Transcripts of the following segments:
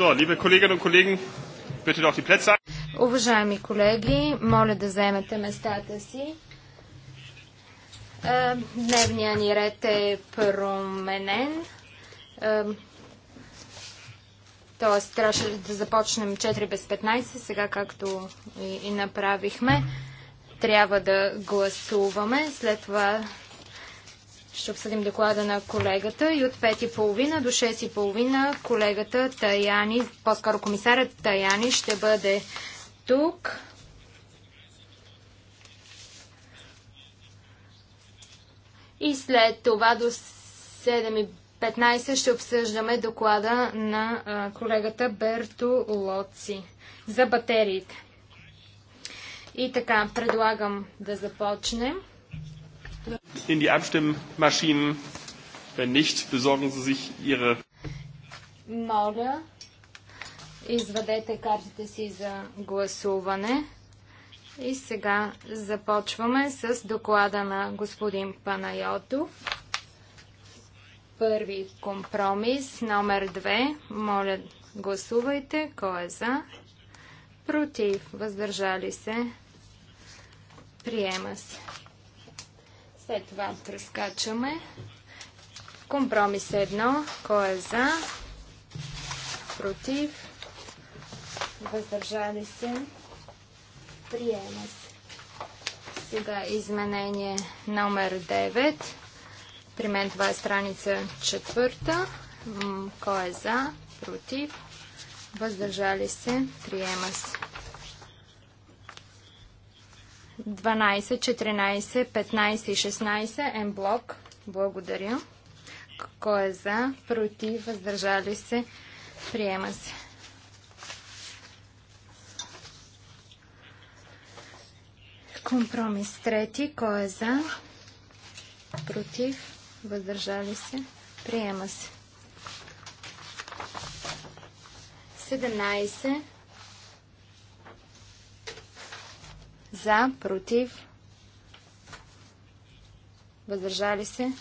So, liebe Kolleginnen und Kollegen, bitte doch die Plätze. Уважаеми колеги, моля да заемете местата си. Е, дневният ни ред е променен. Е, тоест, трябваше да започнем 4 без 15, сега както и, и направихме. Трябва да гласуваме. След това ще обсъдим доклада на колегата и от 5.30 до 6.30 колегата Таяни, по-скоро комисарът Таяни ще бъде тук. И след това до 7.15 ще обсъждаме доклада на колегата Берто Лоци за батериите. И така, предлагам да започнем. In die Abstimmmaschinen. Wenn nicht, besorgen Sie sich Ihre. Моля, извадете картите си за гласуване. И сега започваме с доклада на господин Панайотов. Първи компромис, номер 2. Моля, гласувайте. Кой е за? Против. Въздържали се. Приема се. След това прескачаме. Компромис 1. Кой е за? Против? Въздържали се? Приема се. Сега изменение номер 9. При мен това е страница четвърта. Кой е за? Против? Въздържали се? Приема се. 12, 14, 15 и 16 М блок. Благодаря. Кой е за? Против? Въздържали се? Приема се. Компромис трети. Кой е за? Против? Въздържали се? Приема се. 17. За, против, въздържали се.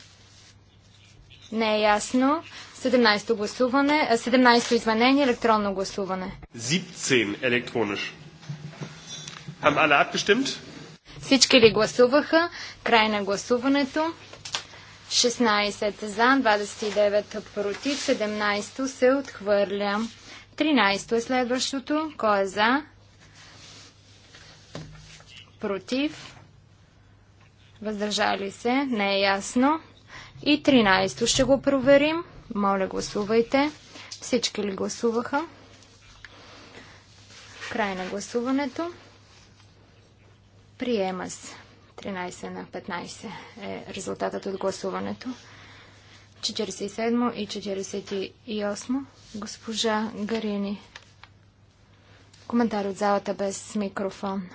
Не е ясно. 17-то гласуване, 17-то изменение, електронно гласуване. 17 електронно. Хам alle abgestimmt? Всички ли гласуваха? Край на гласуването. 16 за, 29 против, 17 се отхвърля. 13 е следващото. Кой е за? против, въздържали се, не е ясно. И 13-то ще го проверим. Моля, гласувайте. Всички ли гласуваха? Край на гласуването. Приема се. 13 на 15 е резултатът от гласуването. 47 и 48. Госпожа Гарини. Коментар от залата без микрофон.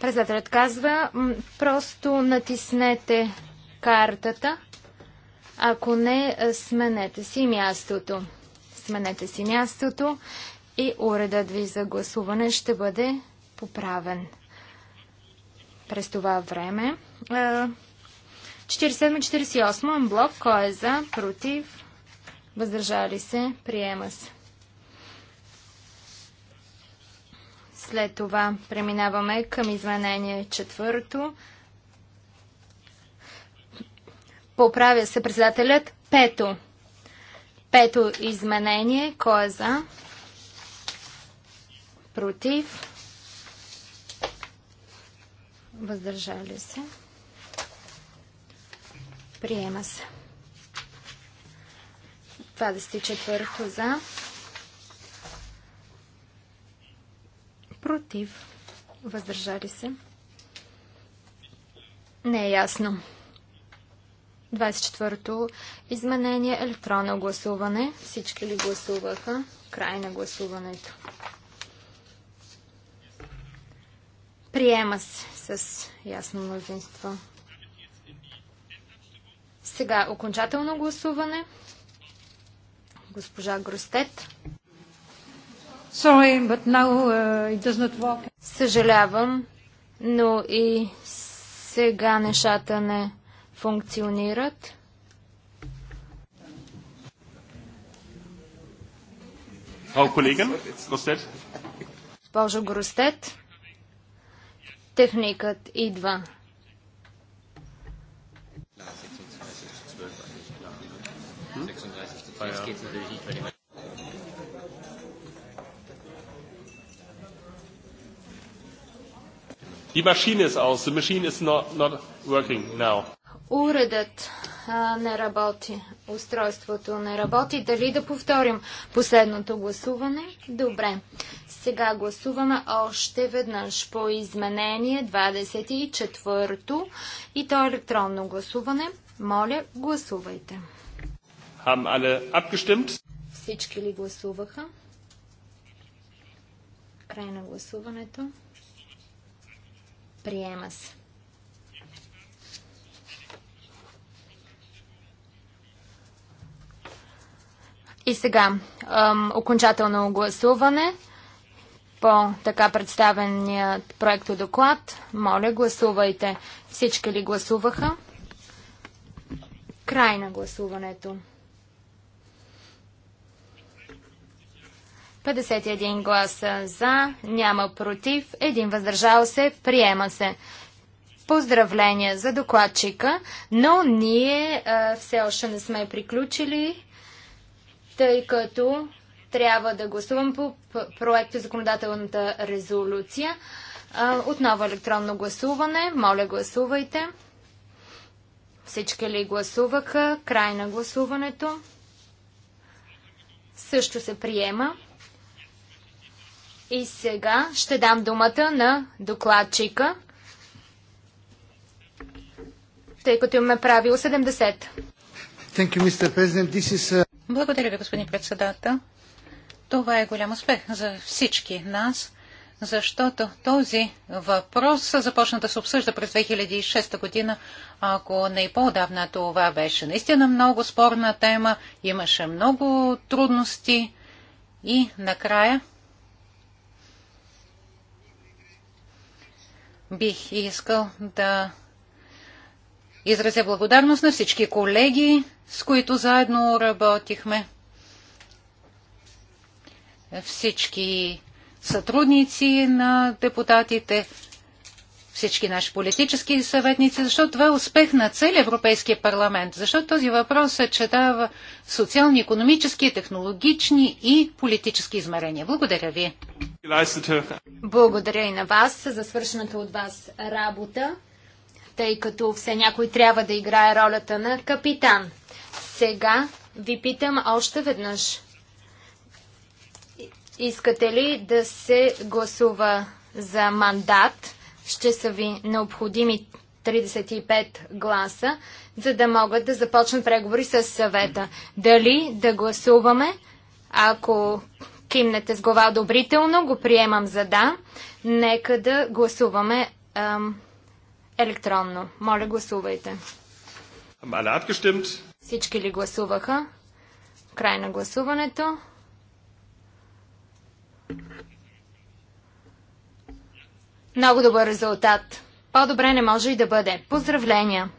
Председателят казва, просто натиснете картата. Ако не, сменете си мястото. Сменете си мястото и уредът ви за гласуване ще бъде поправен. През това време 47-48 блок, кой е за, против, въздържали се, приема се. След това преминаваме към изменение четвърто. Поправя се председателят. Пето. Пето изменение. Кой е за? Против. Въздържали се. Приема се. 24 за. против, въздържали се. Не е ясно. 24-то изменение електронно гласуване. Всички ли гласуваха? Край на гласуването. Приема се с ясно мнозинство. Сега окончателно гласуване. Госпожа Гростет. Sorry, but now, uh, it does not work. Съжалявам, но и сега нещата не функционират. Frau Kollegin, Grostet. Боже Грустет, техникът идва. Hm? 36 12. The machine is not, not working now. Уредът а, не работи. Устройството не работи. Дали да повторим последното гласуване? Добре. Сега гласуваме още веднъж по изменение 24-то и то електронно гласуване. Моля, гласувайте. Всички ли гласуваха? Край на гласуването. Приема се. И сега, окончателно гласуване по така представения проекто доклад. Моля, гласувайте. Всички ли гласуваха? Край на гласуването. 51 гласа за, няма против, един въздържал се, приема се. Поздравления за докладчика, но ние а, все още не сме приключили, тъй като трябва да гласувам по проекта законодателната резолюция. А, отново електронно гласуване. Моля, гласувайте. Всички ли гласуваха? Край на гласуването. Също се приема. И сега ще дам думата на докладчика, тъй като имаме правило 70. You, uh, Благодаря ви, господин председател. Това е голям успех за всички нас, защото този въпрос започна да се обсъжда през 2006 година, ако не и по-давна това беше наистина много спорна тема, имаше много трудности и накрая бих искал да изразя благодарност на всички колеги, с които заедно работихме. Всички сътрудници на депутатите, всички наши политически съветници, защото това е успех на целия Европейския парламент, защото този въпрос се четава социални, економически, технологични и политически измерения. Благодаря ви. Благодаря и на вас за свършената от вас работа, тъй като все някой трябва да играе ролята на капитан. Сега ви питам още веднъж. Искате ли да се гласува за мандат? ще са ви необходими 35 гласа, за да могат да започнат преговори с съвета. Дали да гласуваме, ако кимнете с глава одобрително, го приемам за да, нека да гласуваме ам, електронно. Моля, гласувайте. Всички ли гласуваха? Край на гласуването. Много добър резултат. По-добре не може и да бъде. Поздравления!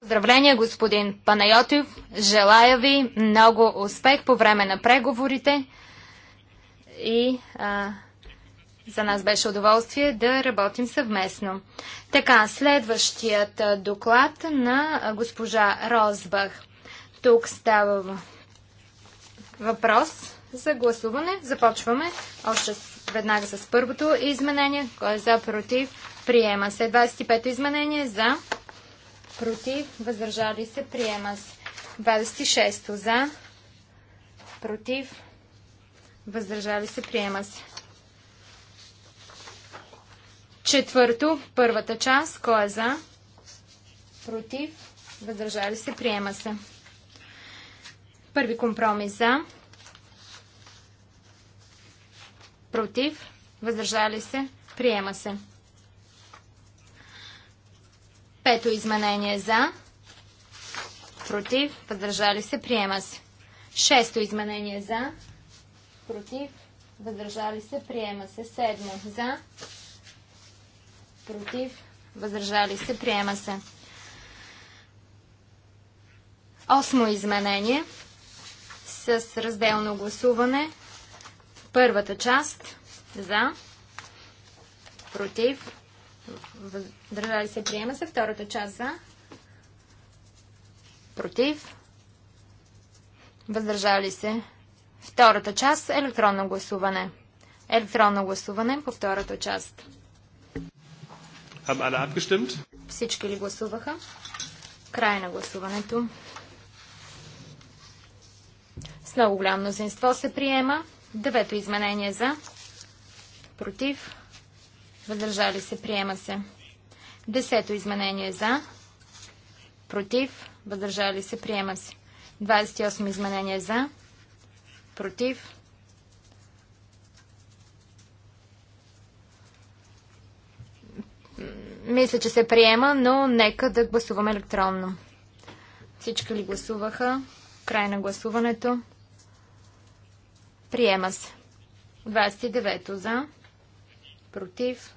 Поздравления, господин Панайотов. Желая ви много успех по време на преговорите и а, за нас беше удоволствие да работим съвместно. Така, следващият доклад на госпожа Розбах. Тук става въпрос за гласуване. Започваме още с веднага с първото изменение. Кой е за, против, приема се. 25-то изменение за, против, въздържали се, приема се. 26-то за, против, въздържали се, приема се. Четвърто, първата част, кой е за, против, въздържали се, приема се. Първи компромис за, против, въздържали се, приема се. Пето изменение за, против, въздържали се, приема се. Шесто изменение за, против, въздържали се, приема се. Седмо за, против, въздържали се, приема се. Осмо изменение с разделно гласуване. Първата част за, против, въздържали се, приема се. Втората част за, против, въздържали се. Втората част електронно гласуване. Електронно гласуване по втората част. Всички ли гласуваха? Край на гласуването. С много голямо мнозинство се приема. Девето изменение за. Против. Въздържали се. Приема се. Десето изменение за. Против. Въздържали се. Приема се. 28 изменение за. Против. Мисля, че се приема, но нека да гласуваме електронно. Всички ли гласуваха? Край на гласуването. Приема се. 29 за. Против.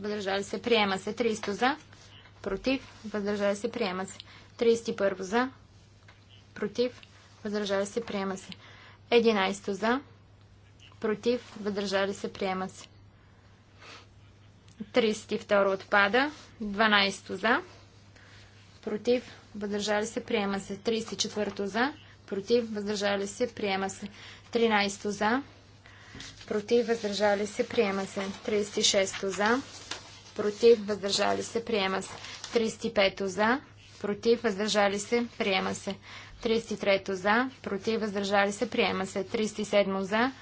Въздържали се. Приема се. 300 за. Против. Въздържали се. Приема се. 31 за. Против. Въздържали се. Приема се. 11 за. Против. Въздържали се. Приема се. 32 отпада. 12 за. Против. Въздържали се. Приема се. 34 за против, въздържали се, приема се. 13 за, против, въздържали се, приема се. 36 за, против, въздържали се, приема се. 35 за, против, въздържали се, приема се. 33 за, против, въздържали се, приема се. 37 за,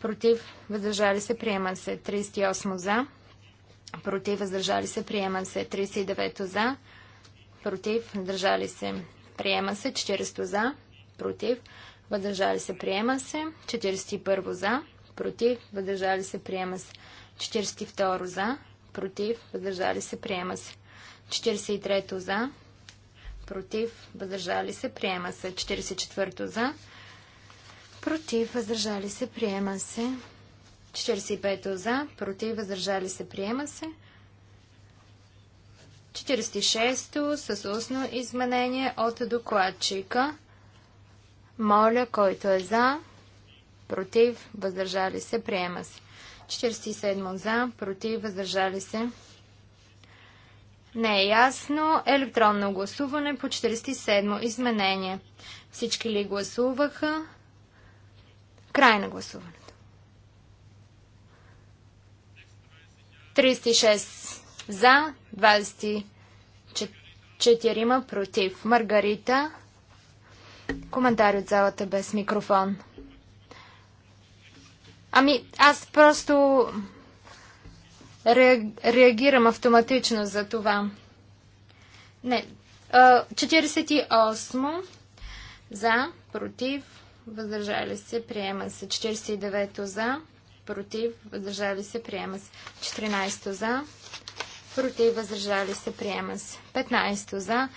против, въздържали се, приема се. 38 за, против, въздържали се, приема се. 39 за, против, въздържали се, приема се. 40 за, против, въздържали се, приема се. 41 за, против, въздържали се, приема се. 42 за, против, въздържали се, приема се. 43 за, против, въздържали се, приема се. 44 за, против, въздържали се, приема се. 45 за, против, въздържали се, приема се. 46 с устно изменение от докладчика. Моля, който е за, против, въздържали се, приема се. 47 за, против, въздържали се. Не е ясно. Електронно гласуване по 47 изменение. Всички ли гласуваха? Край на гласуването. 36 за, 24 против. Маргарита. Коментари от залата без микрофон. Ами, аз просто реагирам автоматично за това. Не. 48 за, против, въздържали се, приема се. 49 за, против, въздържали се, приема се. 14 за, против, въздържали се, приема се. 15 за,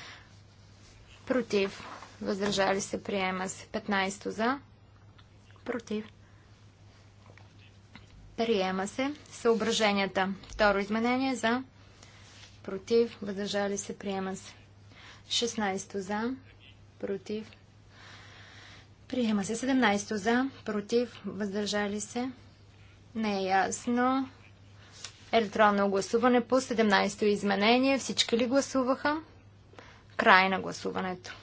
против, въздържали се, приема се. 15 за, против, приема се. Съображенията. Второ изменение за, против, въздържали се, приема се. 16 за, против, приема се. 17 за, против, въздържали се. Не е ясно. Електронно гласуване по 17 изменение. Всички ли гласуваха? Край на гласуването.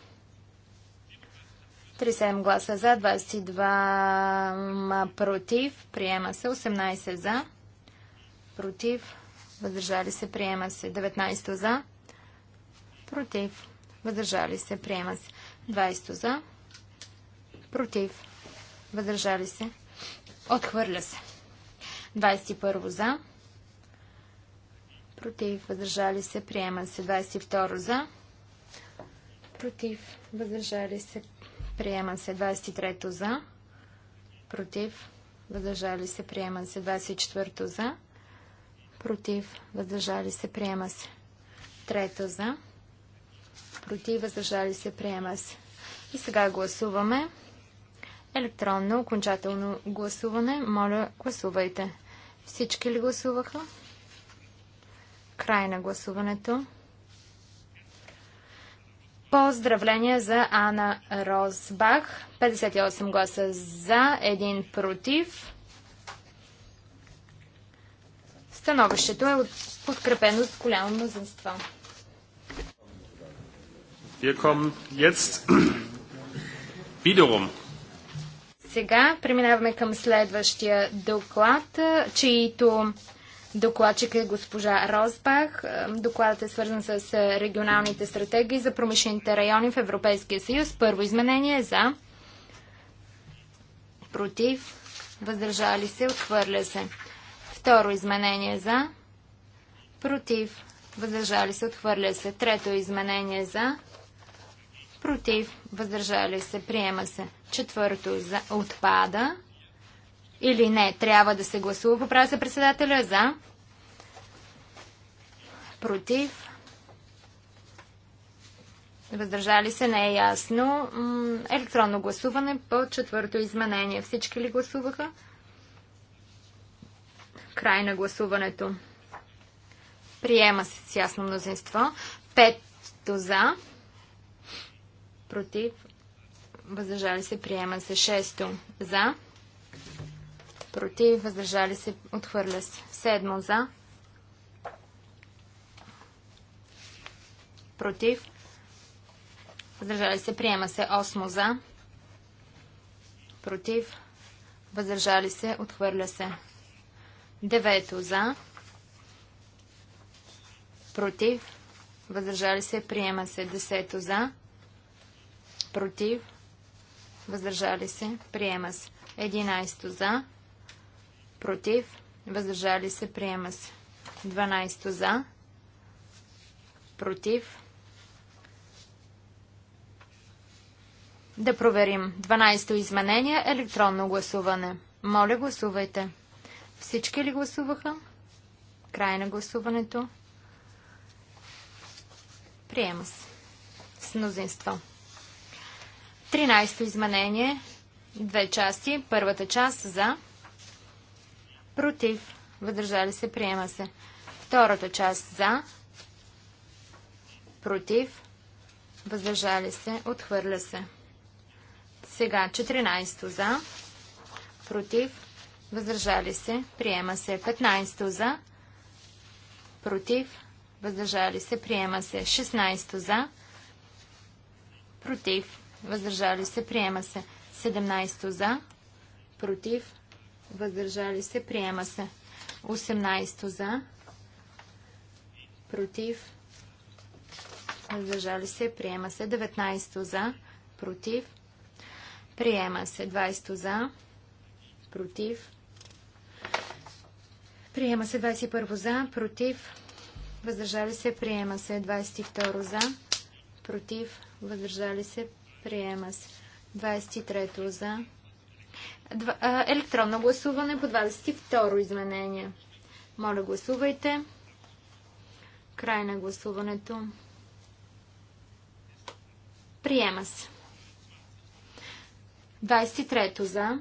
37 гласа за, 22 против, приема се 18 за, против, въздържали се, приема се 19 за, против, въздържали се, приема се 20 за, против, въздържали се, отхвърля се 21 за, против, въздържали се, приема се 22 за, против, въздържали се, Приема се 23-то за. Против. Въздържали се. Приема се 24-то за. Против. Въздържали се. Приема се. Трето за. Против. Въздържали се. Приема се. И сега гласуваме. Електронно, окончателно гласуване. Моля, гласувайте. Всички ли гласуваха? Край на гласуването. Поздравления за Ана Розбах. 58 гласа за, 1 против. Становището е подкрепено от голямо мнозинство. Сега преминаваме към следващия доклад, чието Докладчик е госпожа Розбах. Е, докладът е свързан с е, регионалните стратегии за промишлените райони в Европейския съюз. Първо изменение е за. Против. Въздържали се. Отхвърля се. Второ изменение е за. Против. Въздържали се. Отхвърля се. Трето изменение за. Против. Въздържали се. Приема се. Четвърто за. Отпада или не. Трябва да се гласува по за председателя за, против, въздържали се, не е ясно. Електронно гласуване по четвърто изменение. Всички ли гласуваха? Край на гласуването. Приема се с ясно мнозинство. Петто за. Против. Въздържали се. Приема се. Шесто за против, въздържали се, отхвърля се. Седмо за, против, въздържали се, приема се. Осмо за, против, въздържали се, отхвърля се. Девето за, против, въздържали се, приема се. Десето за, против, въздържали се, приема се. 11 за, против, въздържали се, приема се. 12 за, против. Да проверим. 12 изменение, електронно гласуване. Моля, гласувайте. Всички ли гласуваха? Край на гласуването. Приема се. С мнозинство. 13 изменение. Две части. Първата част за против, въздържали се, приема се. Втората част за, против, въздържали се, отхвърля се. Сега 14 за, против, въздържали се, приема се. 15 за, против, въздържали се, приема се. 16 за, против, въздържали се, приема се. 17 за, против, въздържали се, приема се. 18 за, против, въздържали се, приема се. 19 за, против, приема се. 20 за, против, приема се. 21 за, против, въздържали се, приема се. 22 за, против, въздържали се, приема се. 23 за, Електронно гласуване по 22 изменение. Моля, гласувайте. Край на гласуването. Приема се. 23-то за.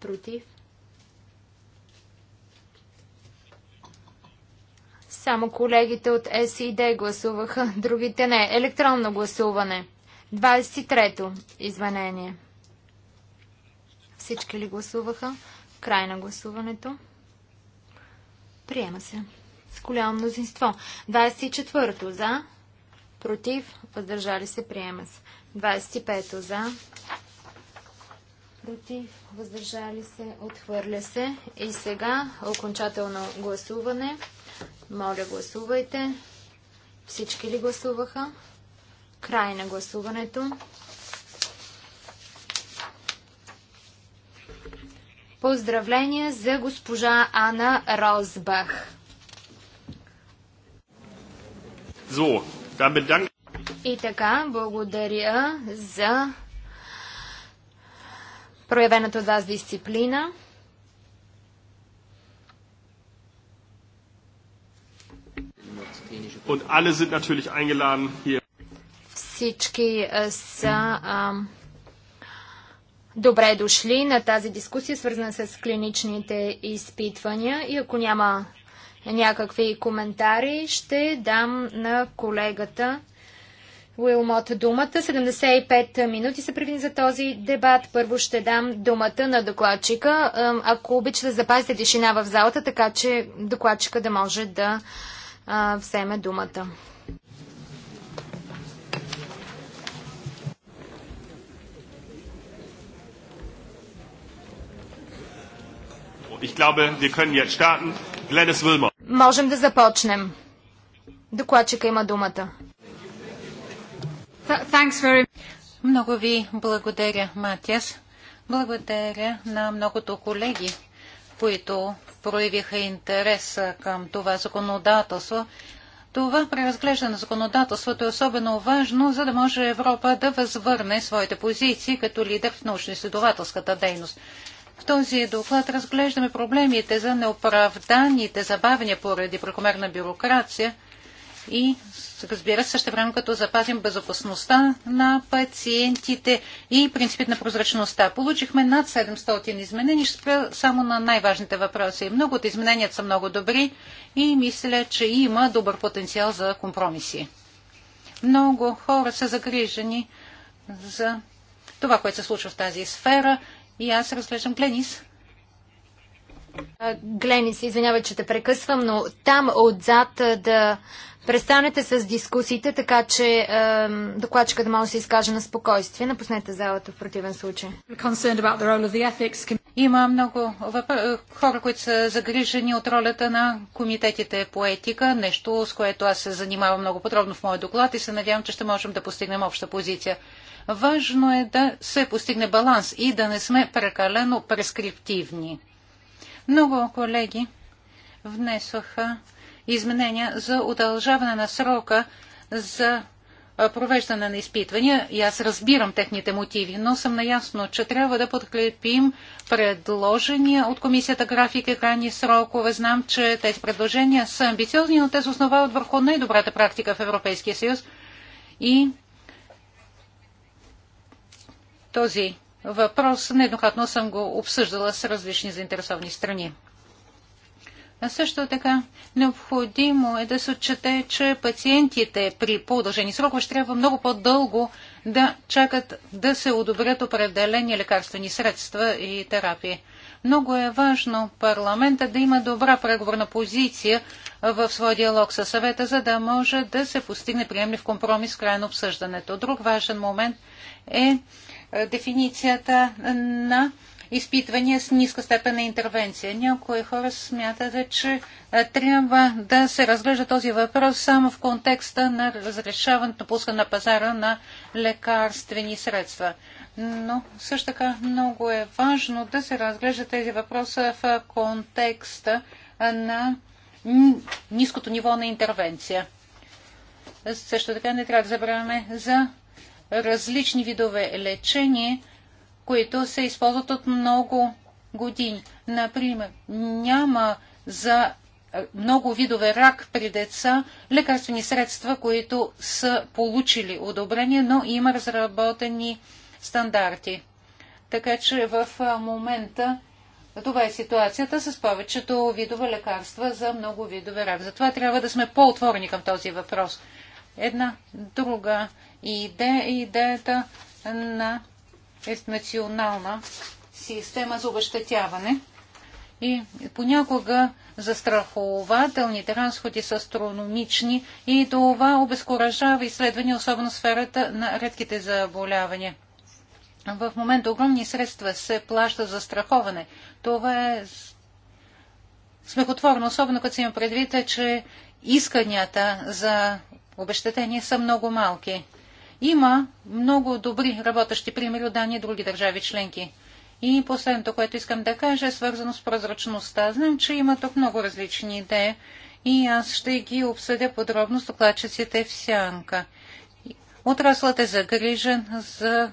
Против. Само колегите от СИД гласуваха, другите не. Електронно гласуване. 23-то изменение. Всички ли гласуваха? Край на гласуването. Приема се. С голямо мнозинство. 24-то за. Против. Въздържали се. Приема се. 25-то за. Против. Въздържали се. Отхвърля се. И сега окончателно гласуване. Моля, гласувайте. Всички ли гласуваха? Край на гласуването. Поздравления за госпожа Ана Розбах. So, И така, благодаря за проявената от вас дисциплина. Всички са Добре дошли на тази дискусия, свързана с клиничните изпитвания. И ако няма някакви коментари, ще дам на колегата Уилмот думата. 75 минути са предвидени за този дебат. Първо ще дам думата на докладчика. Ако обичате, да запазите тишина в залата, така че докладчика да може да вземе думата. Можем да започнем. Докладчика има думата. Много ви благодаря, Матиас. Благодаря на многото колеги, които проявиха интерес към това законодателство. Това преразглеждане на законодателството е особено важно, за да може Европа да възвърне своите позиции като лидер в научно-изследователската дейност. В този доклад разглеждаме проблемите за неоправданите забавения поради прекомерна бюрокрация и разбира се, ще време като запазим безопасността на пациентите и принципите на прозрачността. Получихме над 700 изменения, ще спра само на най-важните въпроси. Много от измененията са много добри и мисля, че има добър потенциал за компромиси. Много хора са загрижени за това, което се случва в тази сфера и аз разглеждам Гленис. Гленис, извинявай, че те прекъсвам, но там отзад да престанете с дискусиите, така че докладчика да може да се изкаже на спокойствие. Напуснете залата в противен случай. Има много хора, които са загрижени от ролята на комитетите по етика, нещо с което аз се занимавам много подробно в моя доклад и се надявам, че ще можем да постигнем обща позиция. Важно е да се постигне баланс и да не сме прекалено прескриптивни. Много колеги внесоха изменения за удължаване на срока за провеждане на изпитвания и аз разбирам техните мотиви, но съм наясно, че трябва да подкрепим предложения от комисията графика и крайни срокове. Знам, че тези предложения са амбициозни, но те се основават върху най-добрата практика в Европейския съюз и този въпрос нееднократно съм го обсъждала с различни заинтересовани страни. А също така необходимо е да се отчете, че пациентите при по удължени срокове ще трябва много по-дълго да чакат да се одобрят определени лекарствени средства и терапии. Много е важно парламента да има добра преговорна позиция в своя диалог със съвета, за да може да се постигне приемлив компромис в края на обсъждането. Друг важен момент е е, дефиницията на изпитвания с ниска степен на интервенция. Някои хора смятат, че е, трябва да се разглежда този въпрос само в контекста на разрешаването на пуска на пазара на лекарствени средства. Но също така много е важно да се разглежда тези въпроса в контекста е, на ниското ниво на интервенция. Също така не трябва да забравяме за различни видове лечение, които се използват от много години. Например, няма за много видове рак при деца лекарствени средства, които са получили одобрение, но има разработени стандарти. Така че в момента това е ситуацията с повечето видове лекарства за много видове рак. Затова трябва да сме по-отворени към този въпрос. Една друга и идея, идеята на национална система за обещатяване. И понякога застрахователните разходи са астрономични и това обезкуражава изследвания, особено в сферата на редките заболявания. В момента огромни средства се плаща за страховане. Това е смехотворно, особено като се има предвид, че исканията за обещетение са много малки. Има много добри работещи примери от Дания и други държави членки. И последното, което искам да кажа, е свързано с прозрачността. Знам, че има тук много различни идеи и аз ще ги обсъдя подробно с докладчиците в сянка. Отраслът е загрижен за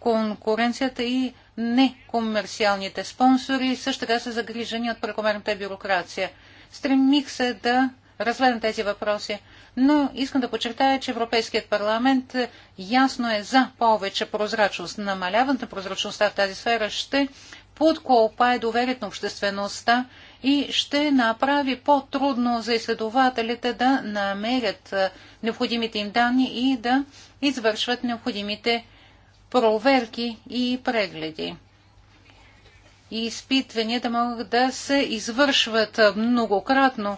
конкуренцията и некомерциалните спонсори също така са загрижени от прекомерната бюрокрация. Стремих се да разгледам тези въпроси но искам да подчертая, че Европейският парламент ясно е за повече прозрачност. Намаляването на прозрачността в тази сфера ще подколпае доверието на обществеността и ще направи по-трудно за изследователите да намерят необходимите им данни и да извършват необходимите проверки и прегледи. И изпитванията могат да се извършват многократно,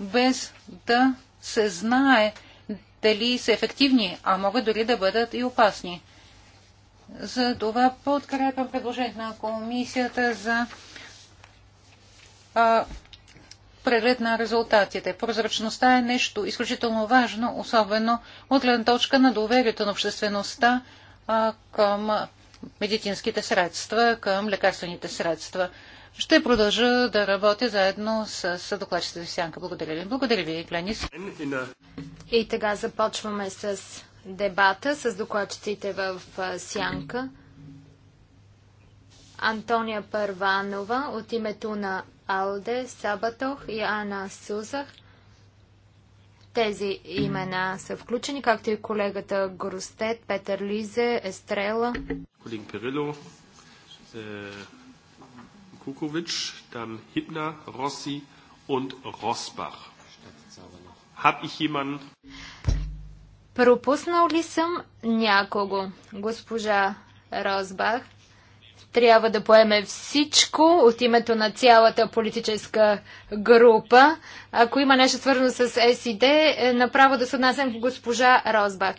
без да се знае дали са ефективни, а могат дори да бъдат и опасни. За това подкрепям предложението на комисията за а, преглед на резултатите. Прозрачността е нещо изключително важно, особено от гледна точка на доверието на обществеността а, към медицинските средства, към лекарствените средства. Ще продължа да работя заедно с, с докладчите в Сянка. Благодаря ви. Благодаря ви, Гленис. И така започваме с дебата с докладчиците в Сянка. Антония Първанова от името на Алде, Сабатох и Ана Сузах. Тези имена са включени, както и колегата Горостет, Петър Лизе, Естрела. Колин Перило, е... Kukovic, dann Hittner, Rossi und Rosbach. Hab ich jemanden? Пропуснал ли съм някого? Госпожа Розбах трябва да поеме всичко от името на цялата политическа група. Ако има нещо свързано с СИД, е, направо да се отнасям към госпожа Розбах.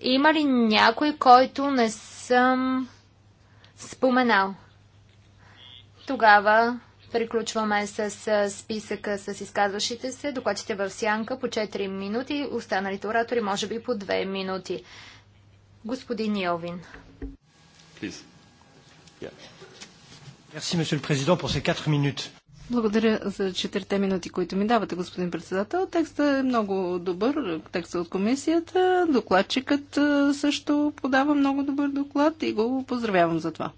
Има ли някой, който не съм споменал? Тогава приключваме с списъка с изказващите се, докладчите в сянка по 4 минути, останалите оратори може би по 2 минути. Господин Йовин. Благодаря за четирите минути, които ми давате, господин председател. Текстът е много добър, текстът от комисията. Докладчикът също подава много добър доклад и го поздравявам за това.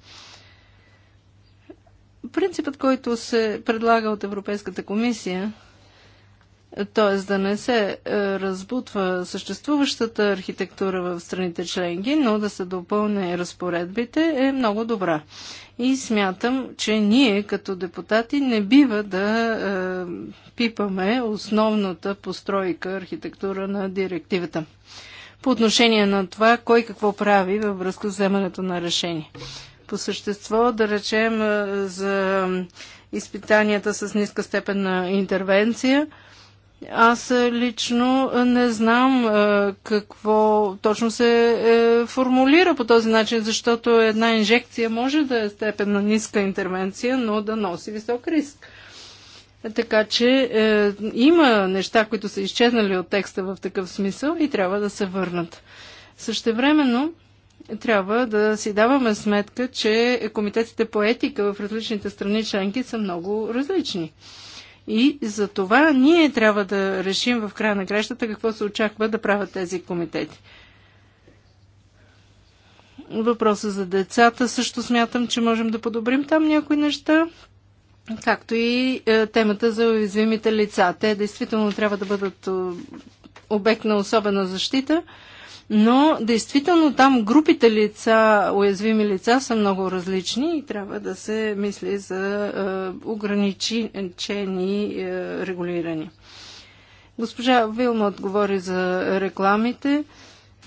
Принципът, който се предлага от Европейската комисия, т.е. да не се е, разбутва съществуващата архитектура в страните членки, но да се допълне разпоредбите, е много добра. И смятам, че ние като депутати не бива да е, пипаме основната постройка, архитектура на директивата. По отношение на това, кой какво прави във връзка с вземането на решение по същество, да речем за изпитанията с ниска степен на интервенция. Аз лично не знам какво точно се е, формулира по този начин, защото една инжекция може да е степен на ниска интервенция, но да носи висок риск. Така че е, има неща, които са изчезнали от текста в такъв смисъл и трябва да се върнат. Същевременно, трябва да си даваме сметка, че комитетите по етика в различните страни членки са много различни. И за това ние трябва да решим в края на кращата какво се очаква да правят тези комитети. Въпроса за децата също смятам, че можем да подобрим там някои неща, както и е, темата за уязвимите лица. Те действително трябва да бъдат е, обект на особена защита – но действително там групите лица, уязвими лица са много различни и трябва да се мисли за е, ограничени е, регулирани. Госпожа Вилма отговори за рекламите.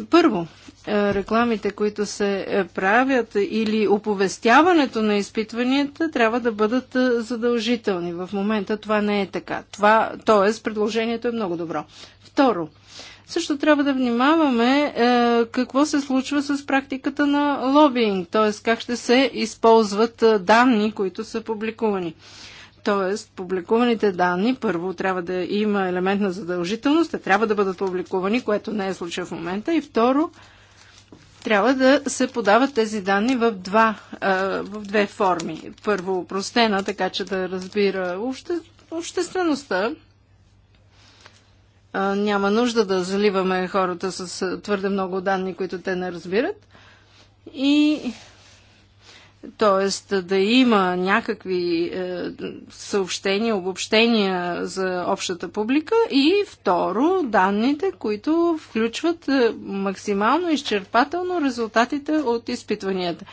Първо, е, рекламите, които се е, правят или оповестяването на изпитванията трябва да бъдат е, задължителни. В момента това не е така. Това, т.е. предложението е много добро. Второ, също трябва да внимаваме е, какво се случва с практиката на лобинг, т.е. как ще се използват е, данни, които са публикувани. Т.е. публикуваните данни първо трябва да има елемент на задължителност, те трябва да бъдат публикувани, което не е случай в момента. И второ, трябва да се подават тези данни в, два, е, в две форми. Първо, простена, така че да разбира обще, обществеността няма нужда да заливаме хората с твърде много данни, които те не разбират. И т.е. да има някакви е, съобщения, обобщения за общата публика и второ, данните, които включват е, максимално изчерпателно резултатите от изпитванията.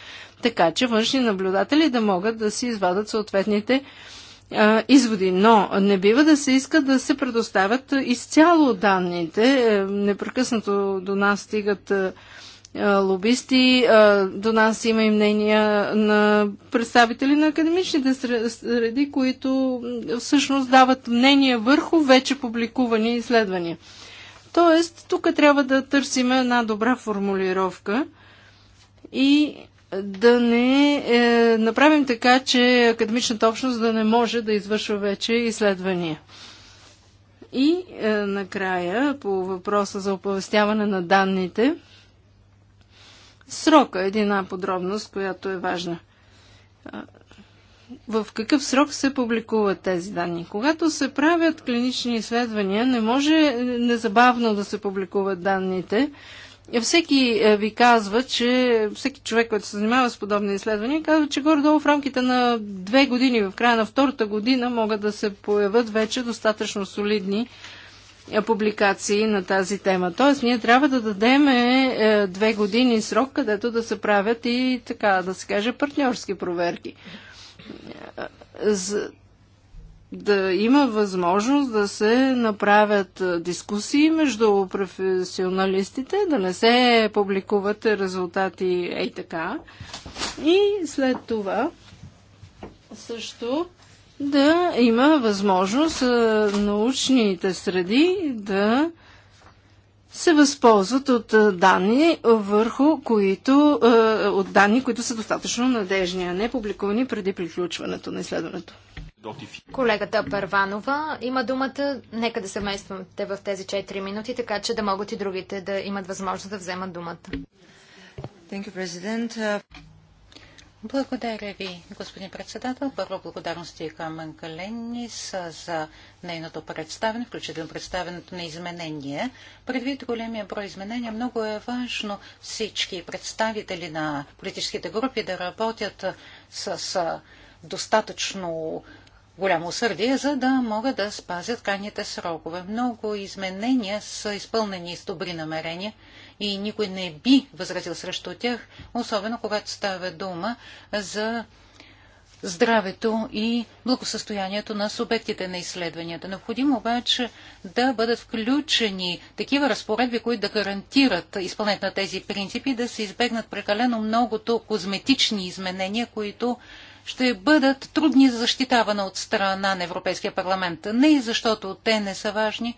Така че външни наблюдатели да могат да си извадат съответните е, а, изводи, но не бива да се иска да се предоставят изцяло данните. Е, непрекъснато до нас стигат лобисти, до нас има и мнения на представители на академичните среди, които всъщност дават мнения върху вече публикувани изследвания. Тоест, тук трябва да търсим една добра формулировка и да не е, направим така, че академичната общност да не може да извършва вече изследвания. И е, накрая, по въпроса за оповестяване на данните, срока е една подробност, която е важна. В какъв срок се публикуват тези данни? Когато се правят клинични изследвания, не може незабавно да се публикуват данните, всеки е, ви казва, че всеки човек, който се занимава с подобни изследвания, казва, че горе-долу в рамките на две години, в края на втората година, могат да се появят вече достатъчно солидни е, публикации на тази тема. Тоест, ние трябва да дадем е, две години срок, където да се правят и така, да се каже, партньорски проверки да има възможност да се направят дискусии между професионалистите, да не се публикуват резултати ей така. И след това също да има възможност научните среди да се възползват от данни, върху които, от данни, които са достатъчно надежни, а не публикувани преди приключването на изследването. Колегата Първанова има думата. Нека да се те в тези 4 минути, така че да могат и другите да имат възможност да вземат думата. Благодаря ви, господин председател. Първо благодарности към Анкаленис за нейното представене, включително представенето на изменения. Предвид големия брой изменения, много е важно всички представители на политическите групи да работят с достатъчно голямо усърдие, за да могат да спазят крайните срокове. Много изменения са изпълнени с добри намерения и никой не би възразил срещу тях, особено когато става дума за здравето и благосъстоянието на субектите на изследванията. Необходимо обаче да бъдат включени такива разпоредби, които да гарантират изпълнението на тези принципи, да се избегнат прекалено многото козметични изменения, които ще бъдат трудни за защитаване от страна на Европейския парламент. Не и защото те не са важни,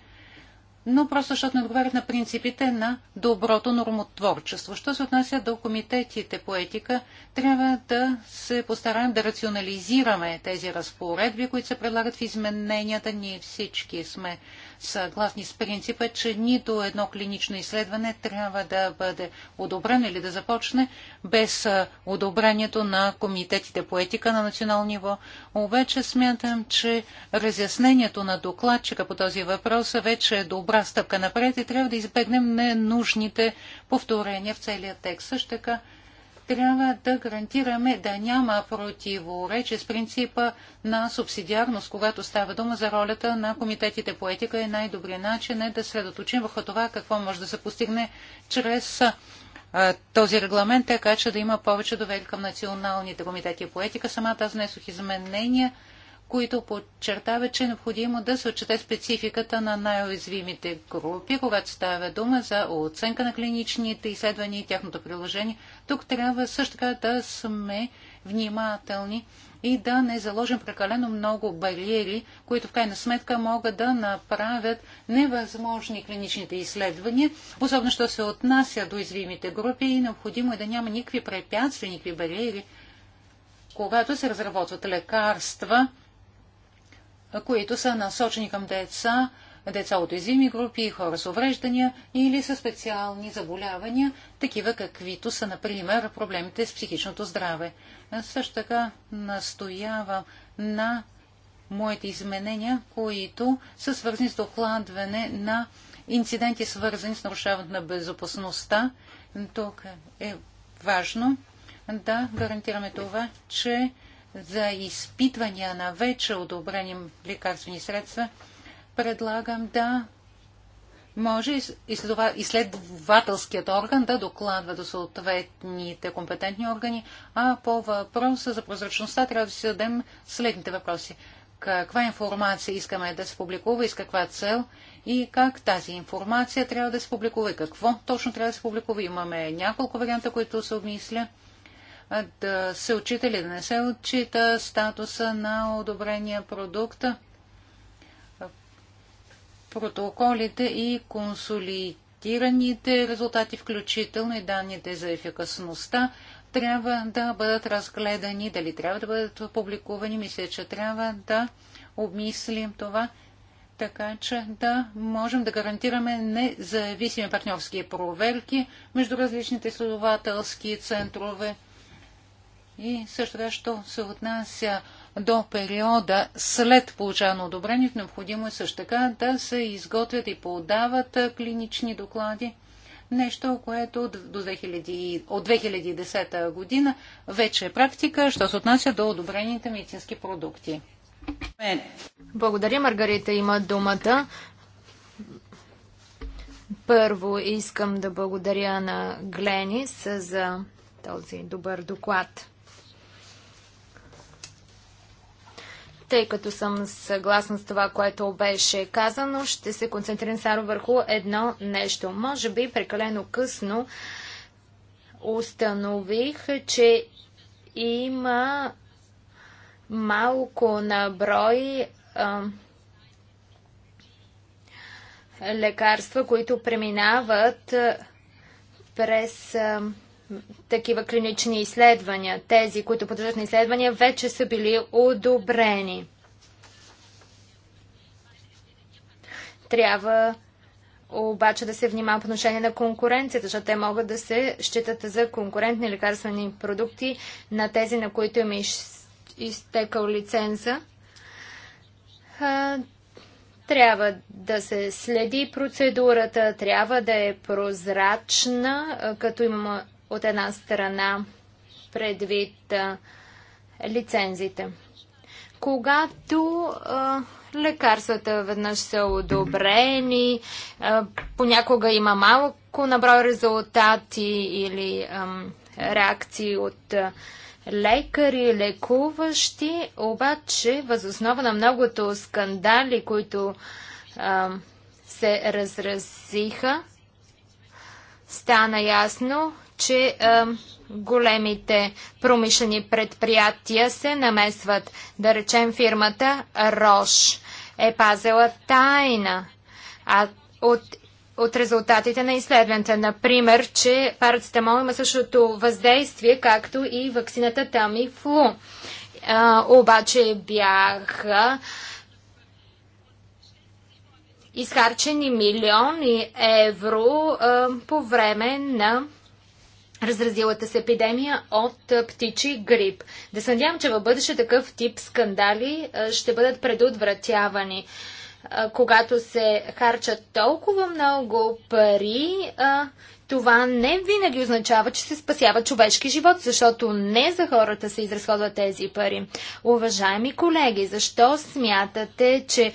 но просто защото не отговарят на принципите на доброто нормотворчество. Що се отнася до комитетите по етика, трябва да се постараем да рационализираме тези разпоредби, които се предлагат в измененията. Ние всички сме съгласни с принципа, че нито едно клинично изследване трябва да бъде одобрено или да започне без одобрението на комитетите по етика на национално ниво. Обаче смятам, че разяснението на докладчика по този въпрос е вече е добра стъпка напред и трябва да избегнем ненужните повторения в целия текст. Също така трябва да гарантираме да няма противоречие с принципа на субсидиарност, когато става дума за ролята на комитетите по етика и най-добрият начин е да средоточим върху това какво може да се постигне чрез този регламент, така че да има повече доверие към националните комитети по етика. Самата аз внесох изменения които подчертават, че е необходимо да се отчете спецификата на най-уязвимите групи, когато става дума за оценка на клиничните изследвания и тяхното приложение. Тук трябва също така да сме внимателни и да не заложим прекалено много бариери, които в крайна сметка могат да направят невъзможни клиничните изследвания, особено що се отнася до извимите групи и необходимо е да няма никакви препятствия, никакви бариери, когато се разработват лекарства които са насочени към деца, деца от езими групи, хора с увреждания или с специални заболявания, такива каквито са, например, проблемите с психичното здраве. Също така настоявам на моите изменения, които са свързани с докладване на инциденти, свързани с нарушаването на безопасността. Тук е важно да гарантираме това, че за изпитвания на вече одобрени лекарствени средства, предлагам да може изследователският орган да докладва до съответните компетентни органи, а по въпроса за прозрачността трябва да си зададем следните въпроси. Каква информация искаме да се публикува и с каква цел и как тази информация трябва да се публикува и какво точно трябва да се публикува. Имаме няколко варианта, които се обмисля да се отчита или да не се отчита статуса на одобрения продукт, протоколите и консолидираните резултати, включително и данните за ефикасността, трябва да бъдат разгледани, дали трябва да бъдат публикувани. Мисля, че трябва да обмислим това, така че да можем да гарантираме независими партньорски проверки между различните следователски центрове – и също така, що се отнася до периода след получаване одобрение, необходимо е също така да се изготвят и подават клинични доклади. Нещо, което до 2000, от 2010 година вече е практика, що се отнася до одобрените медицински продукти. Благодаря, Маргарита. Има думата. Първо искам да благодаря на Гленис за този добър доклад. Тъй като съм съгласна с това, което беше казано, ще се концентрирам само върху едно нещо. Може би прекалено късно установих, че има малко на брой лекарства, които преминават през а, такива клинични изследвания. Тези, които подлежат на изследвания, вече са били одобрени. Трябва обаче да се внимава по отношение на конкуренцията, защото те могат да се считат за конкурентни лекарствени продукти на тези, на които им е изтекал лиценза. Трябва да се следи процедурата, трябва да е прозрачна, като има от една страна предвид а, лицензите. Когато а, лекарствата веднъж са одобрени, а, понякога има малко наброй резултати или а, реакции от а, лекари, лекуващи, обаче възоснова на многото скандали, които а, се разразиха, стана ясно, че а, големите промишлени предприятия се намесват. Да речем фирмата Рош е пазила тайна а, от, от резултатите на изследването. Например, че парацетамол има същото въздействие, както и вакцината Тамифлу. А, обаче бяха изхарчени милиони евро а, по време на разразилата се епидемия от птичи грип. Да се надявам, че във бъдеще такъв тип скандали ще бъдат предотвратявани. Когато се харчат толкова много пари, това не винаги означава, че се спасява човешки живот, защото не за хората се изразходват тези пари. Уважаеми колеги, защо смятате, че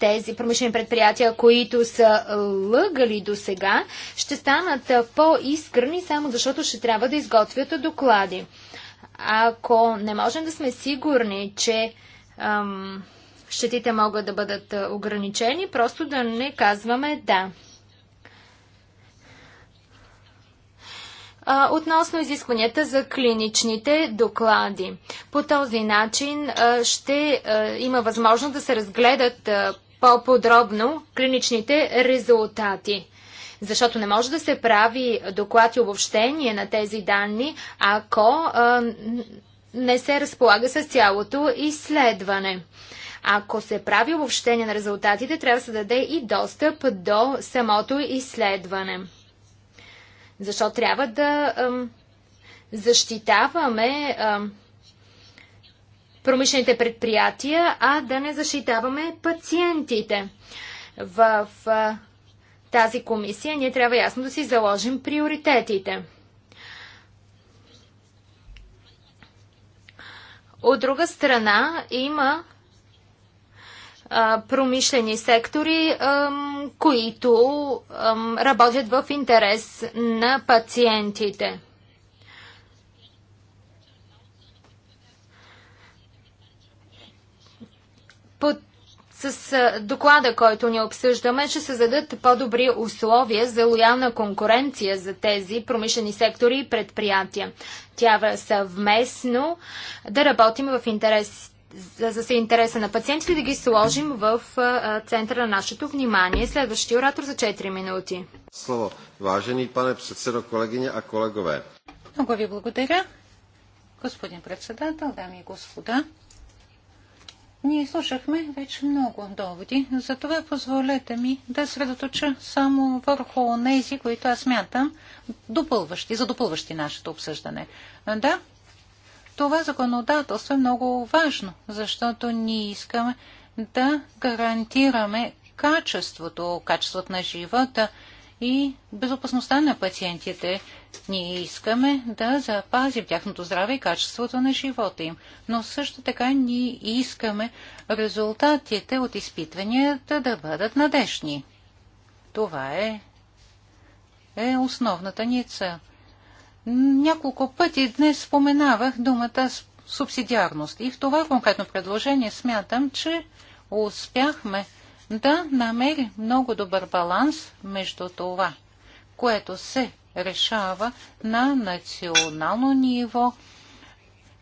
тези промишлени предприятия, които са е, лъгали до сега, ще станат е, по-искрени, само защото ще трябва да изготвят доклади. Ако не можем да сме сигурни, че ам, щетите могат да бъдат е, ограничени, просто да не казваме да. относно изискванията за клиничните доклади. По този начин ще има възможност да се разгледат по-подробно клиничните резултати. Защото не може да се прави доклад и обобщение на тези данни, ако а, не се разполага с цялото изследване. Ако се прави обобщение на резултатите, трябва да се даде и достъп до самото изследване. Защо трябва да защитаваме промишлените предприятия, а да не защитаваме пациентите. В тази комисия ние трябва ясно да си заложим приоритетите. От друга страна има промишлени сектори, които работят в интерес на пациентите. под с доклада, който ни обсъждаме, ще се зададат по-добри условия за лоялна конкуренция за тези промишлени сектори и предприятия. Трябва е съвместно да работим в интерес за се интереса на пациентите да ги сложим в центъра на нашето внимание. Следващия оратор за 4 минути. Слово. Важени пане председател, колегиня а колегове. Много ви благодаря. Господин председател, дами и господа, ние слушахме вече много доводи, затова позволете ми да средоточа само върху нези, които аз мятам допълващи, за допълващи нашето обсъждане. Да, това законодателство е много важно, защото ние искаме да гарантираме качеството, качеството на живота – и безопасността на пациентите. Ние искаме да запазим тяхното здраве и качеството на живота им, но също така ние искаме резултатите от изпитванията да бъдат надежни. Това е, е основната ни цел. Няколко пъти днес споменавах думата субсидиарност и в това конкретно предложение смятам, че успяхме да намери много добър баланс между това, което се решава на национално ниво,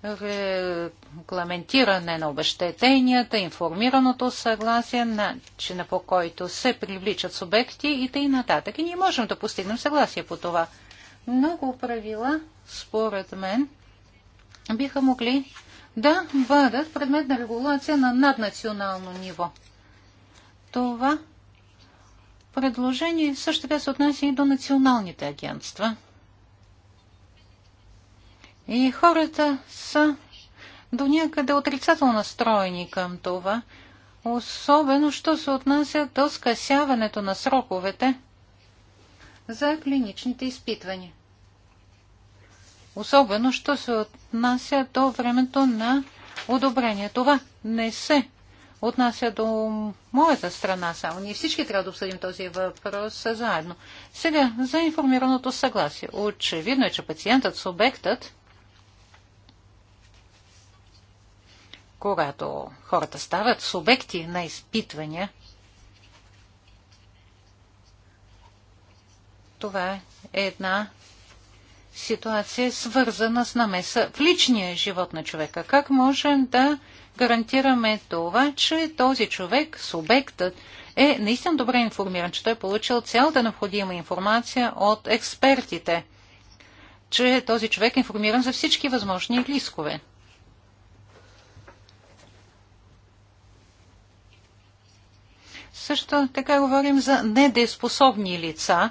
регламентиране на обещетенията, информираното съгласие, начина по който се привличат субекти и т.н. И ние можем да постигнем съгласие по това. Много правила, според мен, биха могли да бъдат предмет на регулация на наднационално ниво. Това предложение също така се отнася и до националните агентства. И хората са до някъде отрицателно настроени към това, особено що се отнася до скъсяването на сроковете за клиничните изпитвания. Особено що се отнася до времето на одобрение. Това не се отнася до моята страна само. Ние всички трябва да обсъдим този въпрос заедно. Сега, за информираното съгласие. Очевидно е, че пациентът, субектът, когато хората стават субекти на изпитвания, това е една ситуация, свързана с намеса в личния живот на човека. Как можем да гарантираме това, че този човек, субектът, е наистина добре информиран, че той е получил цялата необходима информация от експертите, че този човек е информиран за всички възможни рискове. Също така говорим за недееспособни лица,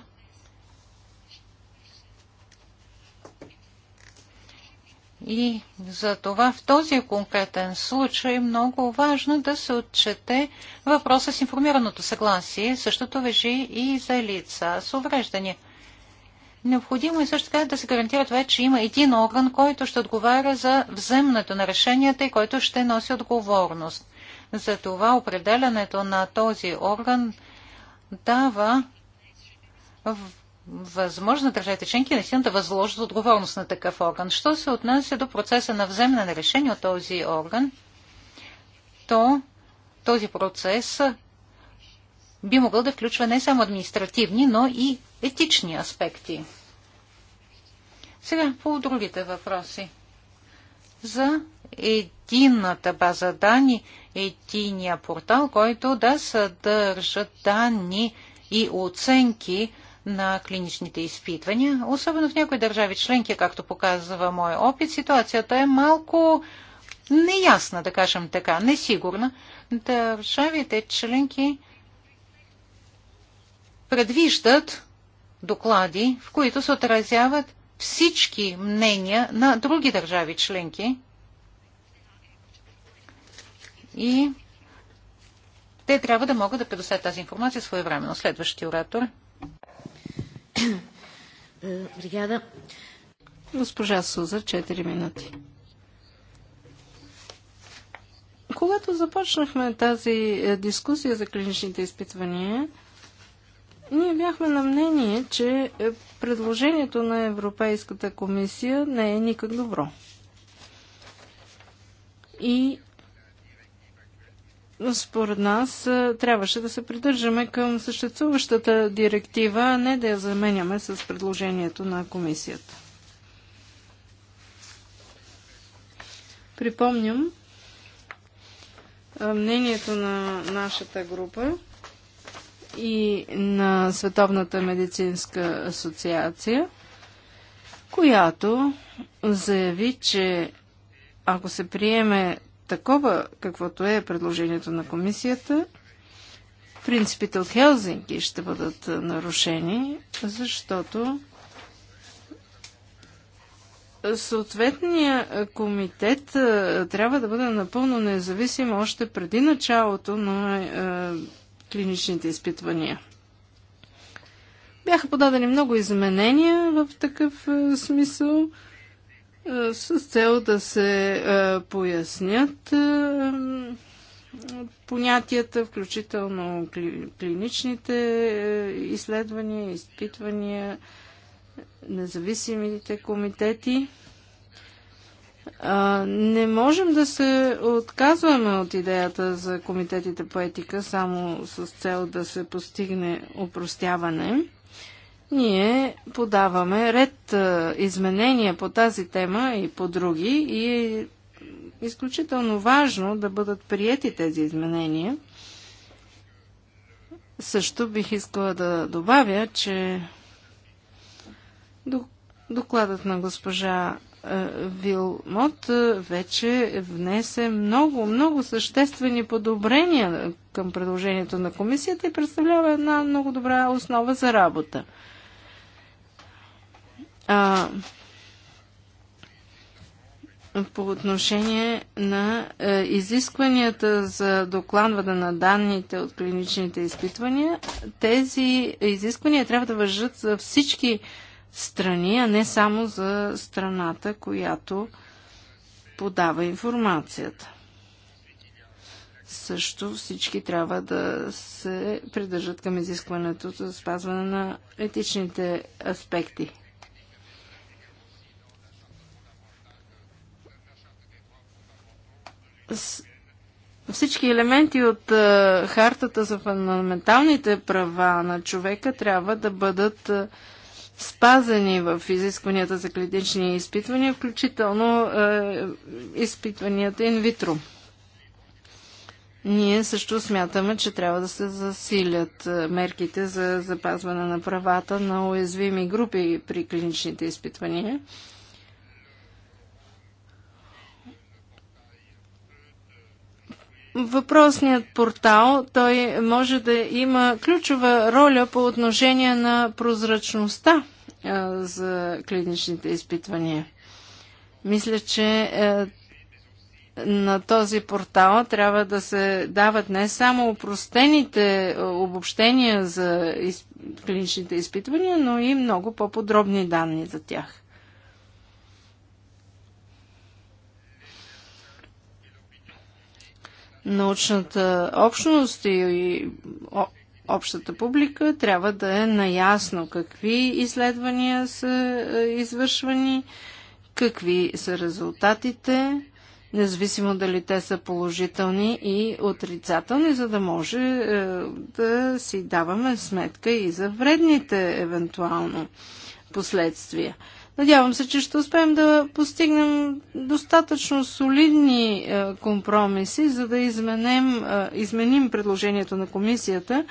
И за това в този конкретен случай много важно да се отчете въпроса с информираното съгласие. Същото вежи и за лица с увреждания. Необходимо е също така да се гарантира това, че има един орган, който ще отговаря за вземането на решенията и който ще носи отговорност. За това определянето на този орган дава възможно държавите членки наистина да възложат отговорност на такъв орган. Що се отнася до процеса на вземане на решение от този орган, то този процес би могъл да включва не само административни, но и етични аспекти. Сега по другите въпроси. За единната база данни, единия портал, който да съдържа данни и оценки на клиничните изпитвания. Особено в някои държави членки, както показва мой опит, ситуацията е малко неясна, да кажем така, несигурна. Държавите членки предвиждат доклади, в които се отразяват всички мнения на други държави членки. И те трябва да могат да предоставят тази информация своевременно. Следващия оратор. Е, бригада. Госпожа Суза, 4 минути. Когато започнахме тази е, дискусия за клиничните изпитвания, ние бяхме на мнение, че е, предложението на Европейската комисия не е никак добро. И според нас е, трябваше да се придържаме към съществуващата директива, а не да я заменяме с предложението на комисията. Припомням е, мнението на нашата група и на Световната медицинска асоциация, която заяви, че ако се приеме такова, каквото е предложението на комисията, принципите от Хелзинки ще бъдат нарушени, защото съответния комитет трябва да бъде напълно независим още преди началото на клиничните изпитвания. Бяха подадени много изменения в такъв смисъл. Е, с цел да се е, пояснят е, понятията, включително клиничните изследвания, изпитвания, независимите комитети. Не можем да се отказваме от идеята за комитетите по етика само с цел да се постигне упростяване. Ние подаваме ред е, изменения по тази тема и по други и е изключително важно да бъдат приети тези изменения. Също бих искала да добавя, че докладът на госпожа е, Вилмот е, вече внесе много, много съществени подобрения към предложението на комисията и представлява една много добра основа за работа. А, по отношение на е, изискванията за докладване на данните от клиничните изпитвания, тези изисквания трябва да въжат за всички страни, а не само за страната, която подава информацията. Също всички трябва да се придържат към изискването за спазване на етичните аспекти. всички елементи от а, е, хартата за фундаменталните права на човека трябва да бъдат а, е, спазени в изискванията за клинични изпитвания, включително а, е, изпитванията инвитро. Ние също смятаме, че трябва да се засилят мерките за запазване на правата на уязвими групи при клиничните изпитвания. Въпросният портал, той може да има ключова роля по отношение на прозрачността за клиничните изпитвания. Мисля, че на този портал трябва да се дават не само упростените обобщения за клиничните изпитвания, но и много по-подробни данни за тях. научната общност и общата публика трябва да е наясно какви изследвания са е, извършвани, какви са резултатите, независимо дали те са положителни и отрицателни, за да може е, да си даваме сметка и за вредните евентуално последствия. Надявам се, че ще успеем да постигнем достатъчно солидни е, компромиси, за да изменем, е, изменим предложението на комисията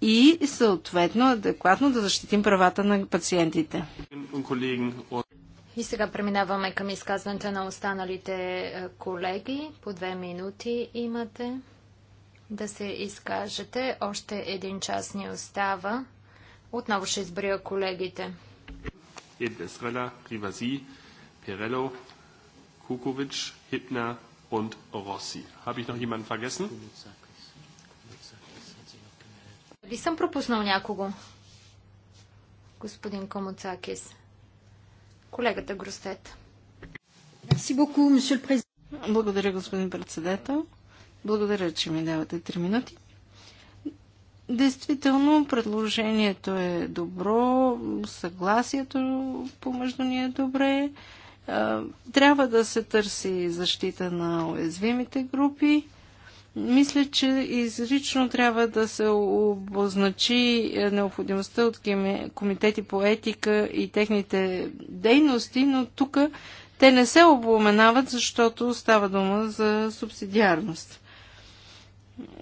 и съответно адекватно да защитим правата на пациентите. И сега преминаваме към изказването на останалите е, колеги. По две минути имате да се изкажете. Още един час ни остава. Отново ще избрия колегите. Ed Estrella, Rivasi, Perello, Kukovic, Hipner und Rossi. Habe ich noch jemanden vergessen? Дали съм пропуснал някого? Господин Комуцакис. Колегата Гростет. Благодаря, господин председател. Благодаря, че ми давате 3 минути. Действително, предложението е добро, съгласието помежду ни е добре. Трябва да се търси защита на уязвимите групи. Мисля, че изрично трябва да се обозначи е, необходимостта от комитети по етика и техните дейности, но тук те не се обоменават, защото става дума за субсидиарност.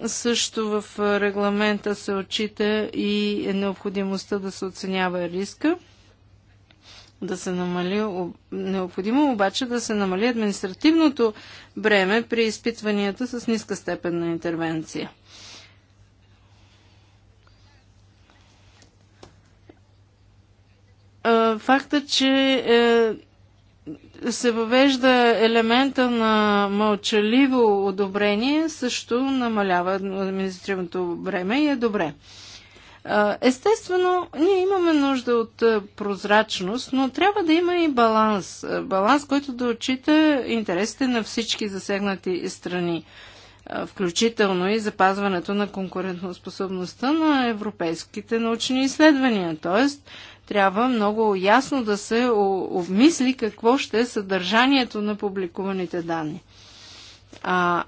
Също в регламента се отчита и необходимостта да се оценява риска, да се намали, необходимо обаче да се намали административното бреме при изпитванията с ниска степен на интервенция. Факта, че е, се въвежда елемента на мълчаливо одобрение, също намалява административното време и е добре. Естествено, ние имаме нужда от прозрачност, но трябва да има и баланс. Баланс, който да отчита интересите на всички засегнати страни, включително и запазването на конкурентоспособността на европейските научни изследвания. Тоест, .е трябва много ясно да се обмисли какво ще е съдържанието на публикуваните данни. А,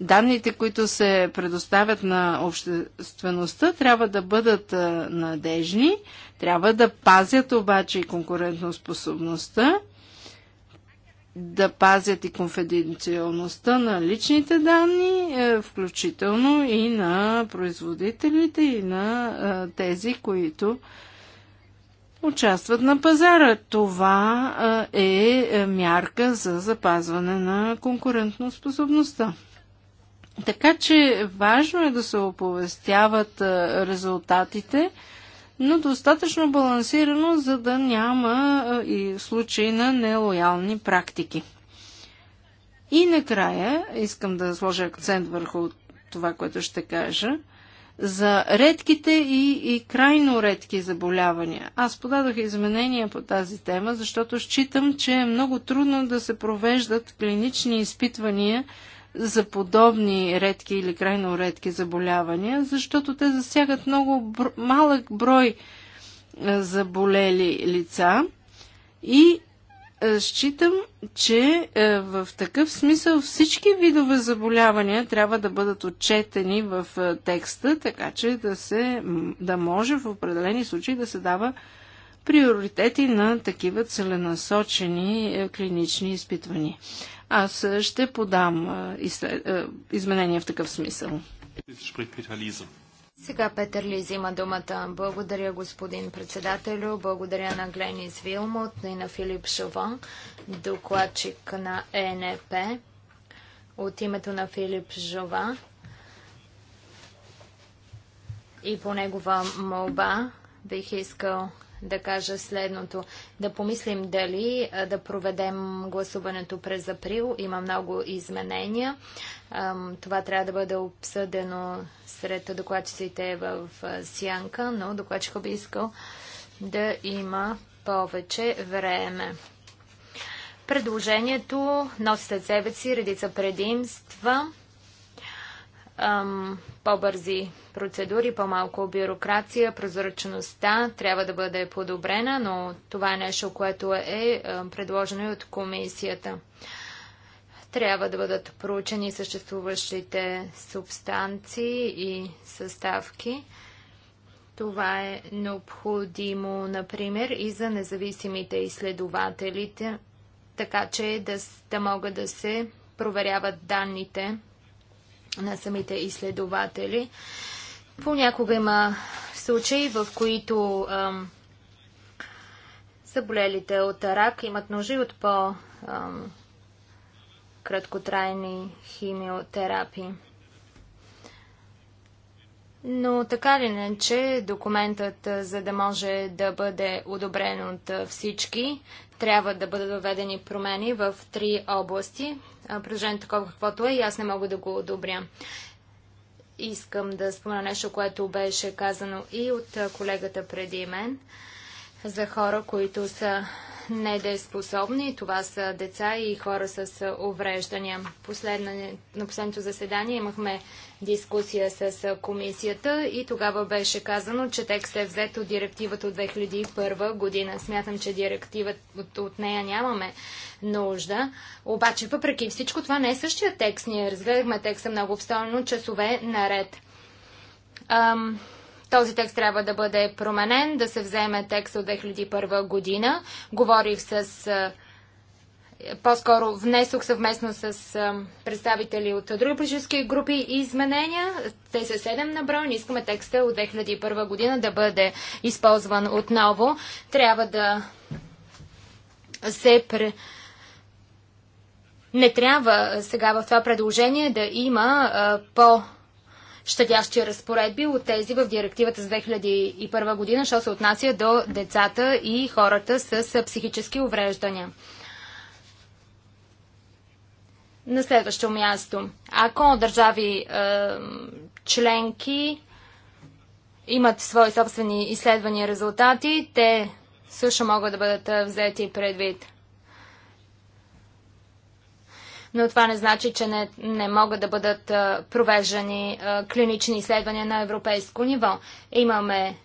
данните, които се предоставят на обществеността, трябва да бъдат надежни, трябва да пазят обаче и конкурентоспособността, да пазят и конфиденциалността на личните данни, е, включително и на производителите и на е, тези, които участват на пазара. Това е, е мярка за запазване на конкурентоспособността. Така че важно е да се оповестяват резултатите, но достатъчно балансирано, за да няма и случаи на нелоялни практики. И накрая искам да сложа акцент върху това, което ще кажа за редките и, и крайно редки заболявания. Аз подадох изменения по тази тема, защото считам, че е много трудно да се провеждат клинични изпитвания за подобни редки или крайно редки заболявания, защото те засягат много бро, малък брой заболели лица и е, считам, че е, в такъв смисъл всички видове заболявания трябва да бъдат отчетени в е, текста, така че да, се, да може в определени случаи да се дава приоритети на такива целенасочени клинични изпитвания. Аз ще подам изменения в такъв смисъл. Лиза. Сега Петър Ли взима думата. Благодаря, господин председателю. Благодаря на Гленис Вилмот и на Филип Шован, докладчик на ЕНП. От името на Филип Жова и по негова молба бих искал да кажа следното. Да помислим дали да проведем гласуването през април. Има много изменения. Това трябва да бъде обсъдено сред докладчиците в Сянка, но докладчика би искал да има повече време. Предложението носи след себе си редица предимства по-бързи процедури, по-малко бюрокрация, прозрачността трябва да бъде подобрена, но това е нещо, което е предложено и от комисията. Трябва да бъдат проучени съществуващите субстанции и съставки. Това е необходимо, например, и за независимите изследователите, така че да, да могат да се проверяват данните на самите изследователи. Понякога има случаи, в които ам, заболелите от рак имат нужда от по- краткотрайни химиотерапии. Но така ли не, че документът, за да може да бъде одобрен от всички, трябва да бъдат доведени промени в три области предложението такова каквото е и аз не мога да го одобря. Искам да спомена нещо, което беше казано и от колегата преди мен за хора, които са недееспособни. Това са деца и хора с увреждания. Последна, на последното заседание имахме дискусия с комисията и тогава беше казано, че текст е взет от директивата от 2001 година. Смятам, че директивата от, от нея нямаме нужда. Обаче, въпреки всичко, това не е същия текст. Ние разгледахме текста много обстойно часове наред. Ам, този текст трябва да бъде променен, да се вземе текст от 2001 година. Говорих с по-скоро внесох съвместно с представители от други политически групи и изменения. Те са седем на брой. Не искаме текста от 2001 година да бъде използван отново. Трябва да се пре... Не трябва сега в това предложение да има по- щадящи разпоредби от тези в директивата за 2001 година, що се отнася до децата и хората с психически увреждания. На следващо място, ако държави е, членки имат свои собствени изследвания и резултати, те също могат да бъдат взети предвид но това не значи, че не, не могат да бъдат провеждани клинични изследвания на европейско ниво. Имаме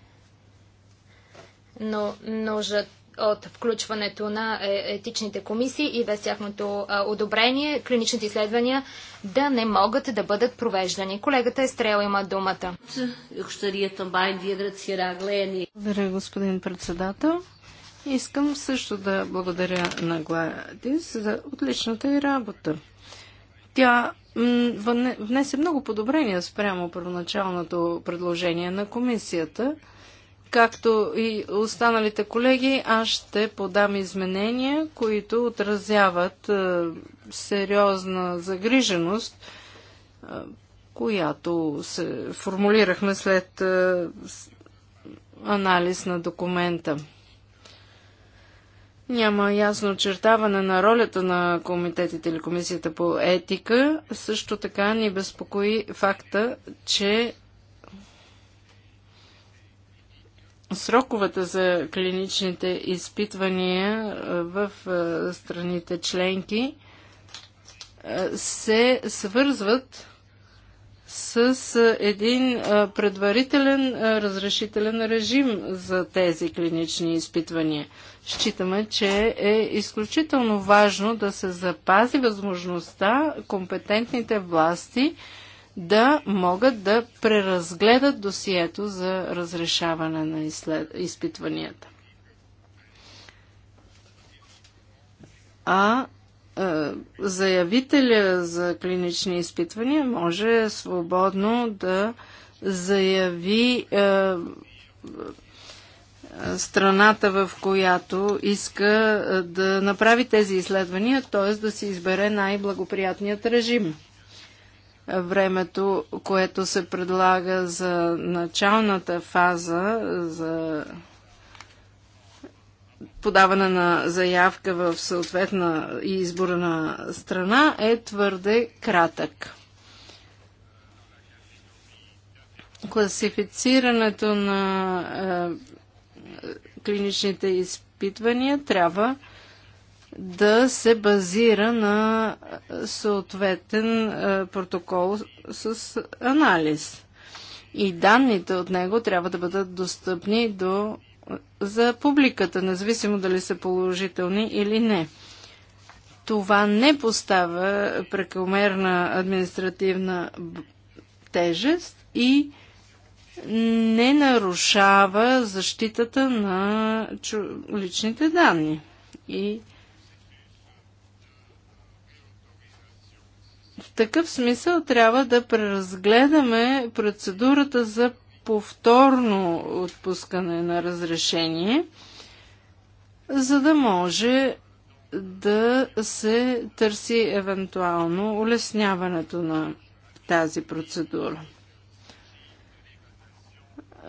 но нужда от включването на е, етичните комисии и без тяхното одобрение клиничните изследвания да не могат да бъдат провеждани. Колегата Естрел има думата. Благодаря, господин председател. Искам също да благодаря на Гладис за отличната й работа. Тя внесе много подобрения спрямо първоначалното предложение на комисията. Както и останалите колеги, аз ще подам изменения, които отразяват е, сериозна загриженост, е, която се формулирахме след е, анализ на документа. Няма ясно очертаване на ролята на комитетите или комисията по етика. Също така ни безпокои факта, че сроковете за клиничните изпитвания в страните членки се свързват с един предварителен разрешителен режим за тези клинични изпитвания. Считаме, че е изключително важно да се запази възможността компетентните власти да могат да преразгледат досието за разрешаване на изслед... изпитванията. А е, заявителя за клинични изпитвания може свободно да заяви е, страната, в която иска да направи тези изследвания, т.е. да се избере най-благоприятният режим. Времето, което се предлага за началната фаза, за подаване на заявка в съответна и изборна страна, е твърде кратък. Класифицирането на е, клиничните изпитвания трябва да се базира на съответен е, протокол с анализ. И данните от него трябва да бъдат достъпни до, за публиката, независимо дали са положителни или не. Това не поставя прекомерна административна тежест и не нарушава защитата на личните данни. И в такъв смисъл трябва да преразгледаме процедурата за повторно отпускане на разрешение, за да може да се търси евентуално улесняването на тази процедура.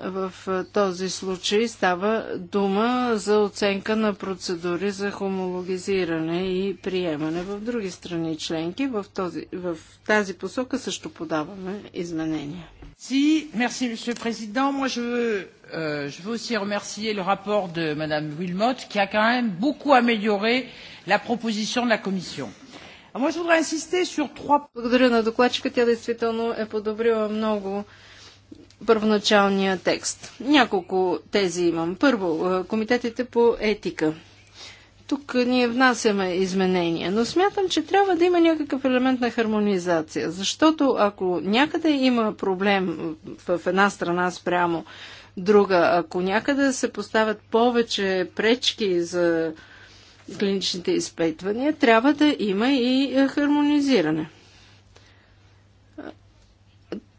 В този случай става дума за оценка на процедури за хомологизиране и приемане в други страни членки. В, този, в тази посока също подаваме изменения. Си, merci Monsieur le Président. Moi, je veux, euh, je veux aussi remercier le rapport de Madame Wilmot qui a quand même beaucoup amélioré la proposition de la Commission. Moi, je voudrais insister sur trois... Благодаря на докладчика. Тя действително е подобрила много първоначалния текст. Няколко тези имам. Първо, е, комитетите по етика. Тук ние внасяме изменения, но смятам, че трябва да има някакъв елемент на хармонизация, защото ако някъде има проблем в една страна спрямо друга, ако някъде се поставят повече пречки за клиничните изпитвания, трябва да има и е, хармонизиране.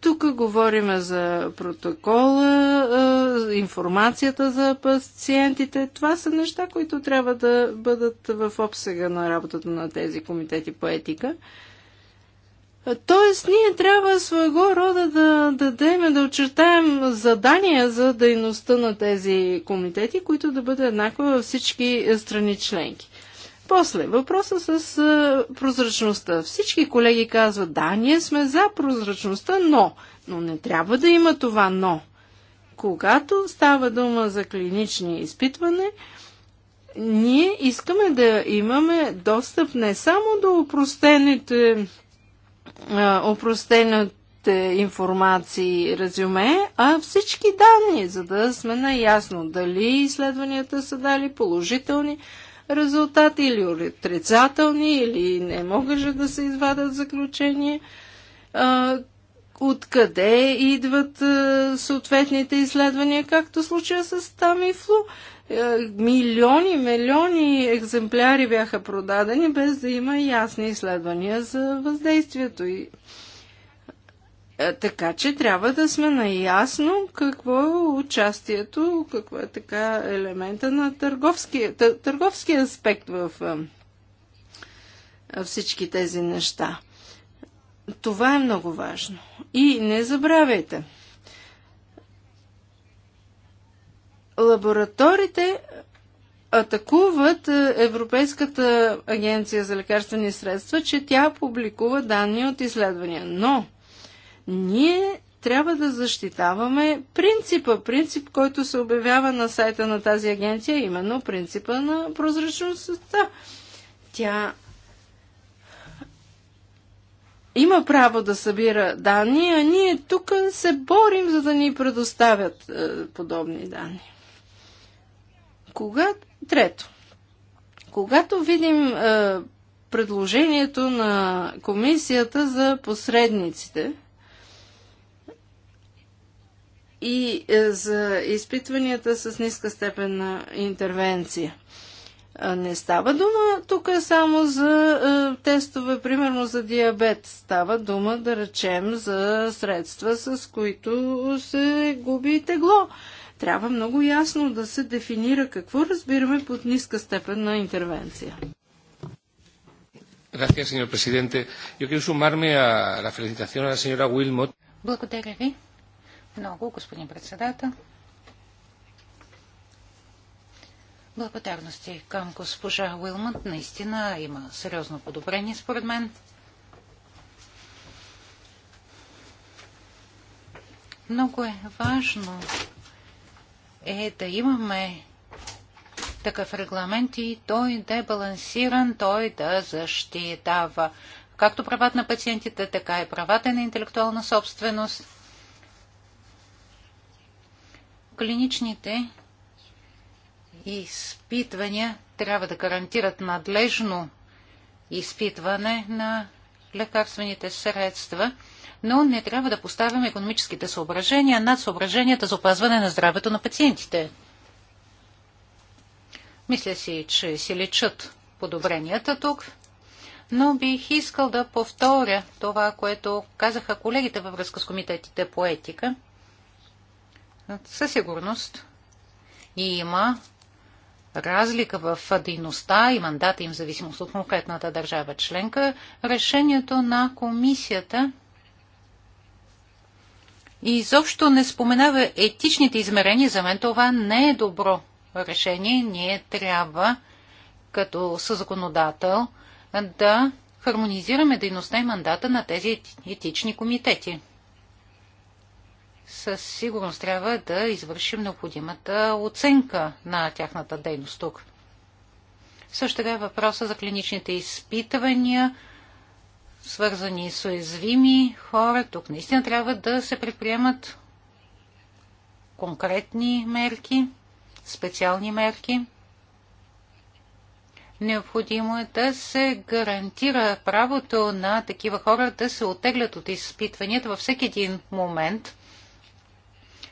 Тук говорим за протокола, информацията за пациентите. Това са неща, които трябва да бъдат в обсега на работата на тези комитети по етика. Тоест, ние трябва своего рода да дадем, да очертаем задания за дейността на тези комитети, които да бъдат еднакви във всички страни членки. После, въпроса с а, прозрачността. Всички колеги казват, да, ние сме за прозрачността, но. Но не трябва да има това но. Когато става дума за клинични изпитване, ние искаме да имаме достъп не само до опростените, а, опростените информации, резюме, а всички данни, за да сме наясно дали изследванията са дали положителни, резултати или отрицателни, или не могаше да се извадят заключение. Откъде идват съответните изследвания, както случая с Тамифлу? Милиони, милиони екземпляри бяха продадени, без да има ясни изследвания за въздействието. Е, така че трябва да сме наясно какво е участието, какво е така елемента на търговския, търговския аспект в е, е, всички тези неща. Това е много важно. И не забравяйте, лабораторите атакуват Европейската агенция за лекарствени средства, че тя публикува данни от изследвания. Но ние трябва да защитаваме принципа, принцип, който се обявява на сайта на тази агенция, именно принципа на прозрачността. Тя има право да събира данни, а ние тук се борим, за да ни предоставят е, подобни данни. Кога... Трето. Когато видим е, предложението на комисията за посредниците, и е, за изпитванията с ниска степен на интервенция. Не става дума тук само за е, тестове, примерно за диабет. Става дума, да речем, за средства, с които се губи тегло. Трябва много ясно да се дефинира какво разбираме под ниска степен на интервенция. Благодаря, señor presidente. Yo quiero sumarme a la felicitación a la señora Wilmot. Благодаря ви много, господин председател. Благодарности към госпожа Уилмънт. Наистина има сериозно подобрение, според мен. Много е важно е да имаме такъв регламент и той да е балансиран, той да защитава както правата на пациентите, така и правата на интелектуална собственост клиничните изпитвания трябва да гарантират надлежно изпитване на лекарствените средства, но не трябва да поставяме економическите съображения над съображенията за опазване на здравето на пациентите. Мисля си, че си лечат подобренията тук, но бих искал да повторя това, което казаха колегите във връзка с комитетите по етика – със сигурност има разлика в дейността и мандата им в зависимост от конкретната държава членка. Решението на комисията изобщо не споменава етичните измерения. За мен това не е добро решение. Ние трябва като съзаконодател да хармонизираме дейността и мандата на тези етични комитети със сигурност трябва да извършим необходимата оценка на тяхната дейност тук. Също така е въпроса за клиничните изпитвания, свързани с уязвими хора. Тук наистина трябва да се предприемат конкретни мерки, специални мерки. Необходимо е да се гарантира правото на такива хора да се отеглят от изпитванията във всеки един момент –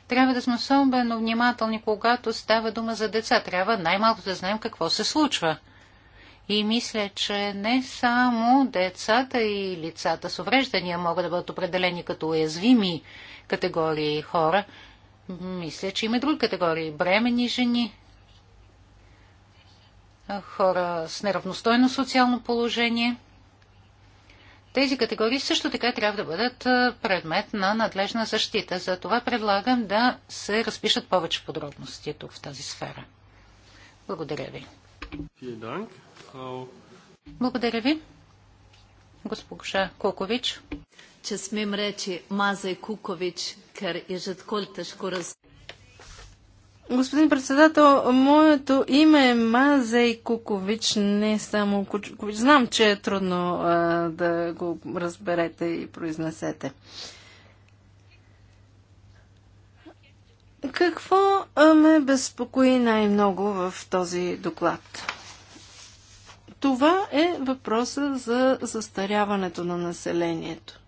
трябва да сме особено внимателни, когато става дума за деца. Трябва най-малко да знаем какво се случва. И мисля, че не само децата и лицата с увреждания могат да бъдат определени като уязвими категории хора. Мисля, че има други категории. Бремени жени, хора с неравностойно социално положение – тези категории също така трябва да бъдат предмет на надлежна защита. За това предлагам да се разпишат повече подробности тук в тази сфера. Благодаря ви. Благодаря ви. Госпожа Кукович. Че смим речи Мазай Кукович, кър е жат кол раз... Господин председател, моето име е Мазей Кукович, не само Кукович. Знам, че е трудно а, да го разберете и произнесете. Какво ме безпокои най-много в този доклад? Това е въпроса за застаряването на населението.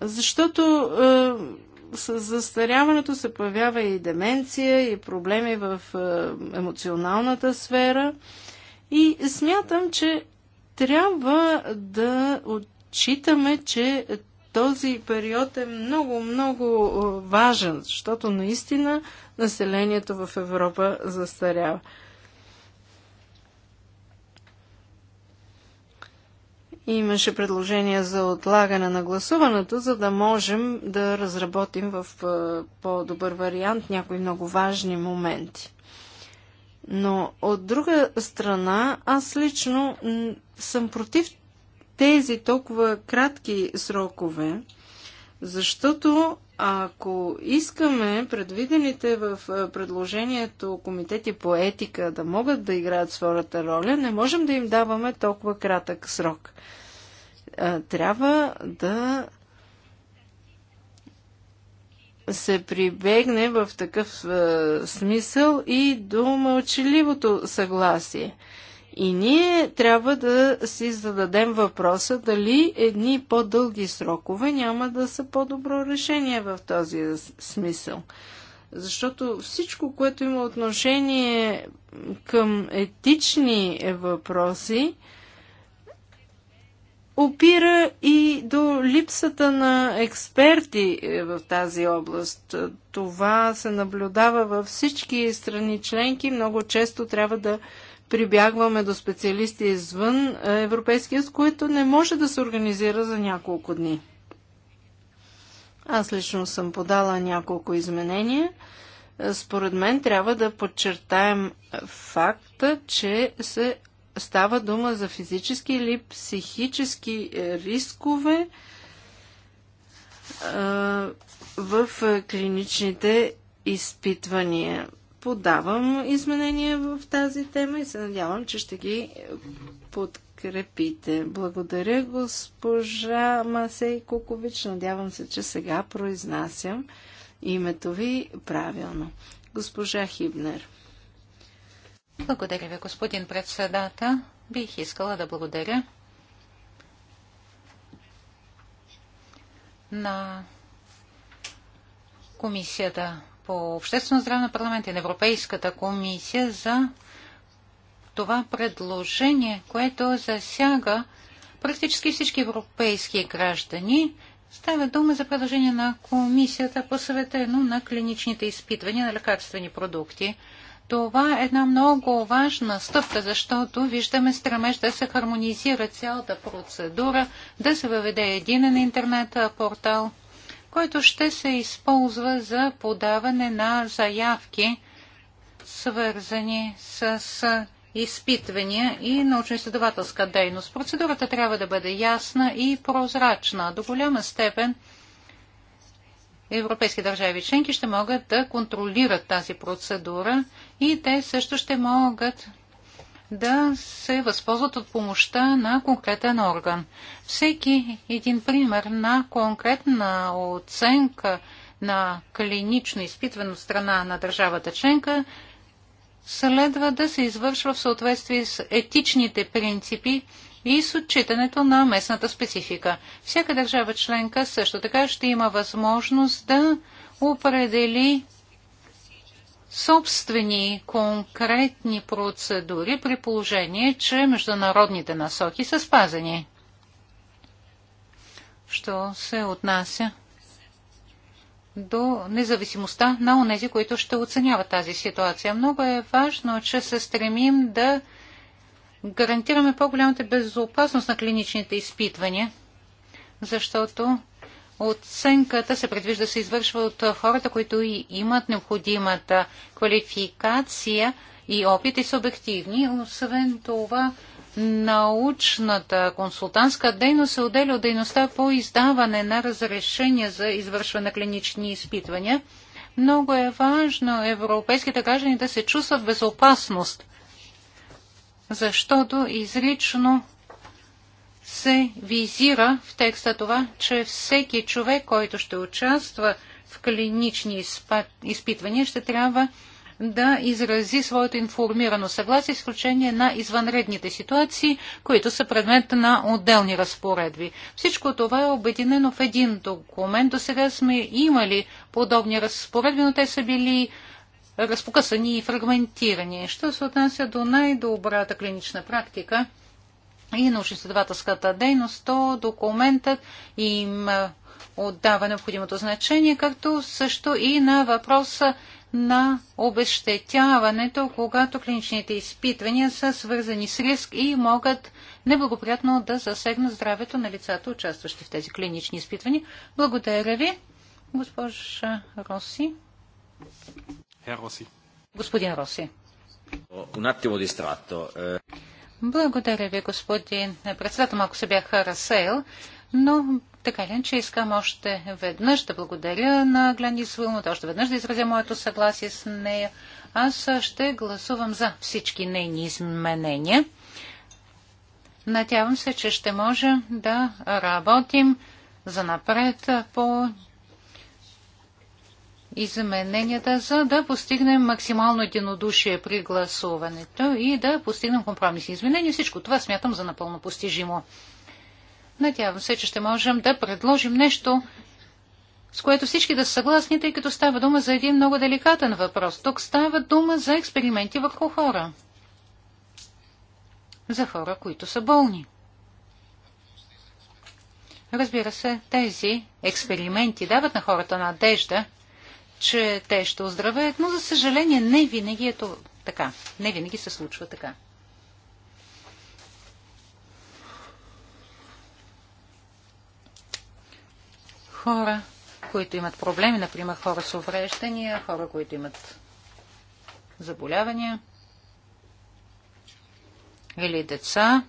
Защото е, с застаряването се появява и деменция, и проблеми в е, емоционалната сфера. И смятам, че трябва да отчитаме, че този период е много, много е, важен, защото наистина населението в Европа застарява. Имаше предложение за отлагане на гласуването, за да можем да разработим в по-добър вариант някои много важни моменти. Но от друга страна, аз лично съм против тези толкова кратки срокове, защото ако искаме предвидените в предложението комитети по етика да могат да играят своята роля, не можем да им даваме толкова кратък срок. Трябва да се прибегне в такъв смисъл и до мълчаливото съгласие – и ние трябва да си зададем въпроса дали едни по-дълги срокове няма да са по-добро решение в този смисъл. Защото всичко, което има отношение към етични въпроси, опира и до липсата на експерти е, в тази област. Това се наблюдава във всички страни членки. Много често трябва да прибягваме до специалисти извън е, Европейския, с което не може да се организира за няколко дни. Аз лично съм подала няколко изменения. Е, според мен трябва да подчертаем факта, че се става дума за физически или психически е, рискове в клиничните изпитвания подавам изменения в тази тема и се надявам, че ще ги подкрепите. Благодаря, госпожа Масей Кукович. Надявам се, че сега произнасям името ви правилно. Госпожа Хибнер. Благодаря ви, господин председател. Бих искала да благодаря на Комисията по обществено здраве на парламента и на Европейската комисия за това предложение, което засяга практически всички европейски граждани. Става дума за предложение на комисията, посъветено на клиничните изпитвания на лекарствени продукти. Това е една много важна стъпка, защото виждаме стремеж да се хармонизира цялата процедура, да се въведе на интернет портал – който ще се използва за подаване на заявки, свързани с изпитвания и научно-изследователска дейност. Процедурата трябва да бъде ясна и прозрачна. До голяма степен европейски държави членки ще могат да контролират тази процедура и те също ще могат да се възползват от помощта на конкретен орган. Всеки един пример на конкретна оценка на клинично изпитване от страна на държавата членка следва да се извършва в съответствие с етичните принципи и с отчитането на местната специфика. Всяка държава членка също така ще има възможност да определи собствени конкретни процедури при положение, че международните насоки са спазени. Що се отнася до независимостта на онези, които ще оценяват тази ситуация. Много е важно, че се стремим да гарантираме по-голямата безопасност на клиничните изпитвания, защото Оценката се предвижда да се извършва от хората, които и имат необходимата квалификация и опит и са обективни. Освен това, научната консултантска дейност се отделя от дейността по издаване на разрешения за извършване на клинични изпитвания. Много е важно европейските граждани да се чувстват безопасност, защото изрично се визира в текста това, че всеки човек, който ще участва в клинични изпитвания, ще трябва да изрази своето информирано съгласие, изключение на извънредните ситуации, които са предмет на отделни разпоредби. Всичко това е обединено в един документ. До сега сме имали подобни разпоредби, но те са били разпокъсани и фрагментирани. Що се отнася до най-добрата клинична практика – и научно-изследователската дейност, то документът им отдава необходимото значение, както също и на въпроса на обещетяването, когато клиничните изпитвания са свързани с риск и могат неблагоприятно да засегнат здравето на лицата, участващи в тези клинични изпитвания. Благодаря ви, госпожа Роси. Господин Роси. Un attimo distratto. Е, благодаря ви, господин председател. Малко се бях разсеял, но така ли, че искам още веднъж да благодаря на Гленис Уилмот, още веднъж да изразя моето съгласие с нея. Аз ще гласувам за всички нейни изменения. Надявам се, че ще можем да работим за напред по измененията, за да постигнем максимално единодушие при гласуването и да постигнем компромисни изменения. Всичко това смятам за напълно постижимо. Надявам се, че ще можем да предложим нещо, с което всички да са съгласни, тъй като става дума за един много деликатен въпрос. Тук става дума за експерименти върху хора. За хора, които са болни. Разбира се, тези експерименти дават на хората надежда, че те ще оздравеят, но за съжаление не винаги е то така. Не винаги се случва така. Хора, които имат проблеми, например хора с увреждания, хора, които имат заболявания или деца,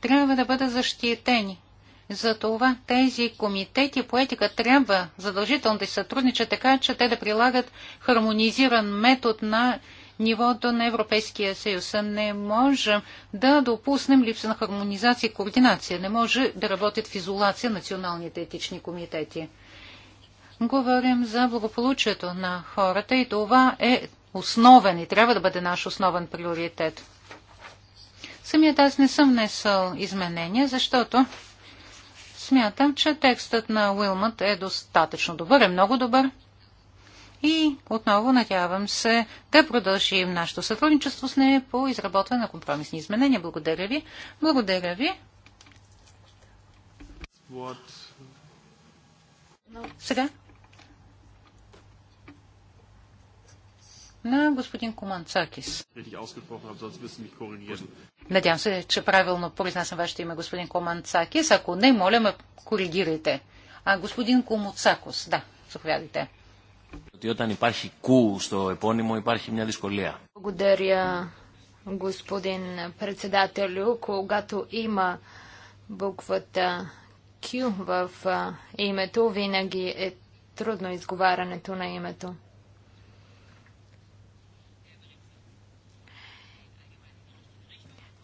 трябва да бъдат защитени. Затова тези комитети по етика трябва задължително да се сътрудничат така, че те да прилагат хармонизиран метод на нивото на Европейския съюз. Не можем да допуснем липса на хармонизация и координация. Не може да работят в изолация националните етични комитети. Говорим за благополучието на хората и това е основен и трябва да бъде наш основен приоритет. Самият аз не съм внесъл изменения, защото Смятам, че текстът на Уилмът е достатъчно добър, е много добър. И отново надявам се да продължим нашето сътрудничество с нея по изработване на компромисни изменения. Благодаря ви. Благодаря ви. Сега на господин Команцакис. Надявам се, че правилно произнасям вашето име, господин Команцакис. Ако не, моля ме коригирайте. А господин Комуцакос, да, заповядайте. Благодаря, господин председателю. Когато има буквата Q в името, винаги е трудно изговарянето на името.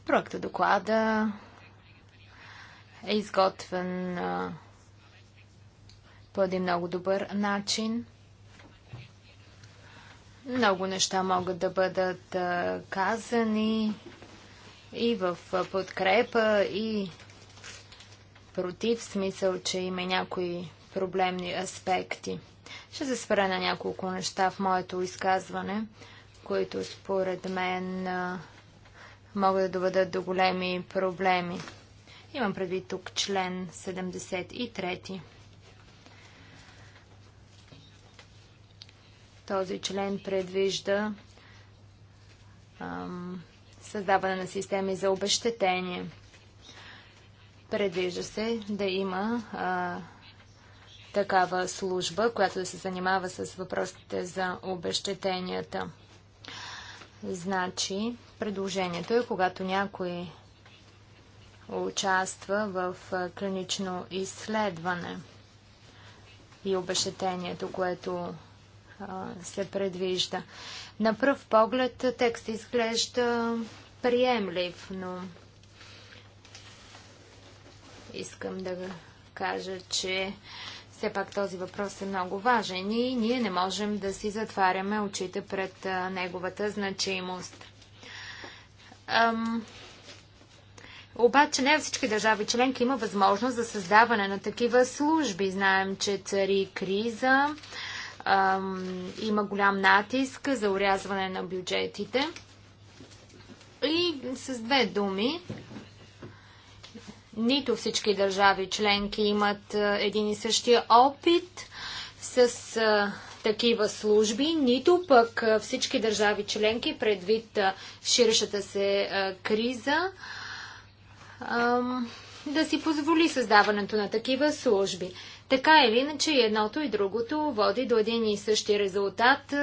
Проектът доклада е изготвен по един много добър начин. Много неща могат да бъдат казани и в подкрепа, и против, смисъл, че има някои проблемни аспекти. Ще се спра на няколко неща в моето изказване, които според мен могат да доведат до големи проблеми. Имам предвид тук член 73. Този член предвижда ам, създаване на системи за обещетение. Предвижда се да има а, такава служба, която да се занимава с въпросите за обещетенията. Значи, предложението е, когато някой участва в клинично изследване и обещетението, което се предвижда. На пръв поглед текст изглежда приемлив, но искам да кажа, че все пак този въпрос е много важен и ние не можем да си затваряме очите пред неговата значимост. Ам... Обаче не всички държави членки има възможност за създаване на такива служби. Знаем, че цари криза, ам, има голям натиск за урязване на бюджетите. И с две думи, нито всички държави членки имат е, един и същия опит с е, такива служби, нито пък е, всички държави членки предвид ширещата се криза да си позволи създаването на такива служби. Така или иначе, едното и другото води до един и същи резултат,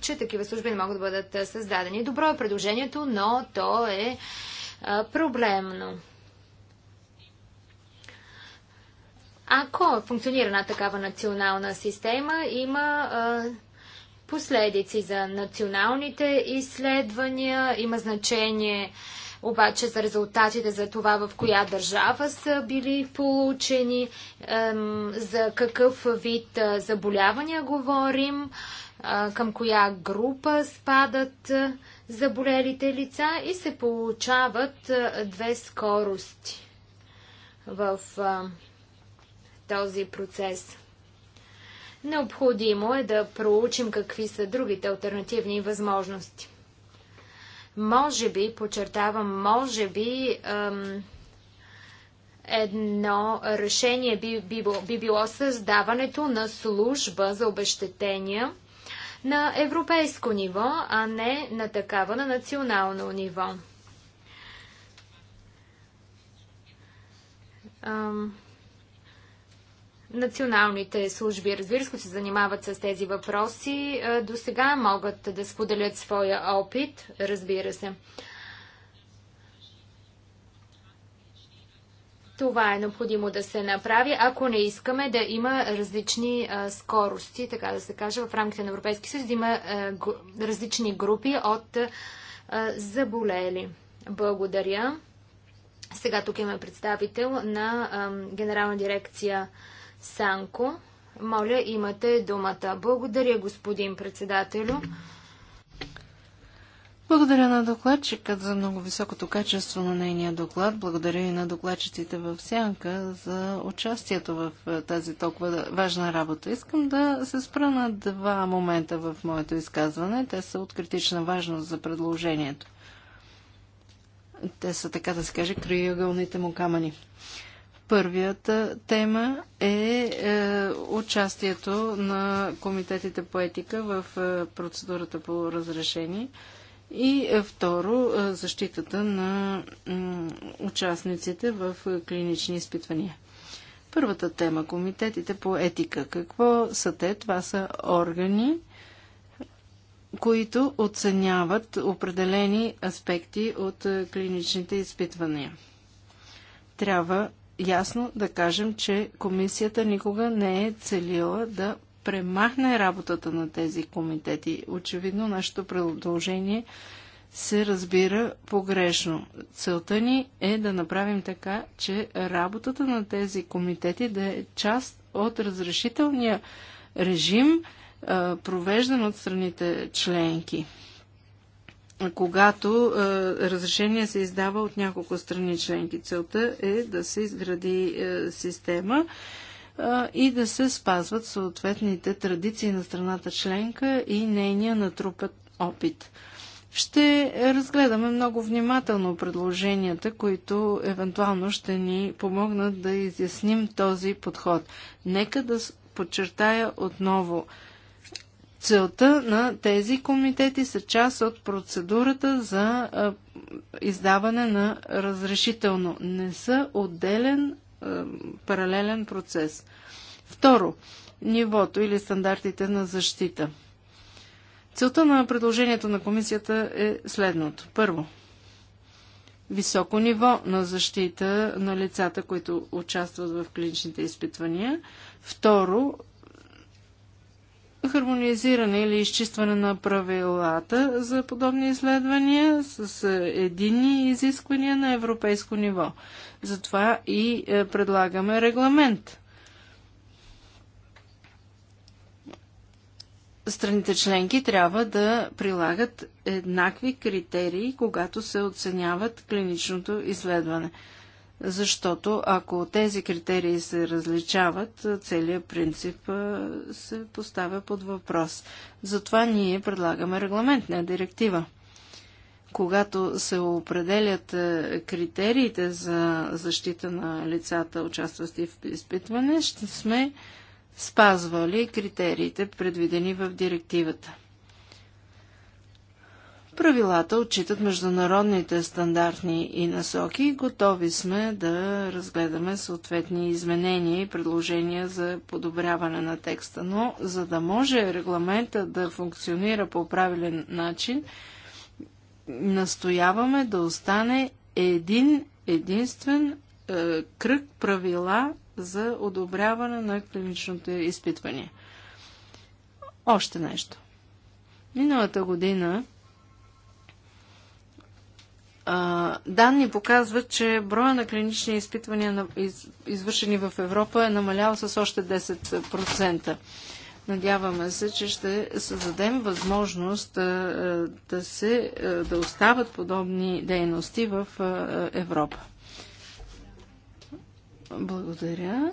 че такива служби не могат да бъдат създадени. Добро е предложението, но то е проблемно. Ако функционира една такава национална система, има а, последици за националните изследвания, има значение обаче за резултатите за това в коя държава са били получени, ем, за какъв вид заболявания говорим, е, към коя група спадат заболелите лица и се получават две скорости в този процес. Необходимо е да проучим какви са другите альтернативни възможности. Може би, подчертавам, може би ем, едно решение би, би, би било създаването на служба за обещетения на европейско ниво, а не на такава на национално ниво. Ем, Националните служби, разбира се, се занимават с тези въпроси, е, до сега могат да споделят своя опит, разбира се. Това е необходимо да се направи, ако не искаме да има различни е, скорости, така да се каже, в рамките на Европейски съюз, да има е, различни групи от заболели. Благодаря. Сега тук имаме представител на Генерална дирекция Санко. Моля, имате думата. Благодаря, господин председателю. Благодаря на докладчикът за много високото качество на нейния доклад. Благодаря и на докладчиците в Сянка за участието в е, тази толкова важна работа. Искам да се спра на два момента в моето изказване. Те са от критична важност за предложението. Те са, така да се каже, краиъгълните му камъни. Първията тема е, е участието на комитетите по етика в е, процедурата по разрешение. И е, второ, защитата на участниците в клинични изпитвания. Първата тема комитетите по етика. Какво са те? Това са органи, които оценяват определени аспекти от клиничните изпитвания. Трябва ясно да кажем, че комисията никога не е целила да премахне работата на тези комитети. Очевидно, нашето предложение се разбира погрешно. Целта ни е да направим така, че работата на тези комитети да е част от разрешителния режим, провеждан от страните членки когато е, разрешение се издава от няколко страни членки. Целта е да се изгради е, система е, и да се спазват съответните традиции на страната членка и нейния натрупат опит. Ще разгледаме много внимателно предложенията, които евентуално ще ни помогнат да изясним този подход. Нека да подчертая отново – Целта на тези комитети са част от процедурата за издаване на разрешително. Не са отделен паралелен процес. Второ, нивото или стандартите на защита. Целта на предложението на комисията е следното. Първо, високо ниво на защита на лицата, които участват в клиничните изпитвания. Второ, хармонизиране или изчистване на правилата за подобни изследвания с е, единни изисквания на европейско ниво. Затова и е, предлагаме регламент. Страните членки трябва да прилагат еднакви критерии, когато се оценяват клиничното изследване защото ако тези критерии се различават, целият принцип се поставя под въпрос. Затова ние предлагаме регламент, не директива. Когато се определят критериите за защита на лицата, участващи в изпитване, ще сме спазвали критериите, предвидени в директивата. Правилата отчитат международните стандартни и насоки. Готови сме да разгледаме съответни изменения и предложения за подобряване на текста, но за да може регламента да функционира по правилен начин, настояваме да остане един единствен е, кръг правила за одобряване на клиничното изпитване. Още нещо. Миналата година данни показват, че броя на клинични изпитвания, извършени в Европа, е намалял с още 10%. Надяваме се, че ще създадем възможност да, се, да остават подобни дейности в Европа. Благодаря.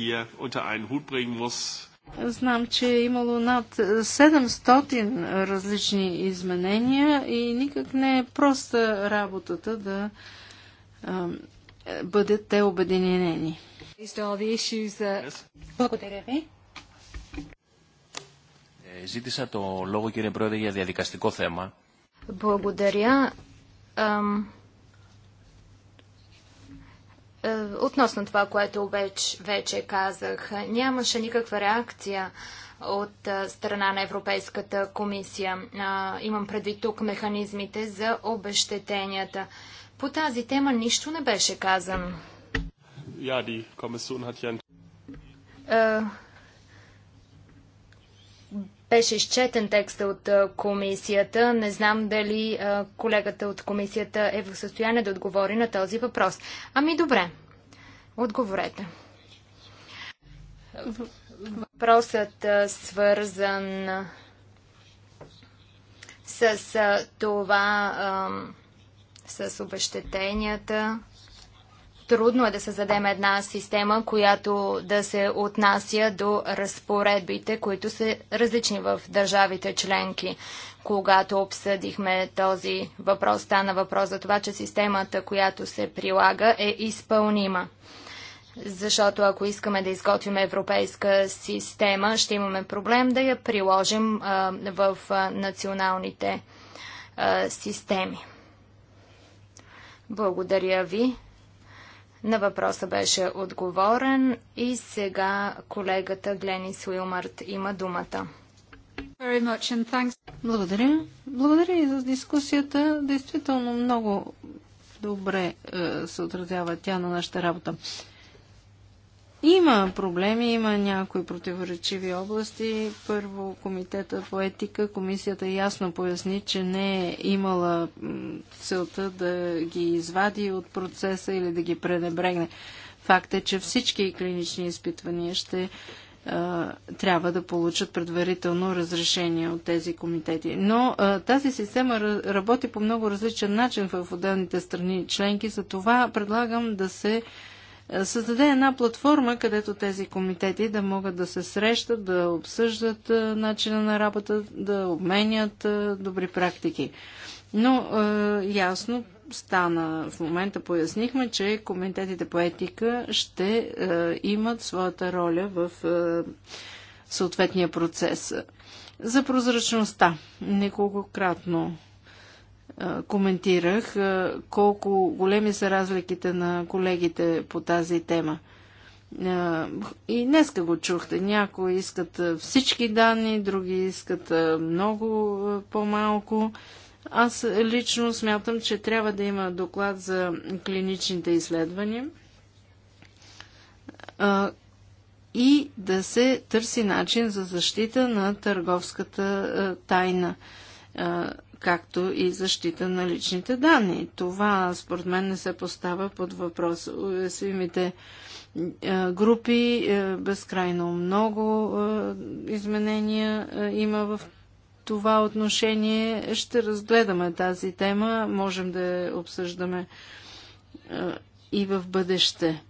Hier unter einen Hut bringen muss, Знам, че е имало над 700 различни изменения и никак не е проста работата да а, бъдат те обединени. Благодаря ви. Е, Ζήτησα το λόγο, κύριε Πρόεδρε, για διαδικαστικό θέμα. Благодаря. Е, относно това, което вече, вече казах, нямаше никаква реакция от е, страна на Европейската комисия. А, имам предвид тук механизмите за обещетенията. По тази тема нищо не беше казано. Yeah, беше изчетен текста от комисията. Не знам дали колегата от комисията е в състояние да отговори на този въпрос. Ами добре, отговорете. Въпросът свързан с това, с обещетенията, Трудно е да създадем една система, която да се отнася до разпоредбите, които са различни в държавите членки. Когато обсъдихме този въпрос, стана въпрос за това, че системата, която се прилага, е изпълнима. Защото ако искаме да изготвим европейска система, ще имаме проблем да я приложим а, в а, националните а, системи. Благодаря ви. На въпроса беше отговорен и сега колегата Гленис Уилмарт има думата. Благодаря. Благодаря и за дискусията. Действително много добре е, се отразява тя на нашата работа. Има проблеми, има някои противоречиви области. Първо, комитета по етика, комисията ясно поясни, че не е имала целта да ги извади от процеса или да ги пренебрегне. Факт е, че всички клинични изпитвания ще а, трябва да получат предварително разрешение от тези комитети. Но а, тази система работи по много различен начин в отделните страни членки, за това предлагам да се е, създаде една платформа, където тези комитети да могат да се срещат, да обсъждат е, начина на работа, да обменят е, добри практики. Но ясно стана, в момента пояснихме, че комитетите по етика ще имат своята роля в съответния процес. За прозрачността. Неколкократно коментирах колко големи са разликите на колегите по тази тема. И днеска го чухте. Някои искат всички данни, други искат много по-малко. Аз лично смятам, че трябва да има доклад за клиничните изследвания и да се търси начин за защита на търговската тайна както и защита на личните данни. Това, според мен, не се поставя под въпрос. Уязвимите е, групи, е, безкрайно много е, изменения има в това отношение. Ще разгледаме тази тема, можем да я обсъждаме и в бъдеще.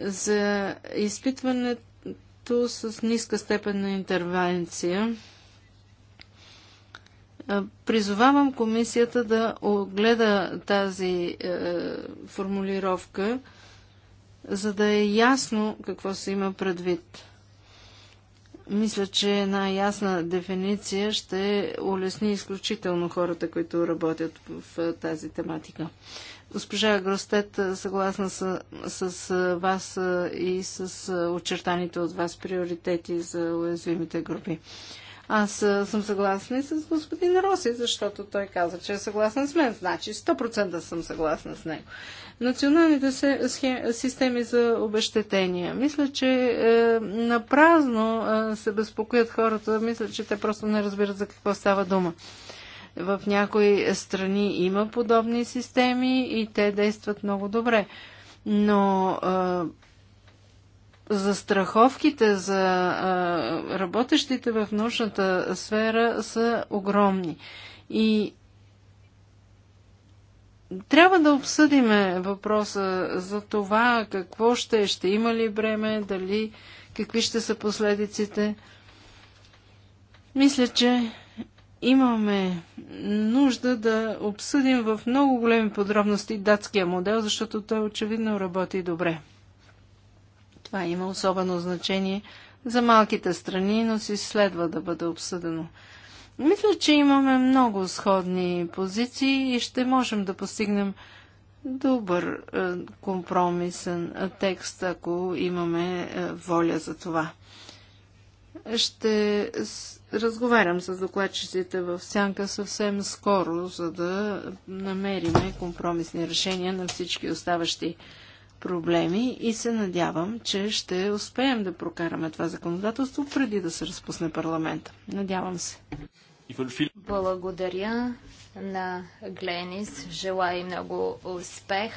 За изпитването с ниска степен на интервенция Призовавам комисията да огледа тази е, формулировка, за да е ясно какво се има предвид. Мисля, че една ясна дефиниция ще улесни изключително хората, които работят в е, тази тематика. Госпожа Гростет, е, съгласна с, с е, вас и с очертаните от вас приоритети за уязвимите групи. Аз съм съгласна и с господин Роси, защото той каза, че е съгласен с мен. Значи 100% съм съгласна с него. Националните системи за обещетения. Мисля, че е, напразно е, се безпокоят хората. Мисля, че те просто не разбират за какво става дума. В някои страни има подобни системи и те действат много добре. Но е, застраховките за а, работещите в научната сфера са огромни. И трябва да обсъдиме въпроса за това какво ще, ще има ли бреме, дали, какви ще са последиците. Мисля, че имаме нужда да обсъдим в много големи подробности датския модел, защото той очевидно работи добре. Това има особено значение за малките страни, но си следва да бъде обсъдено. Мисля, че имаме много сходни позиции и ще можем да постигнем добър е, компромисен е, текст, ако имаме е, воля за това. Ще разговарям с докладчиците в Сянка съвсем скоро, за да намерим компромисни решения на всички оставащи проблеми и се надявам, че ще успеем да прокараме това законодателство преди да се разпусне парламента. Надявам се. Благодаря на Гленис. Желая много успех.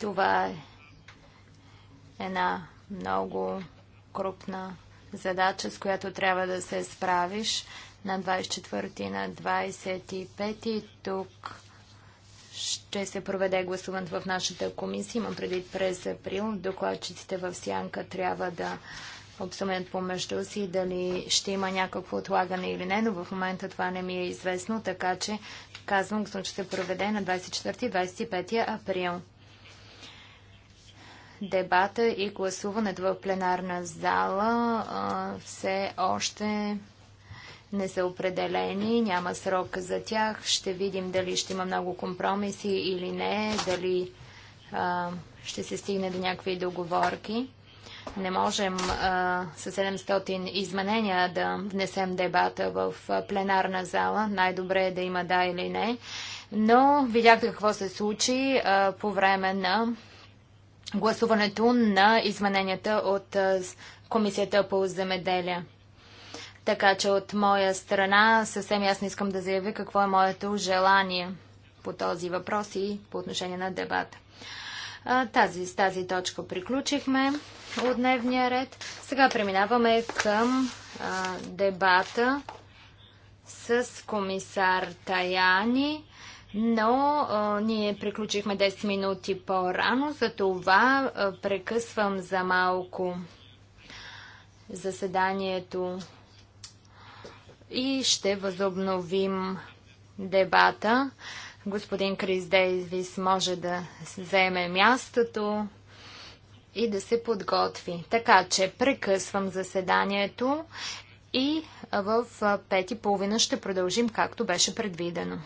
Това е една много крупна задача, с която трябва да се справиш на 24 и на 25. Тук ще се проведе гласуването в нашата комисия. Имам предвид през април. Докладчиците в Сянка трябва да обсъмнят помежду си дали ще има някакво отлагане или не, но в момента това не ми е известно, така че казвам, че ще се проведе на 24-25 април. Дебата и гласуването в пленарна зала а, все още не са определени, няма срок за тях. Ще видим дали ще има много компромиси или не, дали а, ще се стигне до някакви договорки. Не можем а, с 700 изменения да внесем дебата в пленарна зала. Най-добре е да има да или не. Но видяхте какво се случи а, по време на гласуването на измененията от а, Комисията по земеделие. Така че от моя страна съвсем ясно искам да заявя какво е моето желание по този въпрос и по отношение на дебата. Тази, с тази точка приключихме от дневния ред. Сега преминаваме към а, дебата с комисар Таяни, но а, ние приключихме 10 минути по-рано, за това прекъсвам за малко заседанието и ще възобновим дебата. Господин Крис Дейвис може да вземе мястото и да се подготви. Така че прекъсвам заседанието и в пет и половина ще продължим както беше предвидено.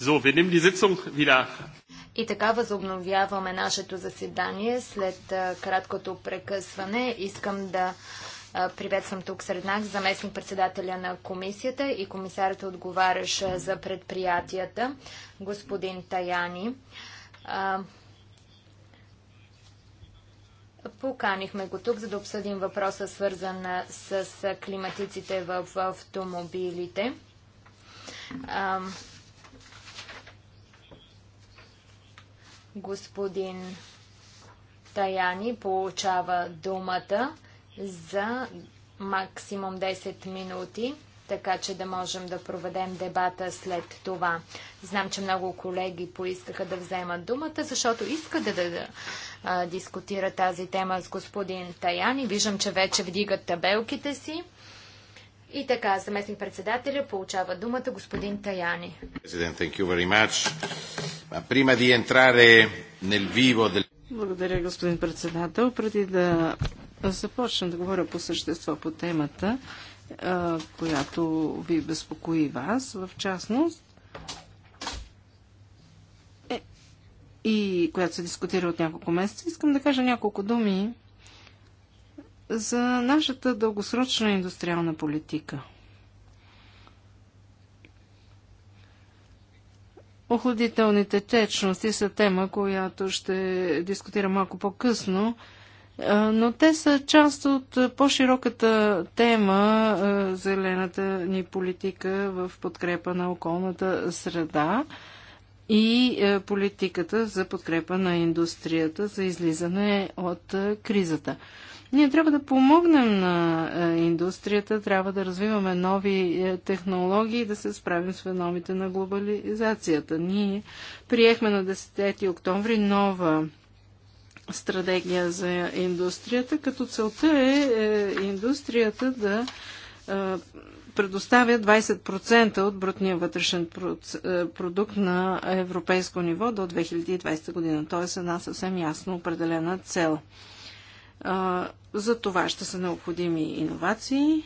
So, wir nehmen die Sitzung wieder. И така възобновяваме нашето заседание след краткото прекъсване. Искам да Приветствам тук сред нас заместник председателя на комисията и комисарът отговаряш за предприятията, господин Таяни. Поканихме го тук, за да обсъдим въпроса, свързан с климатиците в автомобилите. Господин Таяни получава думата за максимум 10 минути, така че да можем да проведем дебата след това. Знам, че много колеги поискаха да вземат думата, защото искат да, да, да а, дискутира тази тема с господин Таяни. Виждам, че вече вдигат табелките си. И така, заместник председателя получава думата господин Таяни. Благодаря, господин председател. Преди да започна да говоря по същество по темата, която ви безпокои вас, в частност, е, и която се дискутира от няколко месеца, искам да кажа няколко думи за нашата дългосрочна индустриална политика. Охладителните течности са тема, която ще дискутира малко по-късно но те са част от по-широката тема зелената ни политика в подкрепа на околната среда и политиката за подкрепа на индустрията за излизане от кризата. Ние трябва да помогнем на индустрията, трябва да развиваме нови технологии и да се справим с феномите на глобализацията. Ние приехме на 10 октомври нова стратегия за индустрията, като целта е, е индустрията да е, предоставя 20% от брутния вътрешен е, продукт на европейско ниво до 2020 година. Тоест една съвсем ясно определена цел. За това ще са необходими иновации,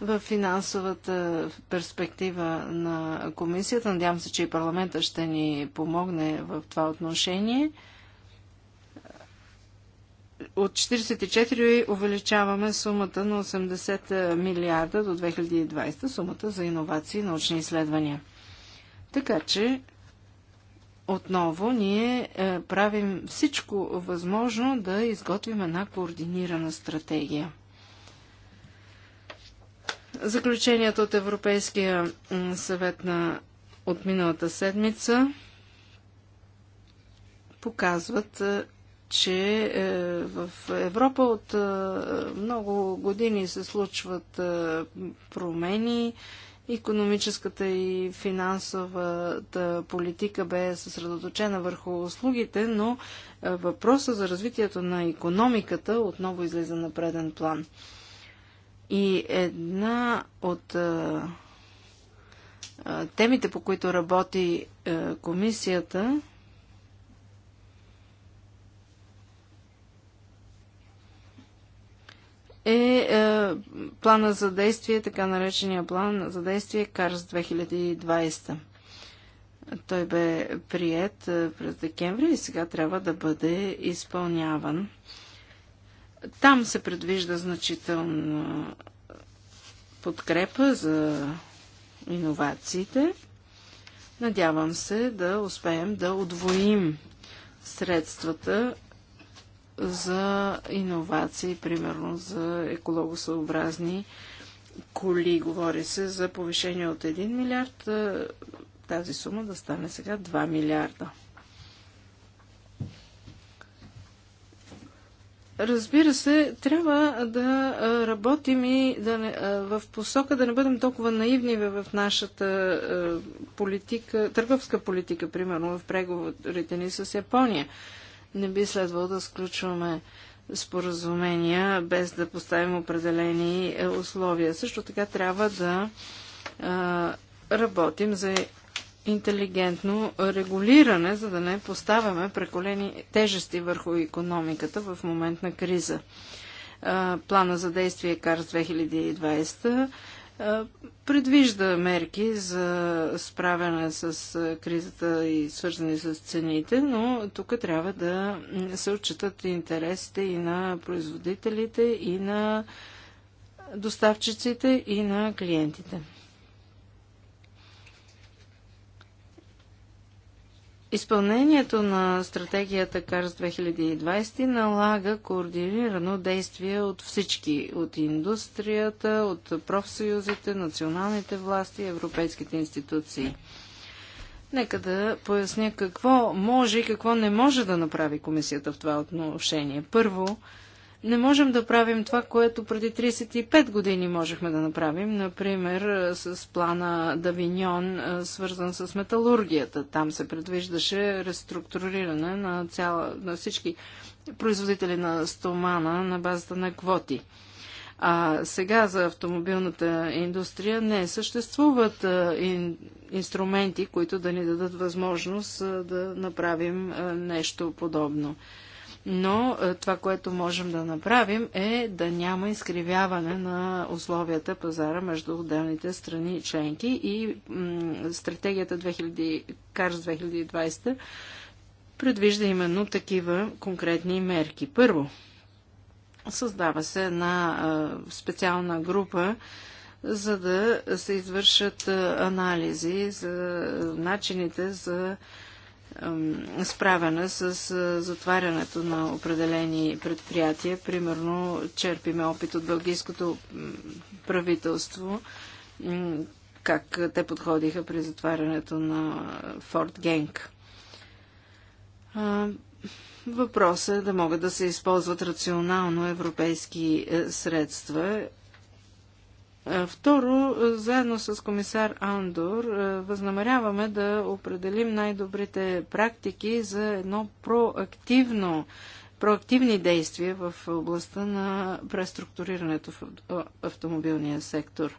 в финансовата перспектива на комисията. Надявам се, че и парламента ще ни помогне в това отношение. От 44 увеличаваме сумата на 80 милиарда до 2020, сумата за иновации и научни изследвания. Така че, отново, ние е, правим всичко възможно да изготвим една координирана стратегия. Заключението от Европейския съвет на от миналата седмица показват, е, че е, в Европа от е, много години се случват промени. Економическата и финансовата политика бе съсредоточена върху услугите, но въпроса за развитието на економиката отново излиза на преден план. И една от а, а, темите, по които работи а, комисията, е, е плана за действие, така наречения план за действие КАРС 2020. Той бе прият през декември и сега трябва да бъде изпълняван. Там се предвижда значителна подкрепа за иновациите. Надявам се да успеем да отвоим средствата за иновации, примерно за екологосъобразни коли. Говори се за повишение от 1 милиард. Тази сума да стане сега 2 милиарда. Разбира се, трябва да работим и да не, в посока да не бъдем толкова наивни в нашата политика, търговска политика, примерно в преговорите ни с Япония. Не би следвало да сключваме споразумения без да поставим определени е, условия. Също така трябва да работим за интелигентно регулиране, за да не поставяме преколени тежести върху економиката в момент на криза. Плана за действие КАРС 2020 предвижда мерки за справяне с кризата и свързани с цените, но тук трябва да се отчитат интересите и на производителите, и на доставчиците, и на клиентите. Изпълнението на стратегията КАРС 2020 налага координирано действие от всички, от индустрията, от профсъюзите, националните власти, европейските институции. Нека да поясня какво може и какво не може да направи комисията в това отношение. Първо, не можем да правим това, което преди 35 години можехме да направим, например с плана Давиньон, свързан с металургията. Там се предвиждаше реструктуриране на, цяло, на всички производители на стомана на базата на квоти. А сега за автомобилната индустрия не съществуват ин, инструменти, които да ни дадат възможност да направим нещо подобно но е, това, което можем да направим е да няма изкривяване на условията пазара между отделните страни и членки и стратегията 2000, КАРС 2020 предвижда именно такива конкретни мерки. Първо, създава се една е, специална група, за да се извършат е, анализи за начините за справяне с затварянето на определени предприятия. Примерно, черпиме опит от бългийското правителство, как те подходиха при затварянето на Форт Генк. Въпросът е да могат да се използват рационално европейски е, средства Второ, заедно с комисар Андор възнамеряваме да определим най-добрите практики за едно проактивно проактивни действия в областта на преструктурирането в автомобилния сектор.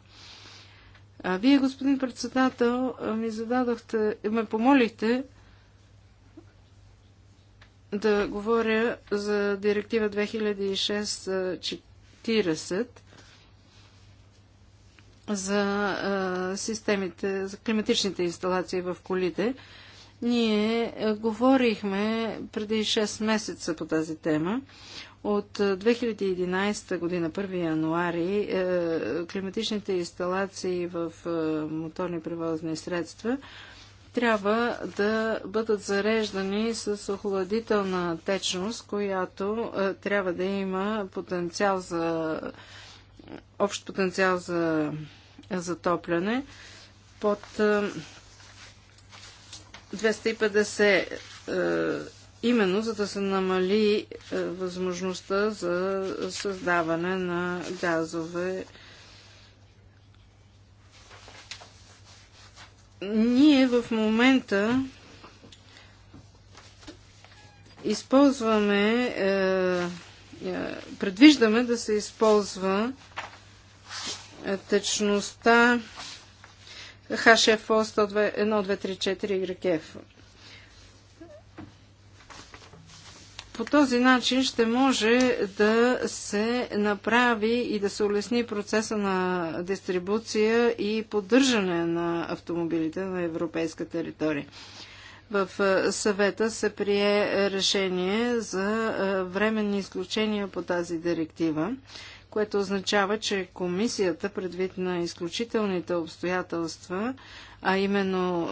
А вие, господин председател, ми зададохте, ме помолихте да говоря за директива 2006-40 за системите, за климатичните инсталации в колите. Ние говорихме преди 6 месеца по тази тема. От 2011 година, 1 януари, климатичните инсталации в моторни превозни средства трябва да бъдат зареждани с охладителна течност, която трябва да има потенциал за общ потенциал за затопляне под 250 е, е, именно за да се намали е, възможността за създаване на газове ние в момента използваме, предвиждаме да се използва течността HFO 1234YF. По този начин ще може да се направи и да се улесни процеса на дистрибуция и поддържане на автомобилите на европейска територия. В съвета се прие решение за временни изключения по тази директива което означава, че комисията, предвид на изключителните обстоятелства, а именно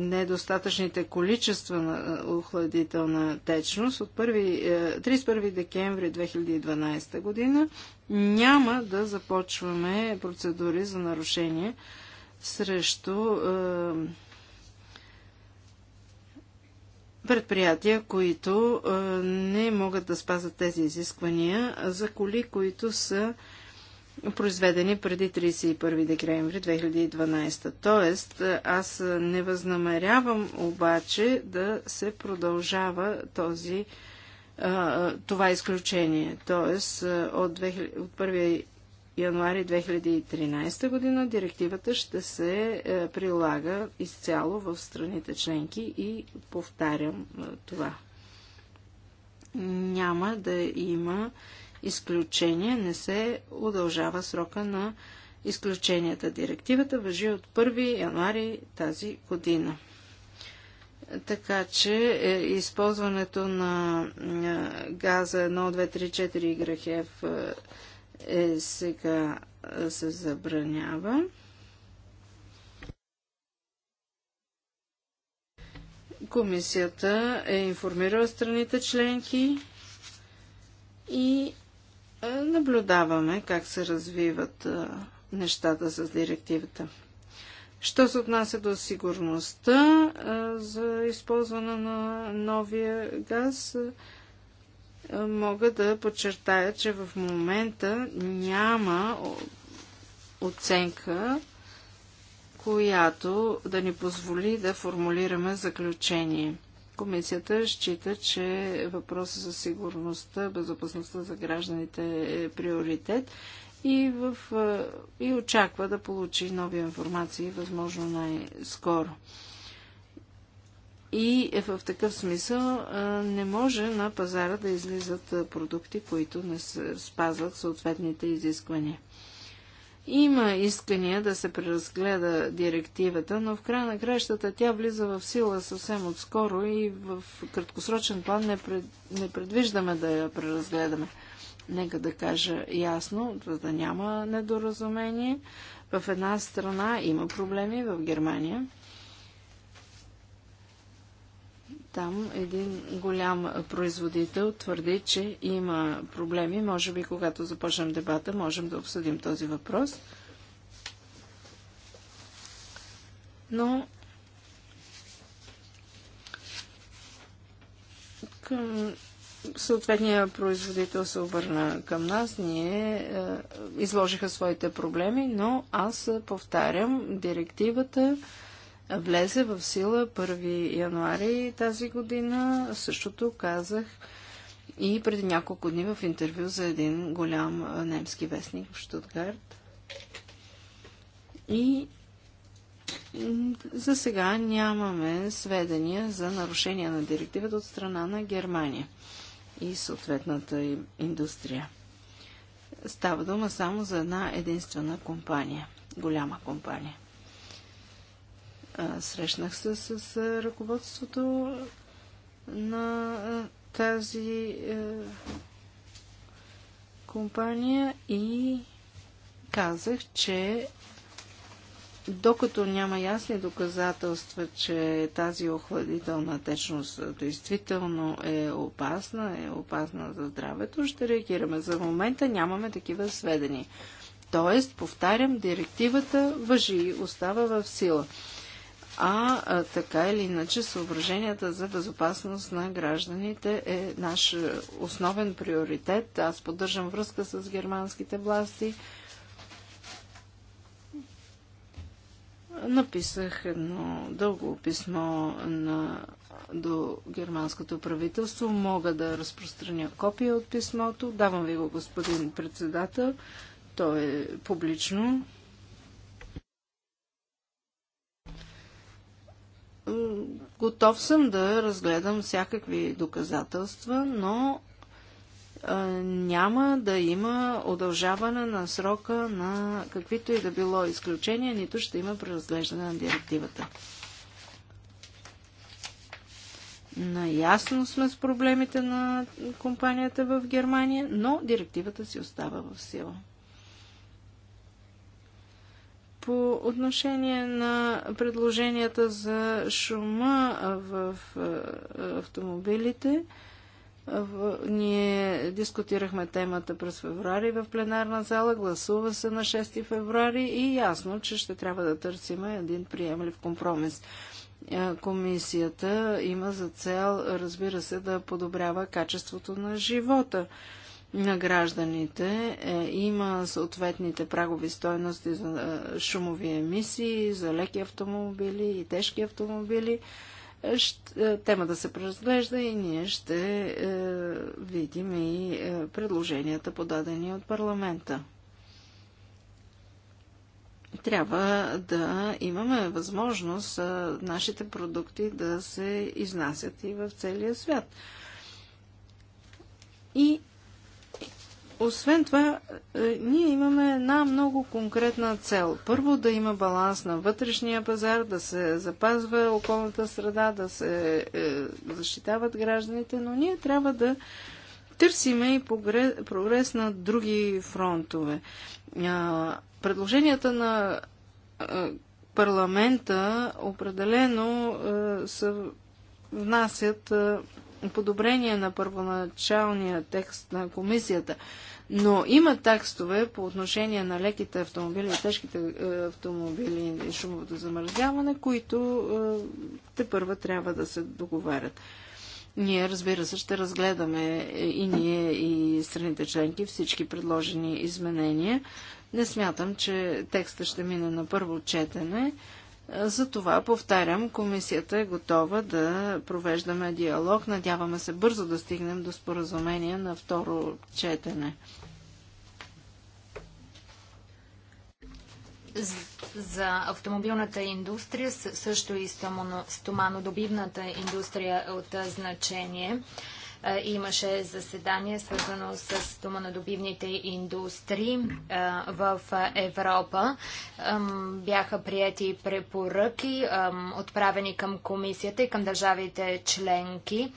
недостатъчните количества на охладителна течност, от 1, 31 е, декември 2012 година няма да започваме процедури за нарушение срещу е, предприятия, които не могат да спазат тези изисквания за коли, които са произведени преди 31 декември 2012. Тоест, аз не възнамерявам обаче да се продължава този, това изключение. Тоест, от 1 януари 2013 година директивата ще се е, прилага изцяло в страните членки и повтарям е, това. Няма да има изключение, не се удължава срока на изключенията. Директивата въжи от 1 януари тази година. Така че е, използването на е, газа 1, 2, 3, 4 Грахев е, сега се забранява. Комисията е информирала страните членки и наблюдаваме как се развиват нещата с директивата. Що се отнася до сигурността за използване на новия газ, мога да подчертая, че в момента няма оценка, която да ни позволи да формулираме заключение. Комисията счита, че въпросът за сигурността, безопасността за гражданите е приоритет и, в, е, и очаква да получи нови информации, възможно най-скоро. И в такъв смисъл не може на пазара да излизат продукти, които не спазват съответните изисквания. Има искания да се преразгледа директивата, но в края на кращата тя влиза в сила съвсем отскоро и в краткосрочен план не, пред, не предвиждаме да я преразгледаме. Нека да кажа ясно, за да няма недоразумение. В една страна има проблеми в Германия, Там един голям производител твърди, че има проблеми. Може би, когато започнем дебата, можем да обсъдим този въпрос. Но към съответния производител се обърна към нас, ние е, изложиха своите проблеми, но аз повтарям директивата влезе в сила 1 януари тази година. Същото казах и преди няколко дни в интервю за един голям немски вестник в Штутгарт. И за сега нямаме сведения за нарушения на директивата от страна на Германия и съответната им индустрия. Става дума само за една единствена компания, голяма компания. Срещнах се с ръководството на тази е, компания и казах, че докато няма ясни доказателства, че тази охладителна течност действително е опасна, е опасна за здравето, ще реагираме. За момента нямаме такива сведения. Тоест, повтарям, директивата въжи, и остава в сила а, а така или иначе съображенията за безопасност на гражданите е наш е, основен приоритет. Аз поддържам връзка с германските власти. Написах едно дълго писмо на, до германското правителство. Мога да разпространя копия от писмото. Давам ви го, господин председател. То е публично. готов съм да разгледам всякакви доказателства, но няма да има удължаване на срока на каквито и да било изключения, нито ще има преразглеждане на директивата. Наясно сме с проблемите на компанията в Германия, но директивата си остава в сила. По отношение на предложенията за шума в автомобилите, ние дискутирахме темата през феврари в пленарна зала, гласува се на 6 феврари и ясно, че ще трябва да търсим един приемлив компромис. Комисията има за цел, разбира се, да подобрява качеството на живота на гражданите. Е, има съответните прагови стоености за е, шумови емисии, за леки автомобили и тежки автомобили. Ще, е, тема да се преразглежда и ние ще е, видим и е, предложенията подадени от парламента. Трябва да имаме възможност е, нашите продукти да се изнасят и в целия свят. И освен това, е, ние имаме една много конкретна цел. Първо да има баланс на вътрешния пазар, да се запазва околната среда, да се е, защитават гражданите, но ние трябва да търсиме и прогрес на други фронтове. Предложенията на парламента определено е, са внасят подобрение на първоначалния текст на комисията. Но има такстове по отношение на леките автомобили и тежките е, автомобили и шумовото замързяване, които е, те първа трябва да се договарят. Ние, разбира се, ще разгледаме е, и ние, и страните членки всички предложени изменения. Не смятам, че текста ще мине на първо четене. Затова, повтарям, комисията е готова да провеждаме диалог. Надяваме се бързо да стигнем до споразумение на второ четене. за автомобилната индустрия, също и стоманодобивната индустрия е от значение. Имаше заседание, свързано с стоманодобивните индустрии в Европа. Бяха прияти препоръки, отправени към комисията и към държавите членки.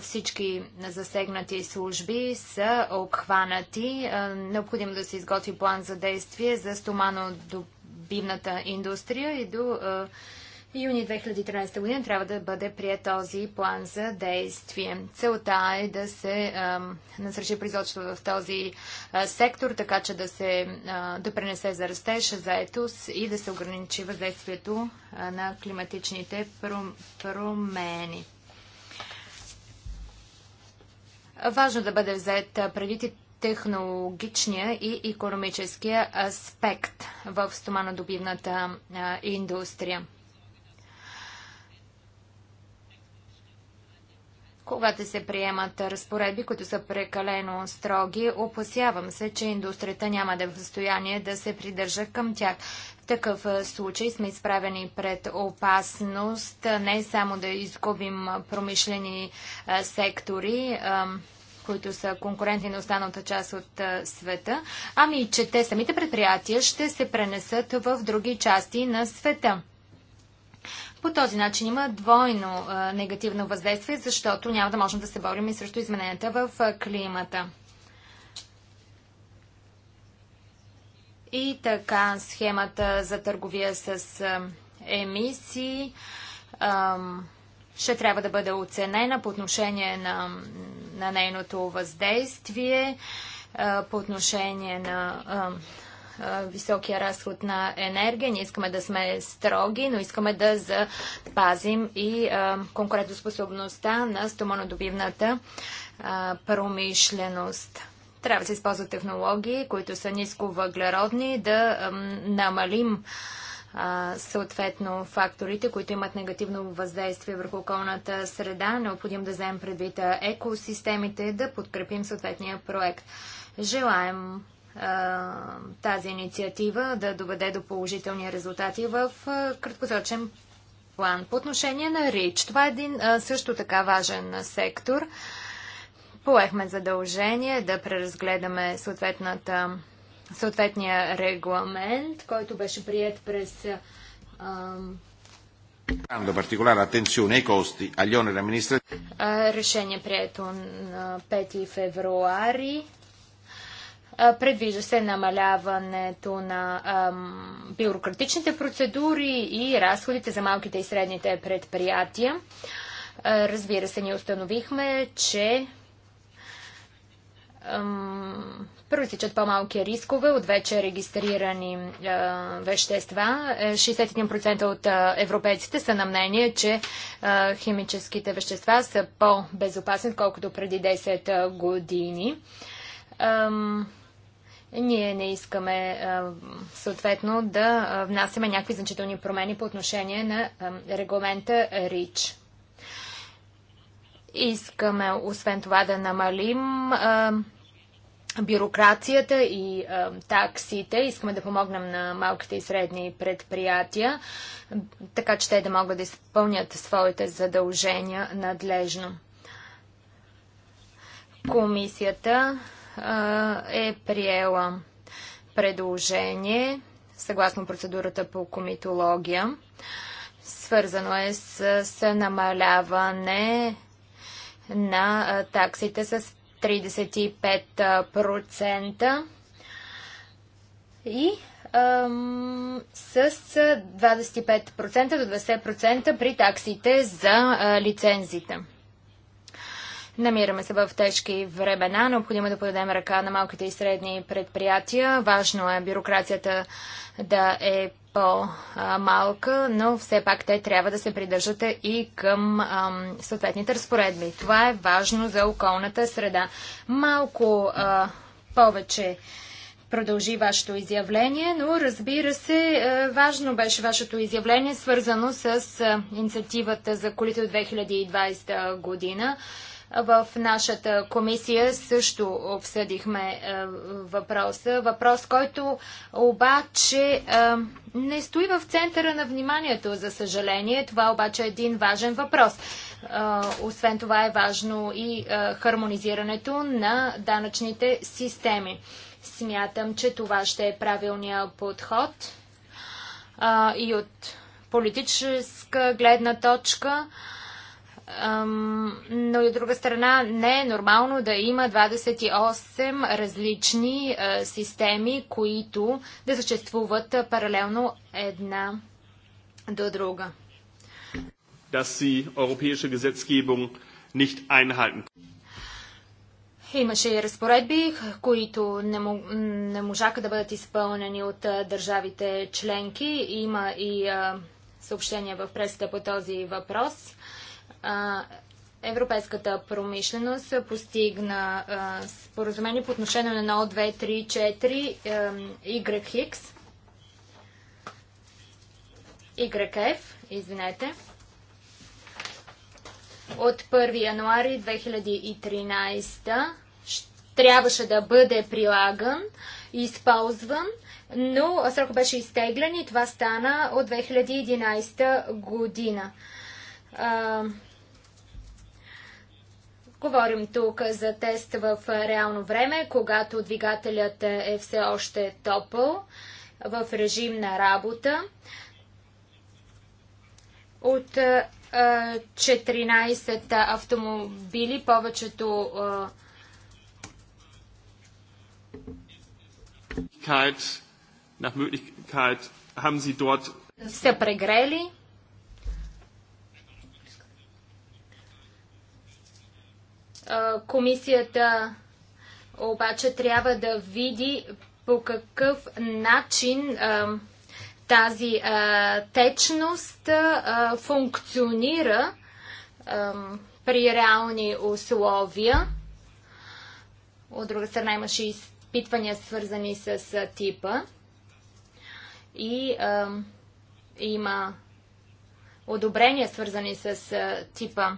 Всички засегнати служби са обхванати. Необходимо да се изготви план за действие за стоманодобивната индустрия и до юни 2013 година трябва да бъде прият този план за действие. Целта е да се насръчи производство в този сектор, така че да се допренесе да пренесе за етос и да се ограничи въздействието на климатичните пром, промени. Важно да бъде взет предвид технологичния и економическия аспект в стоманодобивната индустрия. Когато се приемат разпоредби, които са прекалено строги, опасявам се, че индустрията няма да е в състояние да се придържа към тях. В такъв случай сме изправени пред опасност не само да изгубим промишлени сектори, които са конкурентни на останалата част от света, ами че те самите предприятия ще се пренесат в други части на света. По този начин има двойно а, негативно въздействие, защото няма да можем да се борим и срещу измененията в а, климата. И така схемата за търговия с а, емисии ще трябва да бъде оценена по отношение на, на нейното въздействие, по отношение на високия разход на енергия. Ние искаме да сме строги, но искаме да запазим и конкурентоспособността на стоманодобивната промишленост. Трябва да се използват технологии, които са ниско въглеродни, да намалим съответно факторите, които имат негативно въздействие върху околната среда. Необходим да вземем предвид екосистемите, да подкрепим съответния проект. Желаем тази инициатива да доведе до положителни резултати в краткосрочен план. По отношение на РИЧ, това е един също така важен сектор. Поехме задължение да преразгледаме съответната, съответния регламент, който беше прият през Решение прието на 5 февруари Предвижда се намаляването на бюрократичните процедури и разходите за малките и средните предприятия. разбира се, ние установихме, че ам, проистичат по-малки рискове от вече регистрирани вещества. 61% е, от европейците са на мнение, че химическите вещества са по-безопасни, колкото преди 10 години. Ние не искаме съответно да внасяме някакви значителни промени по отношение на регламента РИЧ. Искаме освен това да намалим бюрокрацията и таксите. Искаме да помогнем на малките и средни предприятия, така че те да могат да изпълнят своите задължения надлежно. Комисията е приела предложение съгласно процедурата по комитология. Свързано е с, с намаляване на таксите с 35% и с 25% до 20% при таксите за лицензите. Намираме се в тежки времена. Необходимо е да подадем ръка на малките и средни предприятия. Важно е бюрокрацията да е по-малка, но все пак те трябва да се придържат и към ам, съответните разпоредби. Това е важно за околната среда. Малко а, повече продължи вашето изявление, но разбира се, важно беше вашето изявление, свързано с инициативата за колите от 2020 година. В нашата комисия също обсъдихме е, въпроса. Въпрос, който обаче е, не стои в центъра на вниманието, за съжаление. Това обаче е един важен въпрос. Е, освен това е важно и хармонизирането на данъчните системи. Смятам, че това ще е правилният подход и от политическа гледна точка но и от друга страна не е нормално да има 28 различни системи, които да съществуват паралелно една до друга. Dass die europäische Gesetzgebung nicht einhalten. Имаше и разпоредби, които не, не можаха да бъдат изпълнени от държавите членки. Има и съобщения в пресата по този въпрос европейската промишленост постигна споразумение по отношение на 0234 YX, YF, извинете, от 1 януари 2013 трябваше да бъде прилаган и използван, но срокът беше изтеглен и това стана от 2011 година. Говорим тук за тест в реално време, когато двигателят е все още топъл в режим на работа. От 14 автомобили, повечето са прегрели. Комисията обаче трябва да види по какъв начин тази течност функционира при реални условия. От друга страна имаше изпитвания свързани с типа и има одобрения свързани с типа.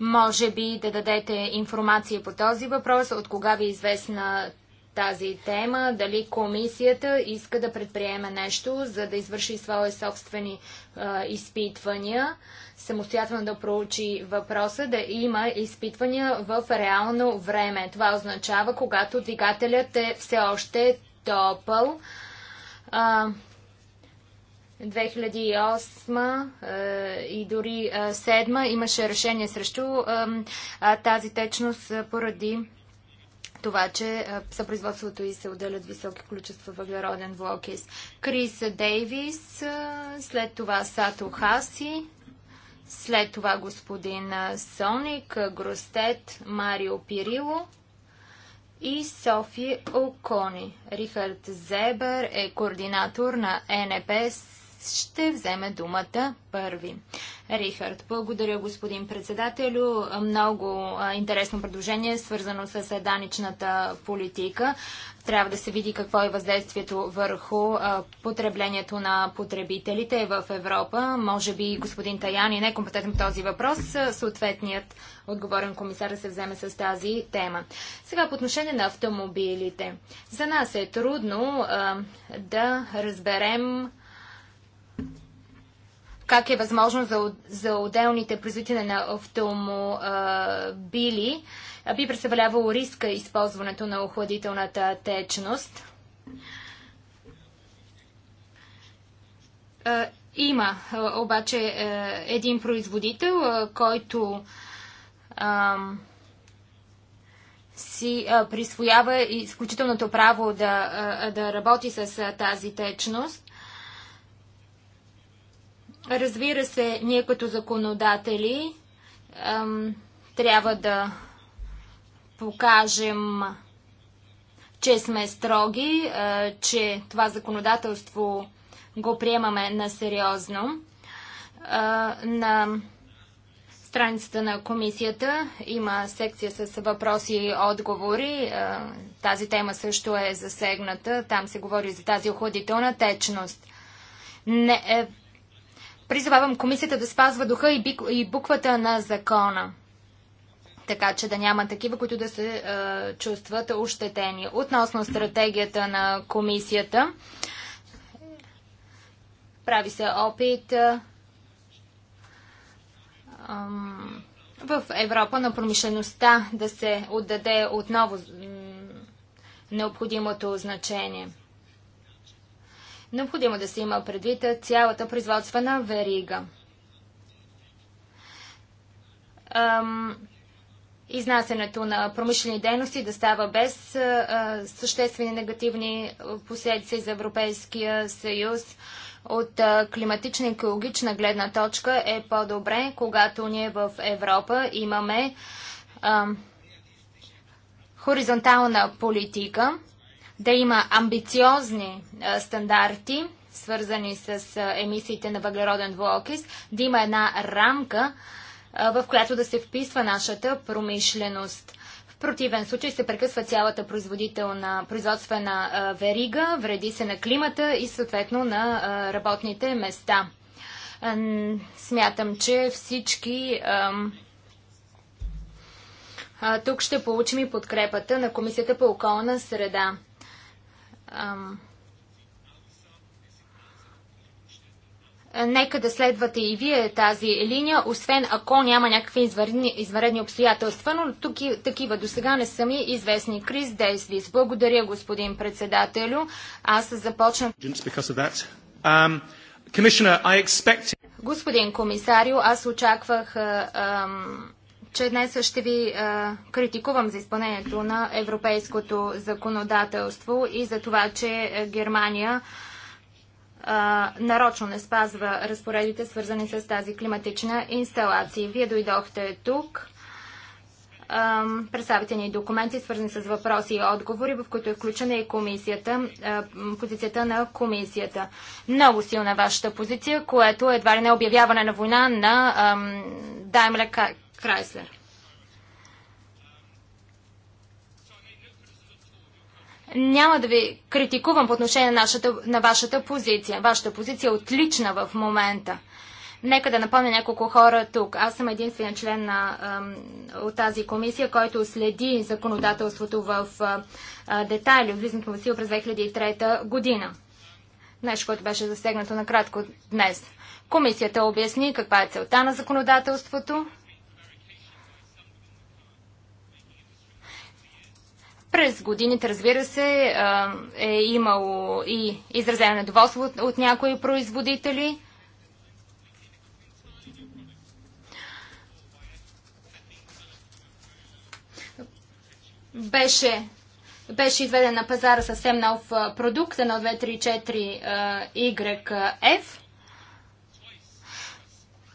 Може би да дадете информация по този въпрос, от кога ви е известна тази тема, дали комисията иска да предприеме нещо, за да извърши свои собствени а, изпитвания, самостоятелно да проучи въпроса, да има изпитвания в реално време. Това означава, когато двигателят е все още топъл. А, 2008 е, и дори 2007 е, имаше решение срещу е, тази течност поради това, че съпроизводството производството и се отделят високи количества въглероден Влокис. Крис Дейвис, след това Сато Хаси, след това господин Соник, Гростет, Марио Пирило и Софи Окони. Рихард Зебер е координатор на НПС ще вземе думата първи. Рихард, благодаря господин председателю. Много а, интересно предложение, свързано с даничната политика. Трябва да се види какво е въздействието върху а, потреблението на потребителите в Европа. Може би господин Таяни не е компетентен този въпрос. Съответният отговорен комисар да се вземе с тази тема. Сега по отношение на автомобилите. За нас е трудно а, да разберем как е възможно за, за отделните производители на автомобили, би представлявало риска използването на охладителната течност. Има обаче един производител, който си присвоява изключителното право да, да работи с тази течност Разбира се, ние като законодатели ем, трябва да покажем, че сме строги, е, че това законодателство го приемаме на сериозно. Е, на страницата на комисията има секция с въпроси и отговори. Тази тема също е засегната. Там се говори за тази охладителна течност. Не, е, Призовавам комисията да спазва духа и, буквата на закона, така че да няма такива, които да се е, чувстват ощетени. Относно стратегията на комисията, прави се опит е, е, в Европа на промишлеността да се отдаде отново необходимото значение. Необходимо е да се има предвид цялата производствена верига. Изнасянето на промишлени дейности да става без съществени негативни последици за Европейския съюз от климатична и екологична гледна точка е по-добре, когато ние в Европа имаме хоризонтална политика, да има амбициозни стандарти, свързани с емисиите на въглероден двуокис, да има една рамка, в която да се вписва нашата промишленост. В противен случай се прекъсва цялата производителна, производствена верига, вреди се на климата и съответно на работните места. Смятам, че всички тук ще получим и подкрепата на Комисията по околна среда. Ам... Нека да следвате и вие тази линия, освен ако няма някакви изваредни, изваредни обстоятелства, но тук и, такива до сега не са ми известни. Крис Дейсвис, Благодаря, господин председателю. Аз започна... Um, expect... Господин комисарио, аз очаквах... Ам че днес ще ви а, критикувам за изпълнението на европейското законодателство и за това, че Германия а, нарочно не спазва разпоредите, свързани с тази климатична инсталация. Вие дойдохте тук представите ни документи, свързани с въпроси и отговори, в които е включена и комисията, позицията на комисията. Много силна е вашата позиция, което едва ли не е обявяване на война на Даймле Крайслер. Няма да ви критикувам по отношение на, нашата, на вашата позиция. Вашата позиция е отлична в момента. Нека да напомня няколко хора тук. Аз съм единствен член на, от тази комисия, който следи законодателството в детайли от влизането в сила през 2003 година. Нещо, което беше засегнато накратко днес. Комисията обясни каква е целта на законодателството, През годините, разбира се, е имало и изразено недоволство от, някои производители. Беше, беше изведен на пазара съвсем нов продукт, 2-3-4 yf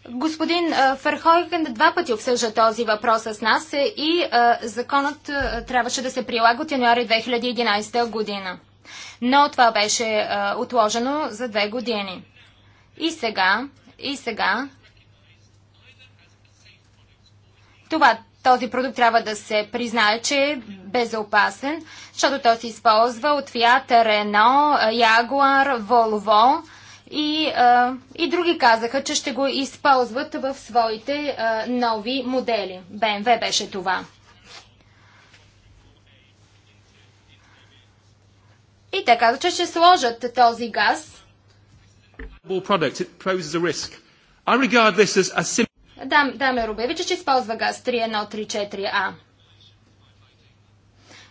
Господин Ферхойген два пъти обсъжда този въпрос с нас е, и законът трябваше да се прилага от януари 2011 година. Но това беше отложено за две години. И сега, и сега, това, този продукт трябва да се признае, че е безопасен, защото той се използва от Fiat, Renault, Jaguar, Volvo и, а, и други казаха, че ще го използват в своите а, нови модели. БМВ беше това. И те казаха, че ще сложат този газ. Дам, даме Рубевич, че използва газ 3134А.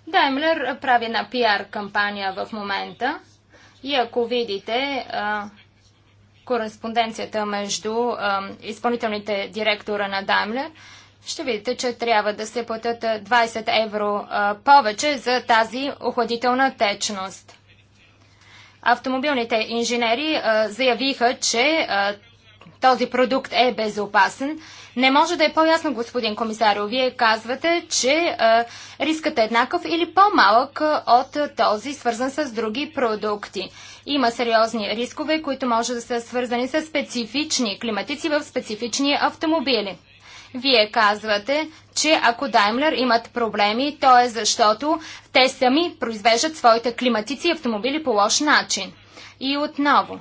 Даймлер прави една пиар кампания в момента. И ако видите а, кореспонденцията между изпълнителните директора на Даймлер, ще видите, че трябва да се платят 20 евро повече за тази охладителна течност. Автомобилните инженери заявиха, че този продукт е безопасен. Не може да е по-ясно, господин комисар. Вие казвате, че а, рискът е еднакъв или по-малък от този, свързан с други продукти. Има сериозни рискове, които може да са свързани с специфични климатици в специфични автомобили. Вие казвате, че ако Даймлер имат проблеми, то е защото те сами произвеждат своите климатици и автомобили по лош начин. И отново,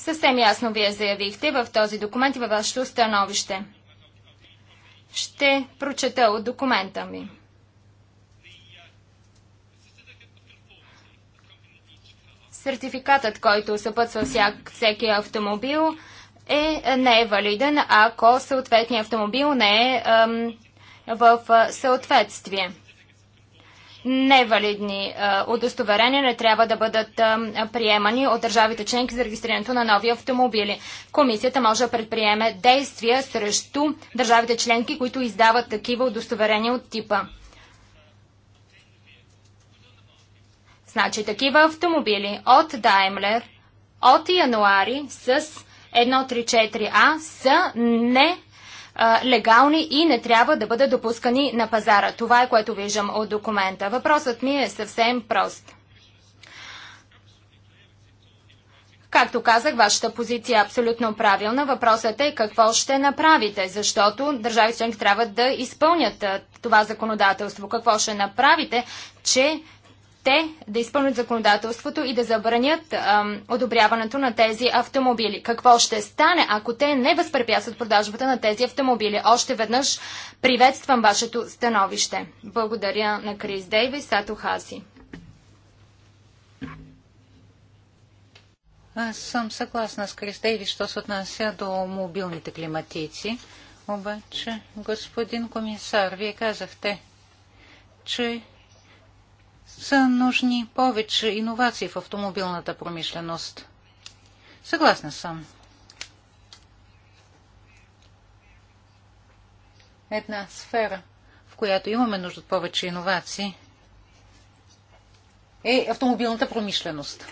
Съвсем ясно вие заявихте в този документ и във вашето становище. Ще прочета от документа ми. Сертификатът, който съпътства всяк, всеки автомобил, е, не е валиден, ако съответният автомобил не е ам, в съответствие невалидни удостоверения не трябва да бъдат приемани от държавите членки за регистрирането на нови автомобили. Комисията може да предприеме действия срещу държавите членки, които издават такива удостоверения от типа. Значи такива автомобили от Daimler от януари с 134А са не легални и не трябва да бъдат допускани на пазара. Това е което виждам от документа. Въпросът ми е съвсем прост. Както казах, вашата позиция е абсолютно правилна. Въпросът е какво ще направите, защото държави членки трябва да изпълнят това законодателство. Какво ще направите, че те да изпълнят законодателството и да забранят ам, одобряването на тези автомобили. Какво ще стане, ако те не възпрепятстват продажбата на тези автомобили? Още веднъж приветствам вашето становище. Благодаря на Крис Дейвис, Сато Хаси. Аз съм съгласна с Крис Дейвис, що се отнася до мобилните климатици. Обаче, господин комисар, вие казахте, че са нужни повече иновации в автомобилната промишленост. Съгласна съм. Една сфера, в която имаме нужда от повече иновации, е автомобилната промишленост.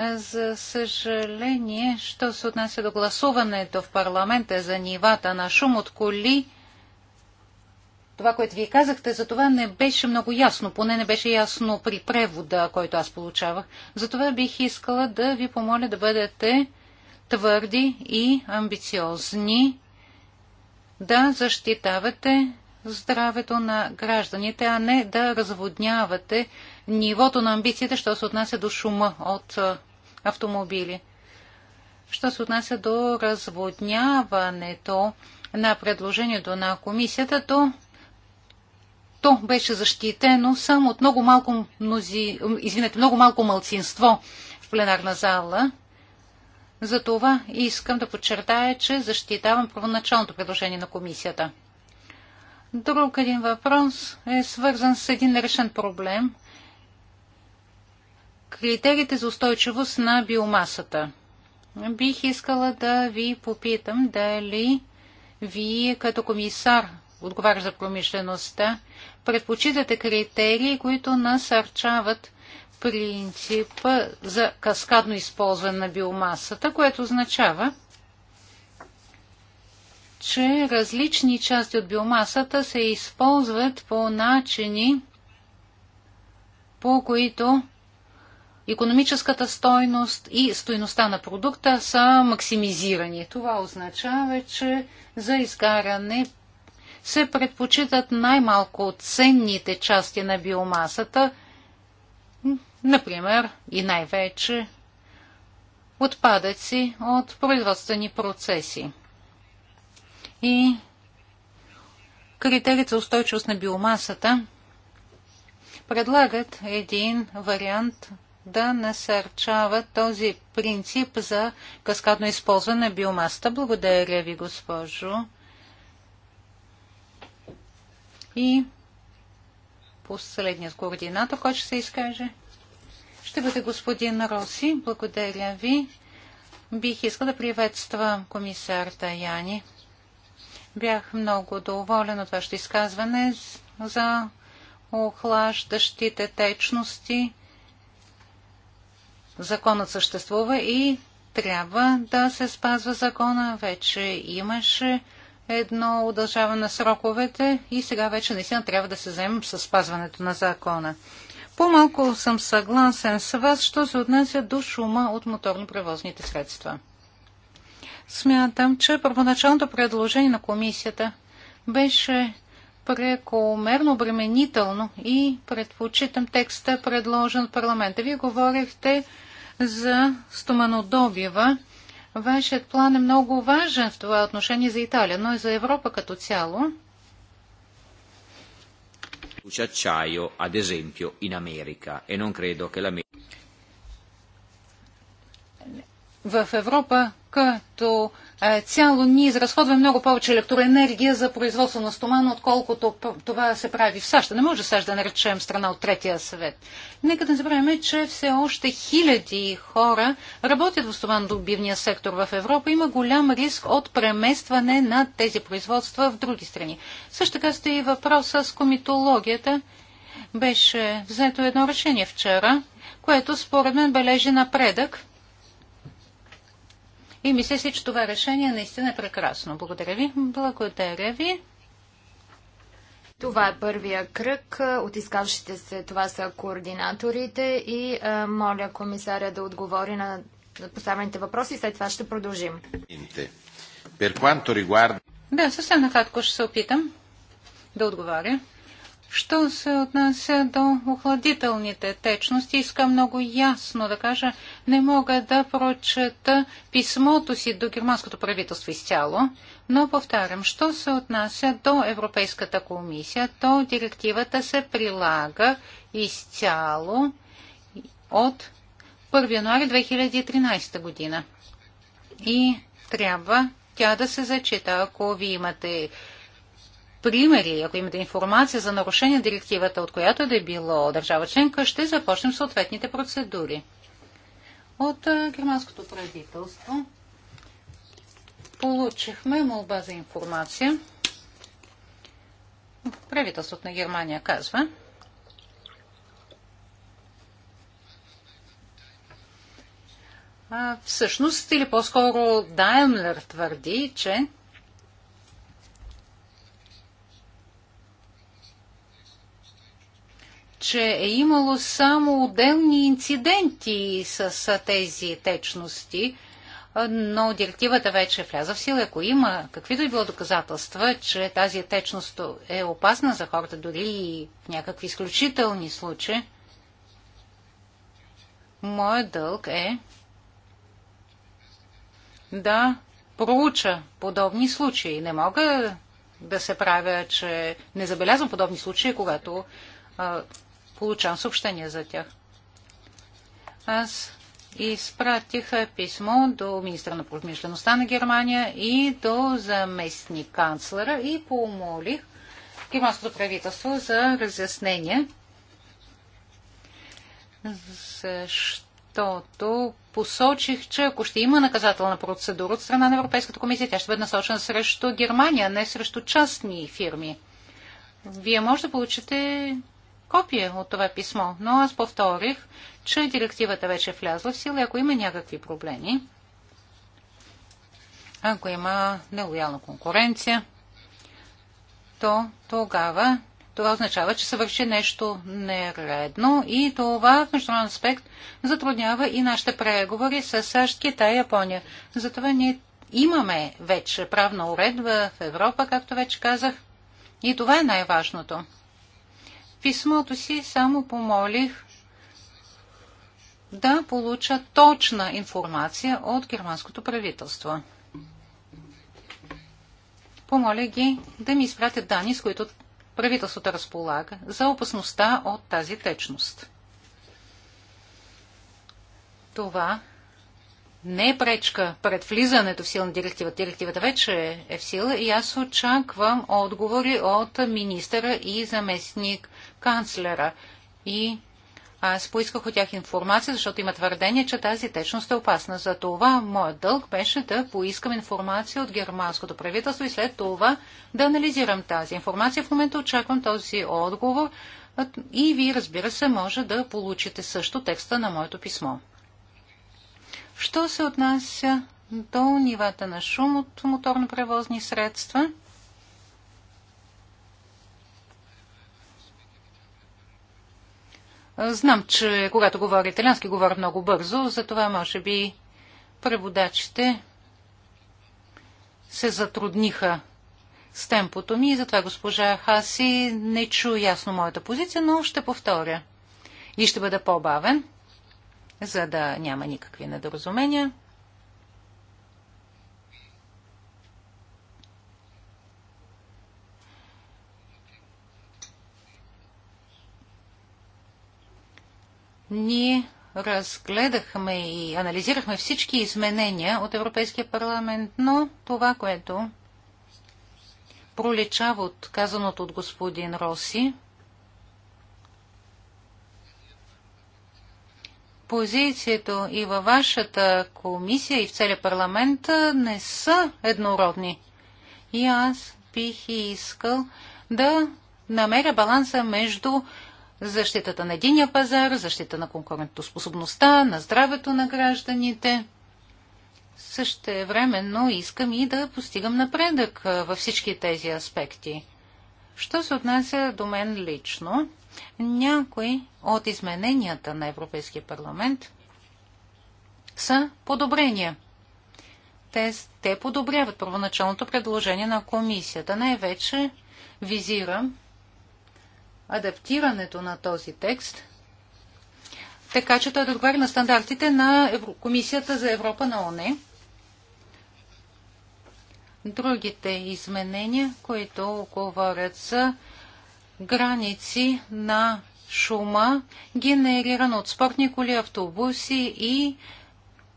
За съжаление, що се отнася до гласуването в парламента за нивата на шум от коли, това, което вие казахте, за това не беше много ясно, поне не беше ясно при превода, който аз получавах. Затова бих искала да ви помоля да бъдете твърди и амбициозни, да защитавате здравето на гражданите, а не да разводнявате нивото на амбициите, що се отнася до шума от автомобили. Що се отнася до разводняването на предложението на комисията, то то беше защитено само от много малко, мнози, извинете, много малко мълцинство в пленарна зала. Затова искам да подчертая, че защитавам първоначалното предложение на комисията. Друг един въпрос е свързан с един решен проблем – критериите за устойчивост на биомасата. Бих искала да ви попитам дали вие като комисар отговарящ за промишлеността, предпочитате критерии, които насърчават принципа за каскадно използване на биомасата, което означава, че различни части от биомасата се използват по начини, по които економическата стойност и стойността на продукта са максимизирани. Това означава, че за изгаряне се предпочитат най-малко ценните части на биомасата, например и най-вече отпадъци от производствени процеси. И критериите за устойчивост на биомасата предлагат един вариант да насърчава този принцип за каскадно използване на биомасата. Благодаря ви, госпожо и последният координатор, който ще се изкаже, ще бъде господин Роси. Благодаря ви. Бих искал да приветствам комисар Таяни. Бях много доволен от вашето изказване за охлаждащите течности. Законът съществува и трябва да се спазва закона. Вече имаше едно удължаване на сроковете и сега вече наистина трябва да се вземем с спазването на закона. По-малко съм съгласен с вас, що се отнася до шума от моторно-превозните средства. Смятам, че първоначалното предложение на комисията беше прекомерно обременително и предпочитам текста, предложен от парламента. Вие говорихте за стоманодобива Вашият план е много важен в това отношение за Италия, но и за Европа като цяло в Европа като е, цяло ние изразходваме много повече електроенергия за производство на стомана, отколкото това се прави в САЩ. Не може САЩ да наречем страна от третия съвет. Нека да не забравяме, че все още хиляди хора работят в стоманодобивния сектор в Европа. Има голям риск от преместване на тези производства в други страни. Също така стои въпроса с комитологията. Беше взето едно решение вчера, което според мен бележи напредък – и мисля си, че това решение наистина е прекрасно. Благодаря ви. Благодаря ви. Това е първия кръг. От се това са координаторите и а, моля комисаря да отговори на поставените въпроси. След това ще продължим. Да, съвсем накратко ще се опитам да отговоря. Що се отнася до охладителните течности, искам много ясно да кажа, не мога да прочета писмото си до германското правителство изцяло, но повтарям, що се отнася до Европейската комисия, то директивата се прилага изцяло от 1 януари 2013 година. И трябва тя да се зачита. Ако ви имате примери, ако имате информация за нарушение на директивата, от която е да е било държава членка, ще започнем съответните процедури. От германското правителство получихме молба за информация. Правителството на Германия казва, всъщност, или по-скоро Даймлер твърди, че че е имало само отделни инциденти с тези течности, но директивата вече е вляза в сила. Ако има каквито и било доказателства, че тази течност е опасна за хората, дори и в някакви изключителни случаи, моят дълг е да проуча подобни случаи. Не мога да се правя, че не забелязвам подобни случаи, когато получавам съобщения за тях. Аз изпратиха писмо до министра на промишлеността на Германия и до заместник канцлера и помолих германското правителство за разяснение, защото посочих, че ако ще има наказателна процедура от страна на Европейската комисия, тя ще бъде насочена срещу Германия, не срещу частни фирми. Вие може да получите копие от това писмо, но аз повторих, че директивата вече е влязла в сила ако има някакви проблеми, ако има нелоялна конкуренция, то тогава това означава, че се върши нещо нередно и това в международен аспект затруднява и нашите преговори с САЩ, Китай и Япония. Затова ние имаме вече правна уредба в Европа, както вече казах. И това е най-важното писмото си само помолих да получа точна информация от германското правителство. Помоля ги да ми изпратят данни, с които правителството разполага за опасността от тази течност. Това не е пречка пред влизането в сила на директивата. Директивата вече е в сила и аз очаквам отговори от министъра и заместник канцлера. И аз поисках от тях информация, защото има твърдение, че тази течност е опасна. За това моят дълг беше да поискам информация от германското правителство и след това да анализирам тази информация. В момента очаквам този отговор и вие, разбира се, може да получите също текста на моето писмо. Що се отнася до нивата на шум от моторно превозни средства – Знам, че когато говоря италиански, говоря много бързо, затова може би преводачите се затрудниха с темпото ми и затова госпожа Хаси не чу ясно моята позиция, но ще повторя. И ще бъда по-бавен, за да няма никакви недоразумения. Ние разгледахме и анализирахме всички изменения от Европейския парламент, но това, което проличава от казаното от господин Роси, позицията и във вашата комисия и в целия парламент не са еднородни. И аз бих искал да намеря баланса между защитата на единия пазар, защита на конкурентоспособността, на здравето на гражданите. Също времено искам и да постигам напредък във всички тези аспекти. Що се отнася до мен лично, някои от измененията на Европейския парламент са подобрения. Те, те подобряват първоначалното предложение на комисията. Най-вече визирам адаптирането на този текст, така че той да отговаря на стандартите на Евро... Комисията за Европа на ОНЕ. Другите изменения, които говорят за граници на шума, генериран от спортни коли, автобуси и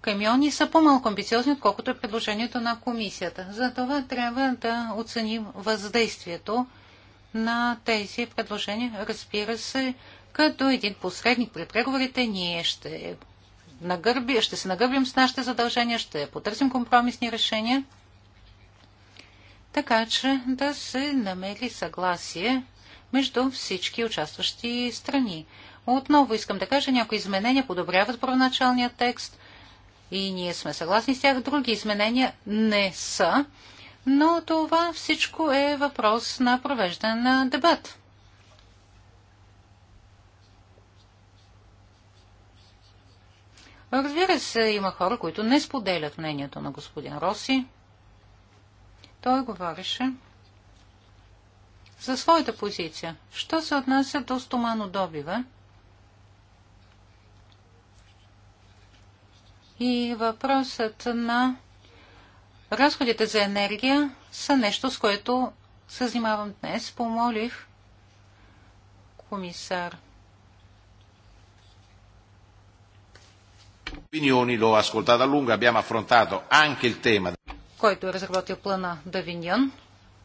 камиони, са по-малко амбициозни, отколкото е предложението на комисията. Затова трябва да оценим въздействието на тези предложения. Разбира се, като един посредник при преговорите, ние ще, нагърби, ще се нагърбим с нашите задължения, ще потърсим компромисни решения, така че да се намери съгласие между всички участващи страни. Отново искам да кажа, някои изменения подобряват първоначалния текст и ние сме съгласни с тях. Други изменения не са но това всичко е въпрос на провеждане на дебат. Разбира се, има хора, които не споделят мнението на господин Роси. Той говореше за своята позиция. Що се отнася до стоманодобива и въпросът на Разходите за енергия са нещо, с което се занимавам днес. Помолих комисар. ascoltata lungo, abbiamo affrontato anche il tema. Който е разработил плана Давиньон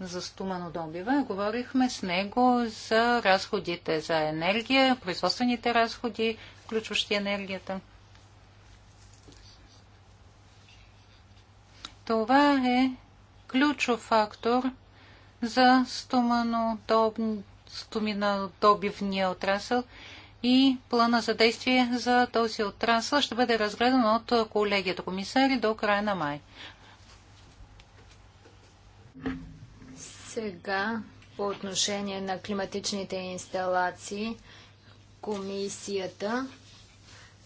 за стумано добива, говорихме с него за разходите за енергия, производствените разходи, включващи енергията. Това е ключов фактор за стоминодобивния отрасъл и плана за действие за този отрасъл ще бъде разгледан от колегията комисари до края на май. Сега по отношение на климатичните инсталации комисията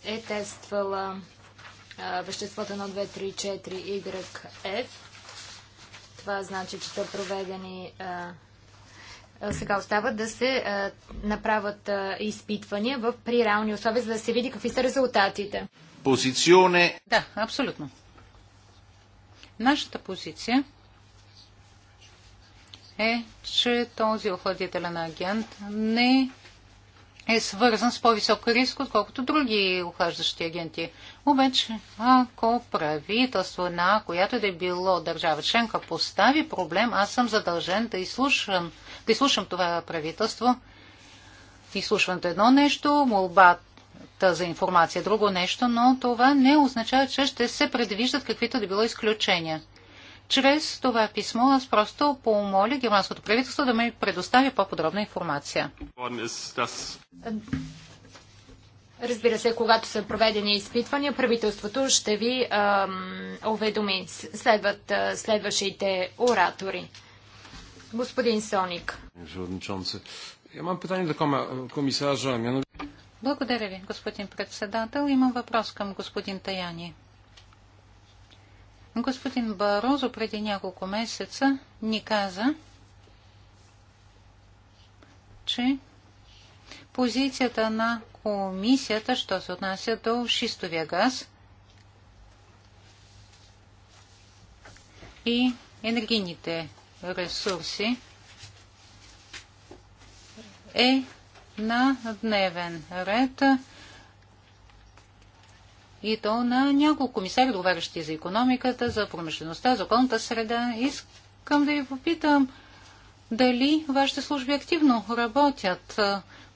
е тествала веществата на 2, 3, 4, F. Това значи, че са проведени сега остава да се направят изпитвания в при реални условия, за да се види какви са резултатите. Позиционе. Да, абсолютно. Нашата позиция е, че този охладителен агент не е свързан с по-висок риск, отколкото други ухаждащи агенти. Обаче, ако правителство на която да е било държава членка постави проблем, аз съм задължен да изслушам, да изслушам това правителство. Изслушването е едно нещо, молбата за информация е друго нещо, но това не означава, че ще се предвиждат каквито да било изключения. Чрез това писмо аз просто помоля германското правителство да ми предостави по-подробна информация. Разбира се, когато са проведени изпитвания, правителството ще ви ам, уведоми. Следват а, следващите оратори. Господин Соник. питание комисажа. Благодаря ви, господин председател. Имам въпрос към господин Таяни. Господин Барозо преди няколко месеца ни каза, че позицията на комисията, що се отнася до шистовия газ и енергийните ресурси, е на дневен ред и то на няколко комисари, говорещи за економиката, за промишлеността, за околната среда. Искам да ви попитам дали вашите служби активно работят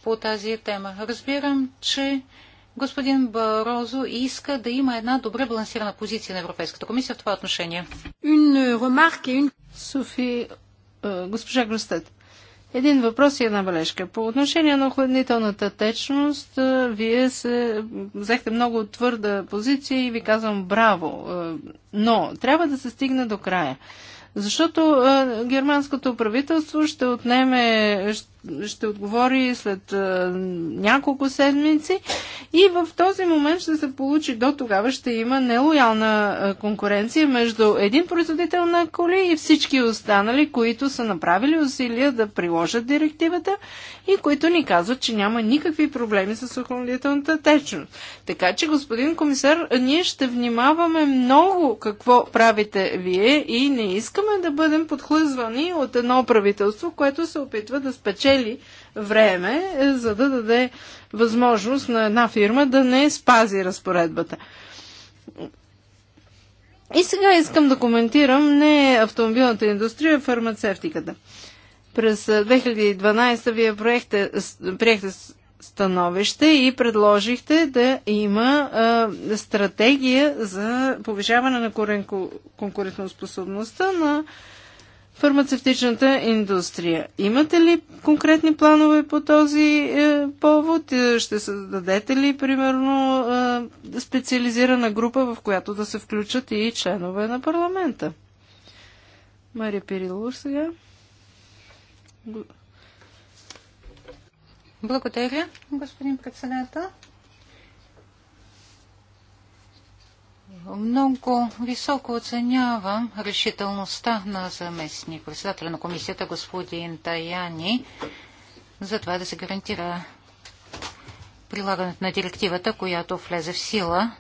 по тази тема. Разбирам, че господин Барозо иска да има една добре балансирана позиция на Европейската комисия в това отношение. Софи, госпожа Гростет, един въпрос и една бележка. По отношение на охладнителната течност, вие се взехте много твърда позиция и ви казвам браво. Но трябва да се стигне до края. Защото германското правителство ще отнеме, ще ще отговори след няколко седмици и в този момент ще се получи до тогава ще има нелоялна конкуренция между един производител на коли и всички останали, които са направили усилия да приложат директивата и които ни казват, че няма никакви проблеми с охранителната течност. Така че, господин комисар, ние ще внимаваме много какво правите вие и не искаме да бъдем подхлъзвани от едно правителство, което се опитва да спече спечели време, е, за да даде възможност на една фирма да не спази разпоредбата. И сега искам да коментирам не автомобилната индустрия, а фармацевтиката. През 2012 е, вие проехте, приехте становище и предложихте да има а, е, стратегия за повишаване на конкурентоспособността на фармацевтичната индустрия. Имате ли конкретни планове по този е, повод? Е, ще създадете ли, примерно, е, специализирана група, в която да се включат и членове на парламента? Мария Пирилов сега. Благодаря, господин председател. Много високо оценявам решителността на заместник председателя на комисията господин Таяни за това да се гарантира прилагането на директивата, която влезе в сила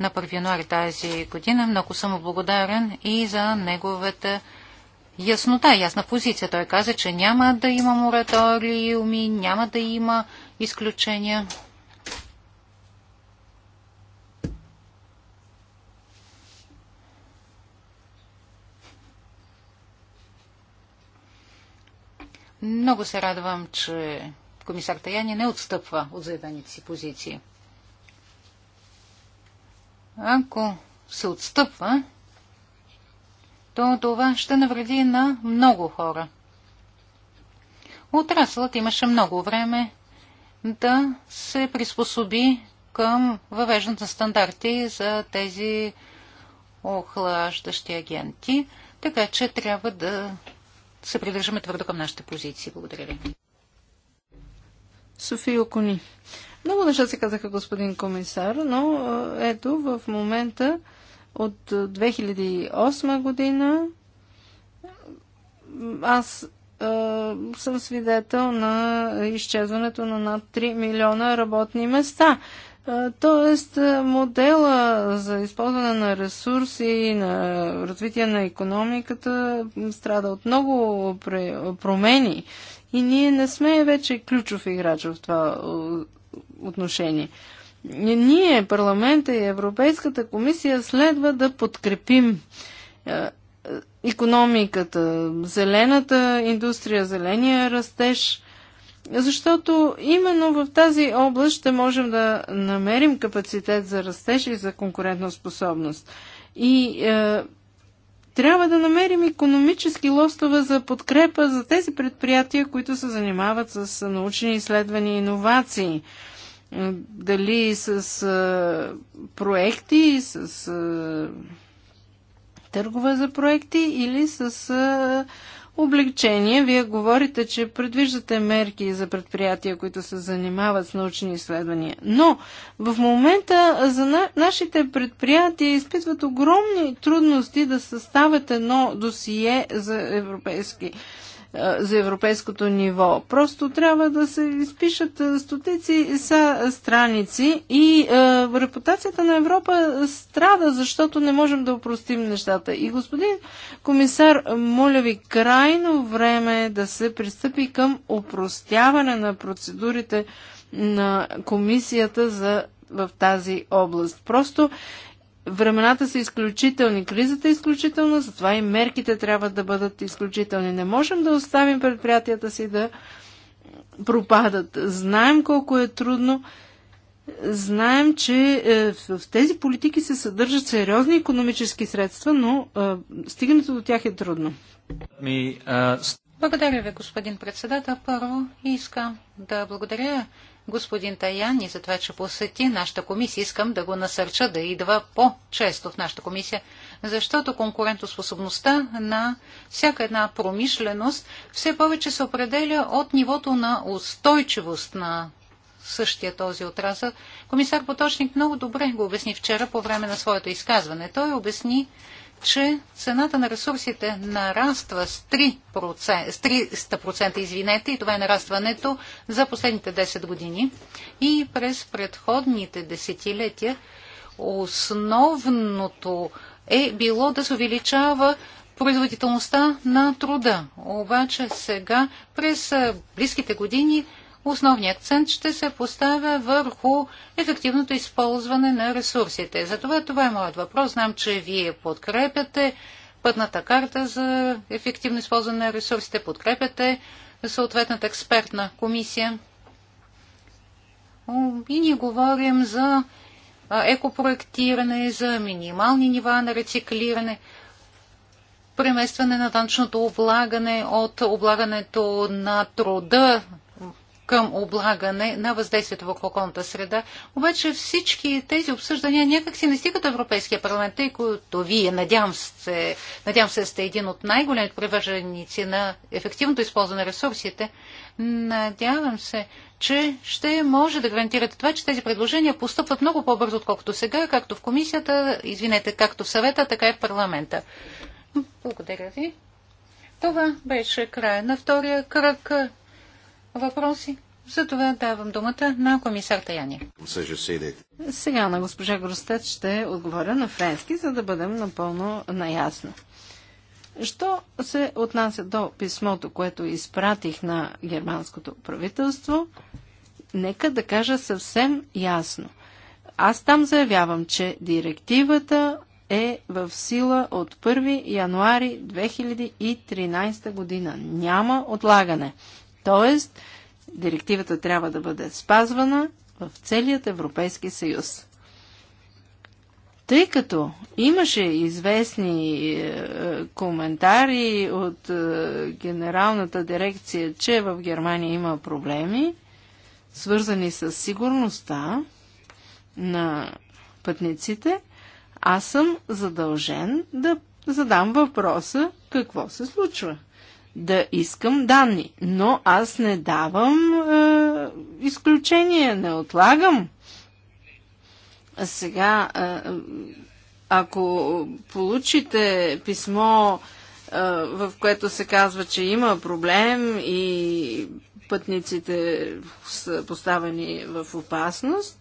на 1 януари тази година. Много съм благодарен и за неговата яснота, ясна позиция. Той каза, че няма да има мораториуми, няма да има изключения. Много се радвам, че комисар Таяни не отстъпва от заеданите си позиции. Ако се отстъпва, то това ще навреди на много хора. Отраслът имаше много време да се приспособи към въвеждането на стандарти за тези охлаждащи агенти, така че трябва да се придържаме твърдо към нашите позиции. Благодаря ви. София Окуни. Много неща се казаха, господин комисар, но е, ето в момента от 2008 е, година аз е, съм свидетел на изчезването на над 3 милиона работни места. Тоест, модела за използване на ресурси и на развитие на економиката страда от много промени. И ние не сме вече ключов играч в това отношение. Ние, парламента и Европейската комисия следва да подкрепим економиката, зелената индустрия, зеления растеж, защото именно в тази област ще можем да намерим капацитет за растеж и за конкурентоспособност. И е, трябва да намерим економически лостове за подкрепа за тези предприятия, които се занимават с научни изследвания и иновации. Дали с е, проекти, с е, търгове за проекти или с е, облегчение. Вие говорите, че предвиждате мерки за предприятия, които се занимават с научни изследвания. Но в момента за на... нашите предприятия изпитват огромни трудности да съставят едно досие за европейски за европейското ниво. Просто трябва да се изпишат стотици са страници и е, репутацията на Европа страда, защото не можем да упростим нещата. И господин комисар, моля ви, крайно време е да се пристъпи към упростяване на процедурите на комисията за в тази област. Просто времената са изключителни, кризата е изключителна, затова и мерките трябва да бъдат изключителни. Не можем да оставим предприятията си да пропадат. Знаем колко е трудно. Знаем, че е, в тези политики се съдържат сериозни економически средства, но е, стигането до тях е трудно. Е, благодаря ви, господин председател. Първо искам да благодаря господин Таяни за това, че посети нашата комисия. Искам да го насърча да идва по-често в нашата комисия, защото конкурентоспособността на всяка една промишленост все повече се определя от нивото на устойчивост на същия този отрасъл. Комисар Поточник много добре го обясни вчера по време на своето изказване. Той обясни, че цената на ресурсите нараства с 3%, с 300%, извинете, и това е нарастването за последните 10 години. И през предходните десетилетия основното е било да се увеличава производителността на труда. Обаче сега, през близките години, основният акцент ще се поставя върху ефективното използване на ресурсите. Затова това е моят въпрос. Знам, че вие подкрепяте пътната карта за ефективно използване на ресурсите, подкрепяте съответната експертна комисия. И ние говорим за екопроектиране, за минимални нива на рециклиране, преместване на данчното облагане от облагането на труда към облагане на въздействието върху околната среда. Обаче всички тези обсъждания някак си не стигат Европейския парламент, тъй като вие, надявам се, надявам се сте един от най-големите привърженици на ефективното използване на ресурсите. Надявам се, че ще може да гарантирате това, че тези предложения постъпват много по-бързо, отколкото сега, както в комисията, извинете, както в съвета, така и в парламента. Благодаря ви. Това беше края на втория кръг въпроси. За това давам думата на комисар Таяни. Сега на госпожа Гростет ще отговоря на френски, за да бъдем напълно наясно. Що се отнася до писмото, което изпратих на германското правителство, нека да кажа съвсем ясно. Аз там заявявам, че директивата е в сила от 1 януари 2013 година. Няма отлагане. Тоест, директивата трябва да бъде спазвана в целият Европейски съюз. Тъй като имаше известни е, коментари от е, генералната дирекция, че в Германия има проблеми, свързани с сигурността на пътниците, аз съм задължен да задам въпроса какво се случва да искам данни, но аз не давам е, изключение, не отлагам. А сега, е, ако получите писмо, е, в което се казва, че има проблем и пътниците са поставени в опасност,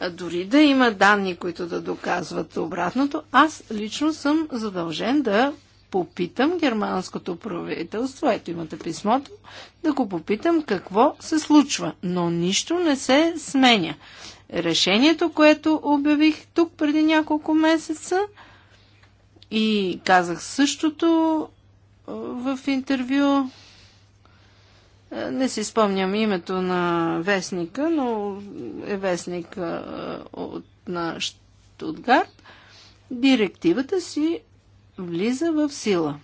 а дори да има данни, които да доказват обратното, аз лично съм задължен да попитам германското правителство, ето имате писмото, да го попитам какво се случва. Но нищо не се сменя. Решението, което обявих тук преди няколко месеца и казах същото в интервю, не си спомням името на вестника, но е вестник от на Штутгарт, директивата си влиза в сила.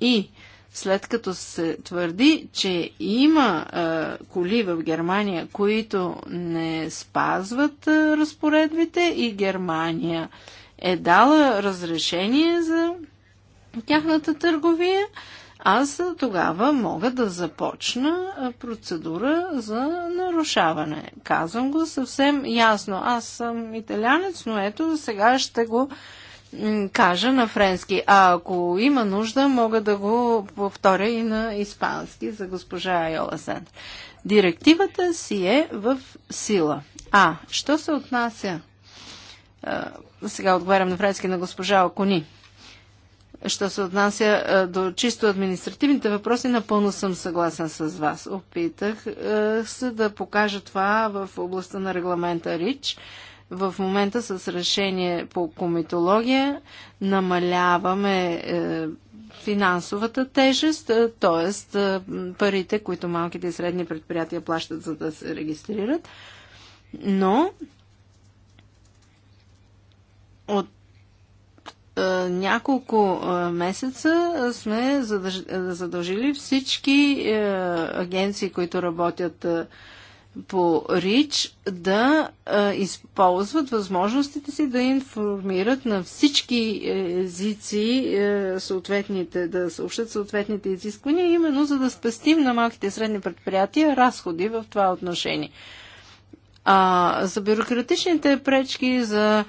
И след като се твърди, че има а, коли в Германия, които не спазват а, разпоредбите и Германия е дала разрешение за тяхната търговия, аз тогава мога да започна процедура за нарушаване. Казвам го съвсем ясно. Аз съм италянец, но ето сега ще го кажа на френски. А ако има нужда, мога да го повторя и на испански за госпожа Айола Сент. Директивата си е в сила. А, що се отнася? А, сега отговарям на френски на госпожа Окони. Що се отнася а, до чисто административните въпроси, напълно съм съгласен с вас. Опитах а, се да покажа това в областта на регламента РИЧ в момента с решение по кометология намаляваме е, финансовата тежест, т.е. Е, парите, които малките и средни предприятия плащат за да се регистрират. Но от е, няколко е, месеца сме задължили всички агенции, които работят по РИЧ да а, използват възможностите си да информират на всички езици, е, съответните, да съобщат съответните изисквания, именно за да спестим на малките и средни предприятия разходи в това отношение. А за бюрократичните пречки, за а,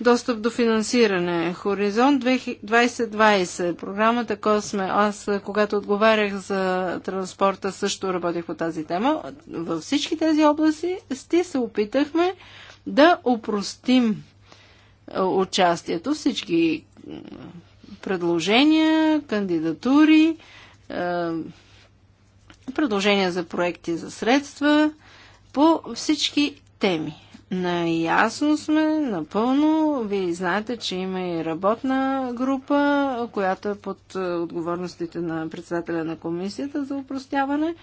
Достъп до финансиране. Хоризонт 2020. Програмата Косме. Аз, когато отговарях за транспорта, също работех по тази тема. Във всички тези области сте се опитахме да опростим участието. Всички предложения, кандидатури, предложения за проекти за средства по всички теми. Наясно сме, напълно. Вие знаете, че има и работна група, която е под е, отговорностите на председателя на комисията за упростяване.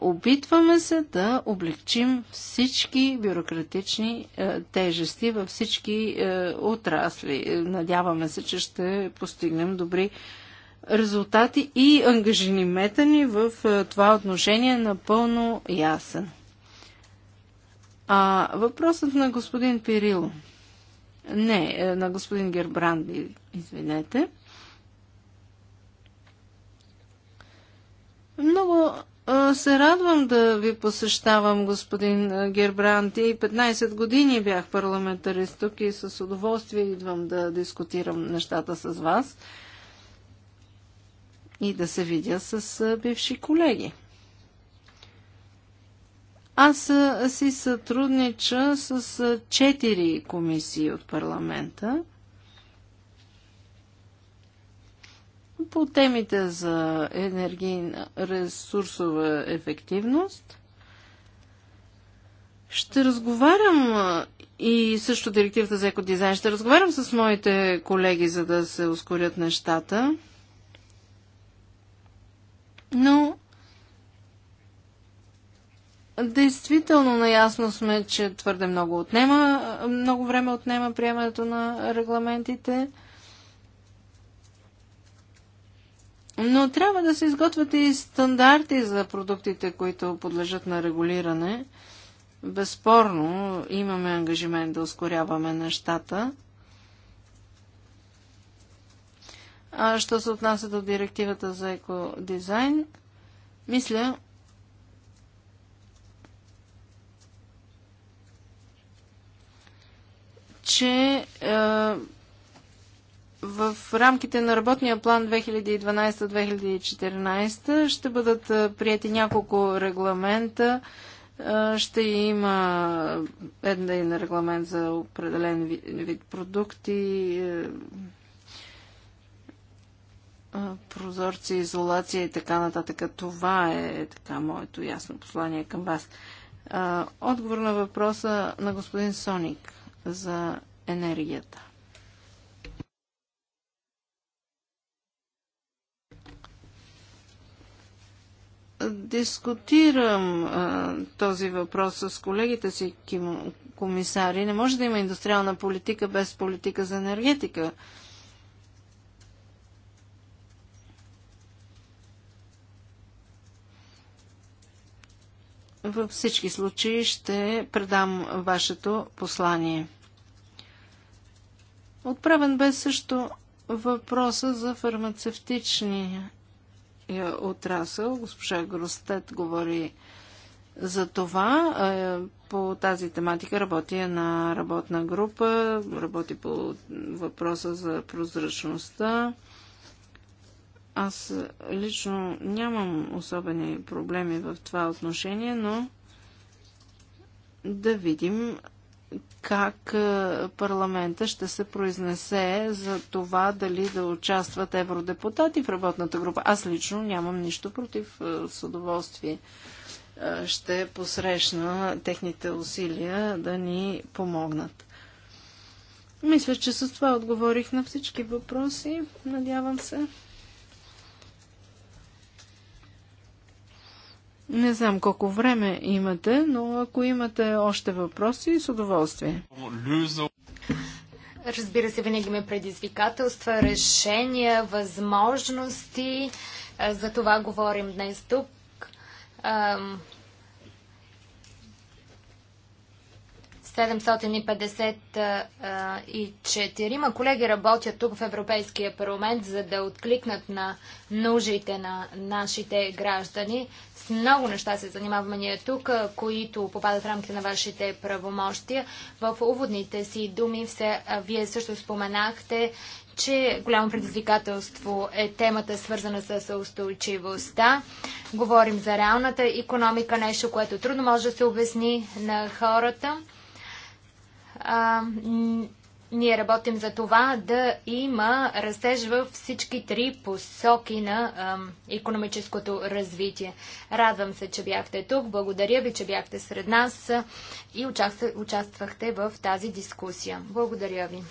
Опитваме се да облегчим всички бюрократични е, тежести във всички е, отрасли. Надяваме се, че ще постигнем добри резултати и ангажинимета ни в това отношение напълно ясен. А, въпросът на господин Пирило. Не, е, на господин Гербранди, извинете. Много се радвам да ви посещавам, господин Гербранди, И 15 години бях парламентарист тук и с удоволствие идвам да дискутирам нещата с вас и да се видя с бивши колеги. Аз си сътруднича с четири комисии от парламента по темите за енергийна ресурсова ефективност. Ще разговарям и също директивата за екодизайн. Ще разговарям с моите колеги, за да се ускорят нещата. Но Действително наясно сме, че твърде много отнема, много време отнема приемането на регламентите. Но трябва да се изготвят и стандарти за продуктите, които подлежат на регулиране. Безспорно имаме ангажимент да ускоряваме нещата. А що се отнася до директивата за екодизайн, мисля, че е, в рамките на работния план 2012-2014 ще бъдат е, прияти няколко регламента. Е, ще има един регламент за определен вид продукти, прозорци, изолация и така нататък. Това е така моето ясно послание към вас. Отговор на въпроса на господин Соник за енергията. Дискутирам а, този въпрос с колегите си комисари. Не може да има индустриална политика без политика за енергетика. А, Във всички случаи ще предам вашето послание. Отправен бе също въпроса за фармацевтичния отрасъл. Госпожа Гростет говори за това. Е, по тази тематика работи на работна група, работи по въпроса за прозрачността аз е, лично нямам особени проблеми в това отношение, но да видим как е, парламента ще се произнесе за това дали да участват евродепутати в работната група. Аз лично нямам нищо против. Е, с удоволствие ще посрещна техните усилия да ни помогнат. Мисля, че с това отговорих на всички въпроси. Надявам се. Не знам колко време имате, но ако имате още въпроси, с удоволствие. Разбира се, винаги ме предизвикателства, решения, възможности. Е, за това говорим днес тук. Ам... 754 е, е, колеги работят тук в Европейския парламент, за да откликнат на нуждите на нашите граждани. С много неща се занимаваме ние тук, които попадат в рамките на вашите правомощия. В уводните си думи все, вие също споменахте, че голямо предизвикателство е темата свързана с устойчивостта. Говорим за реалната економика, нещо, което трудно може да се обясни на хората. А, ние работим за това да има растеж във всички три посоки на ам, економическото развитие. Радвам се, че бяхте тук. Благодаря ви, че бяхте сред нас и участвахте в тази дискусия. Благодаря ви.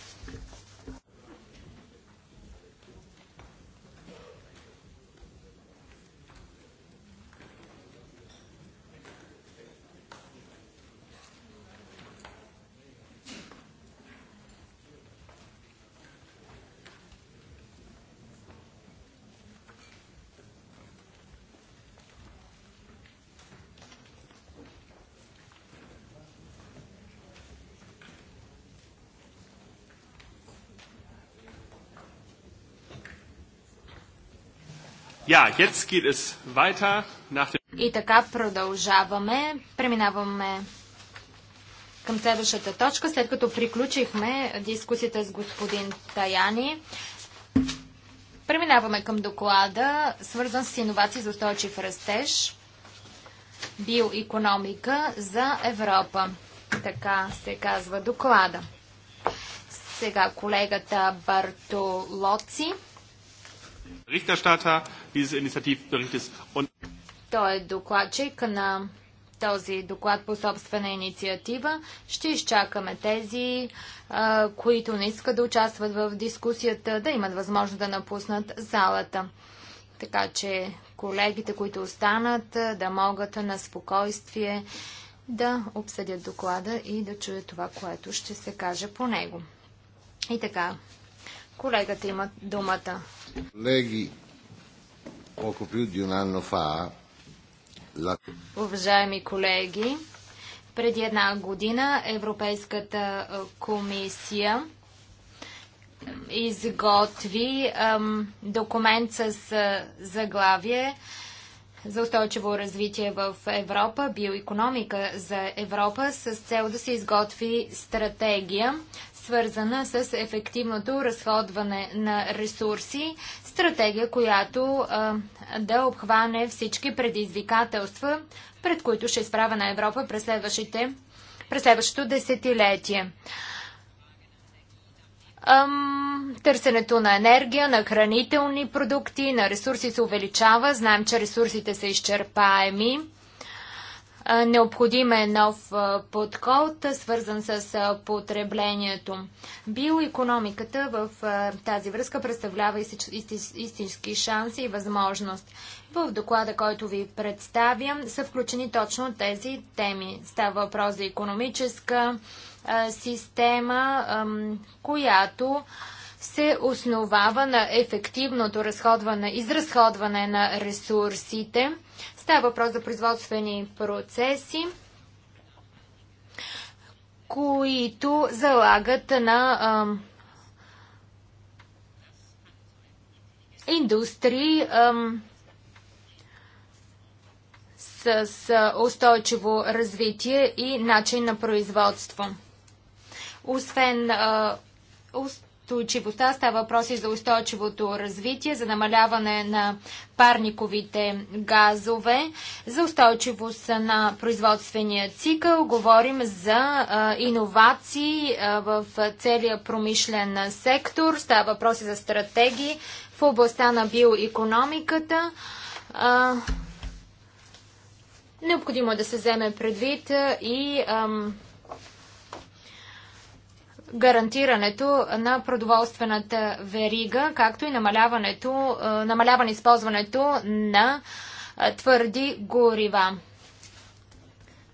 И така продължаваме. Преминаваме към следващата точка, след като приключихме дискусията с господин Таяни. Преминаваме към доклада, свързан с иновации за устойчив растеж, биоекономика за Европа. Така се казва доклада. Сега колегата Бартолоци той е докладчик на този доклад по собствена инициатива. Ще изчакаме тези, които не искат да участват в дискусията, да имат възможност да напуснат залата. Така че колегите, които останат, да могат на спокойствие да обсъдят доклада и да чуят това, което ще се каже по него. И така, колегата има думата. Уважаеми колеги, преди една година Европейската е, комисия е, изготви е, документ с заглавие за устойчиво развитие в Европа, биоекономика за Европа, с цел да се изготви стратегия свързана с ефективното разходване на ресурси, стратегия, която а, да обхване всички предизвикателства, пред които ще изправя на Европа през, през следващото десетилетие. Ам, търсенето на енергия, на хранителни продукти, на ресурси се увеличава. Знаем, че ресурсите са изчерпаеми. Необходим е нов подход, свързан с потреблението. Биоекономиката в тази връзка представлява истински шанси и възможност. В доклада, който ви представям, са включени точно тези теми. Става въпрос за економическа система, която се основава на ефективното разходване, изразходване на ресурсите – Става въпрос за производствени процеси, които залагат на индустрии с, с устойчиво развитие и начин на производство. Освен а, устойчивостта става въпрос и за устойчивото развитие, за намаляване на парниковите газове, за устойчивост на производствения цикъл. Говорим за а, иновации а, в целия промишлен сектор. Става въпрос и за стратегии в областта на биоекономиката. А, необходимо е да се вземе предвид и гарантирането на продоволствената верига, както и намаляването, е, намаляване използването на е, твърди горива.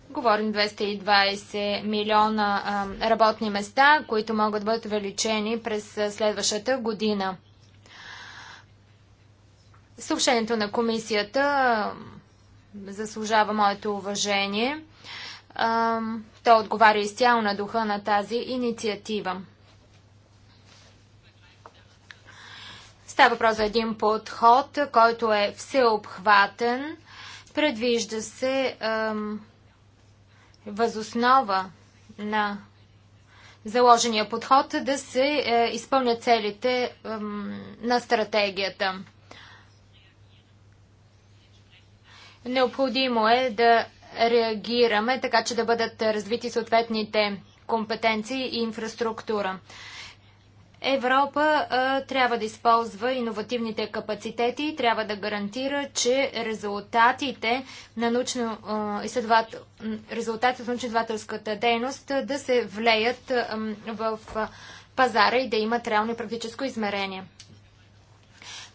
Говорим 220 милиона е, работни места, които могат да бъдат увеличени през следващата година. Съобщението на комисията заслужава моето уважение то отговаря изцяло на духа на тази инициатива. Става въпрос за един подход, който е всеобхватен. Предвижда се ем, възоснова на заложения подход да се е, изпълнят целите ем, на стратегията. Необходимо е да реагираме, така че да бъдат развити съответните компетенции и инфраструктура. Европа а, трябва да използва иновативните капацитети и трябва да гарантира, че резултатите на научно изследовател... резултатите от научно-изследователската дейност да се влеят а, в пазара и да имат реално практическо измерение.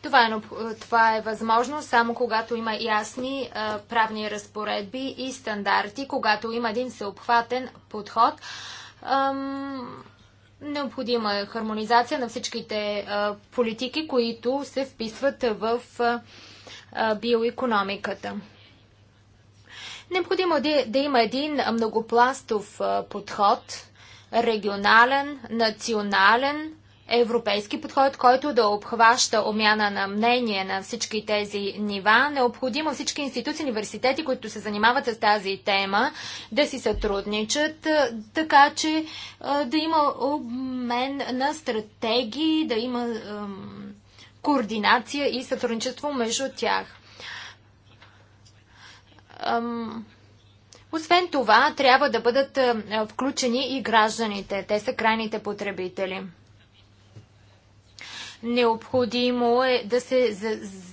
Това е, това е възможно само когато има ясни а, правни разпоредби и стандарти, когато има един съобхватен подход. Ам, необходима е хармонизация на всичките а, политики, които се вписват в а, биоекономиката. Необходимо е да, да има един многопластов подход, регионален, национален, европейски подход, който да обхваща омяна на мнение на всички тези нива. Необходимо всички институции, университети, които се занимават с тази тема, да си сътрудничат, така че да има обмен на стратегии, да има координация и сътрудничество между тях. освен това, трябва да бъдат включени и гражданите. Те са крайните потребители. Необходимо е да се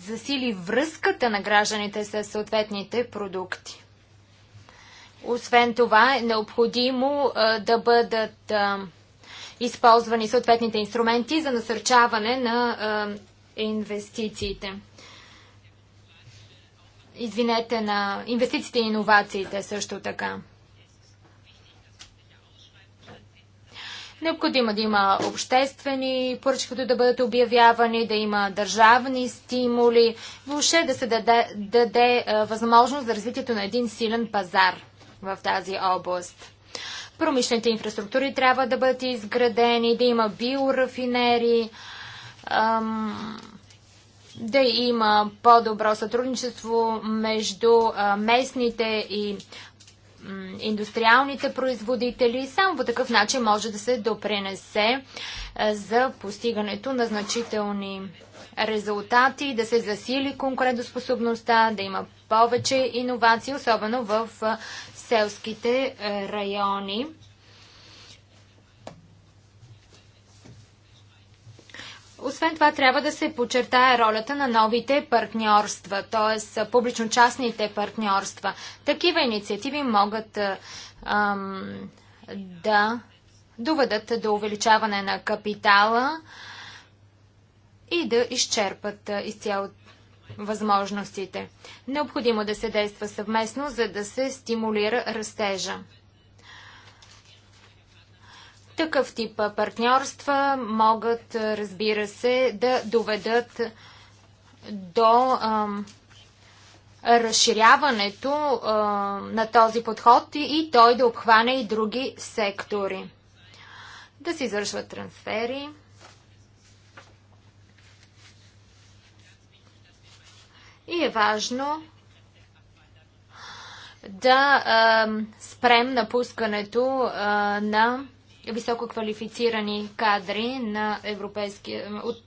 засили връзката на гражданите с съответните продукти. Освен това е необходимо да бъдат използвани съответните инструменти за насърчаване на инвестициите. Извинете, на инвестициите и иновациите също така. Необходимо е да има обществени поръчки, които да бъдат обявявани, да има държавни стимули, въобще да се даде, даде е, възможност за развитието на един силен пазар в тази област. Промишлените инфраструктури трябва да бъдат изградени, да има биорафинери, да има по-добро сътрудничество между местните и индустриалните производители. Само по такъв начин може да се допренесе е, за постигането на значителни резултати, да се засили конкурентоспособността, да има повече иновации, особено в е, селските е, райони. Освен това, трябва да се подчертая ролята на новите партньорства, т.е. публично-частните партньорства. Такива инициативи могат ам, да доведат до увеличаване на капитала и да изчерпат изцяло възможностите. Необходимо да се действа съвместно, за да се стимулира растежа. Такъв тип партньорства могат, разбира се, да доведат до ам, разширяването а, на този подход и, и той да обхване и други сектори. Да се извършват трансфери. И е важно да а, спрем напускането а, на високо квалифицирани кадри на европейския... От,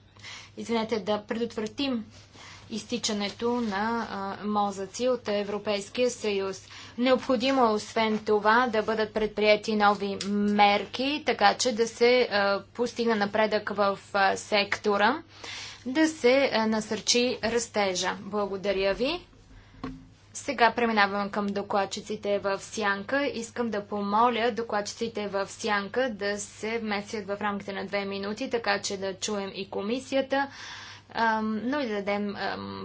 извинете, да предотвратим изтичането на а, мозъци от Европейския съюз. Необходимо е освен това да бъдат предприяти нови мерки, така че да се а, постига напредък в а, сектора, да се насърчи растежа. Благодаря ви. Сега преминавам към докладчиците в Сянка. Искам да помоля докладчиците в Сянка да се вместят в рамките на две минути, така че да чуем и комисията, но и да дадем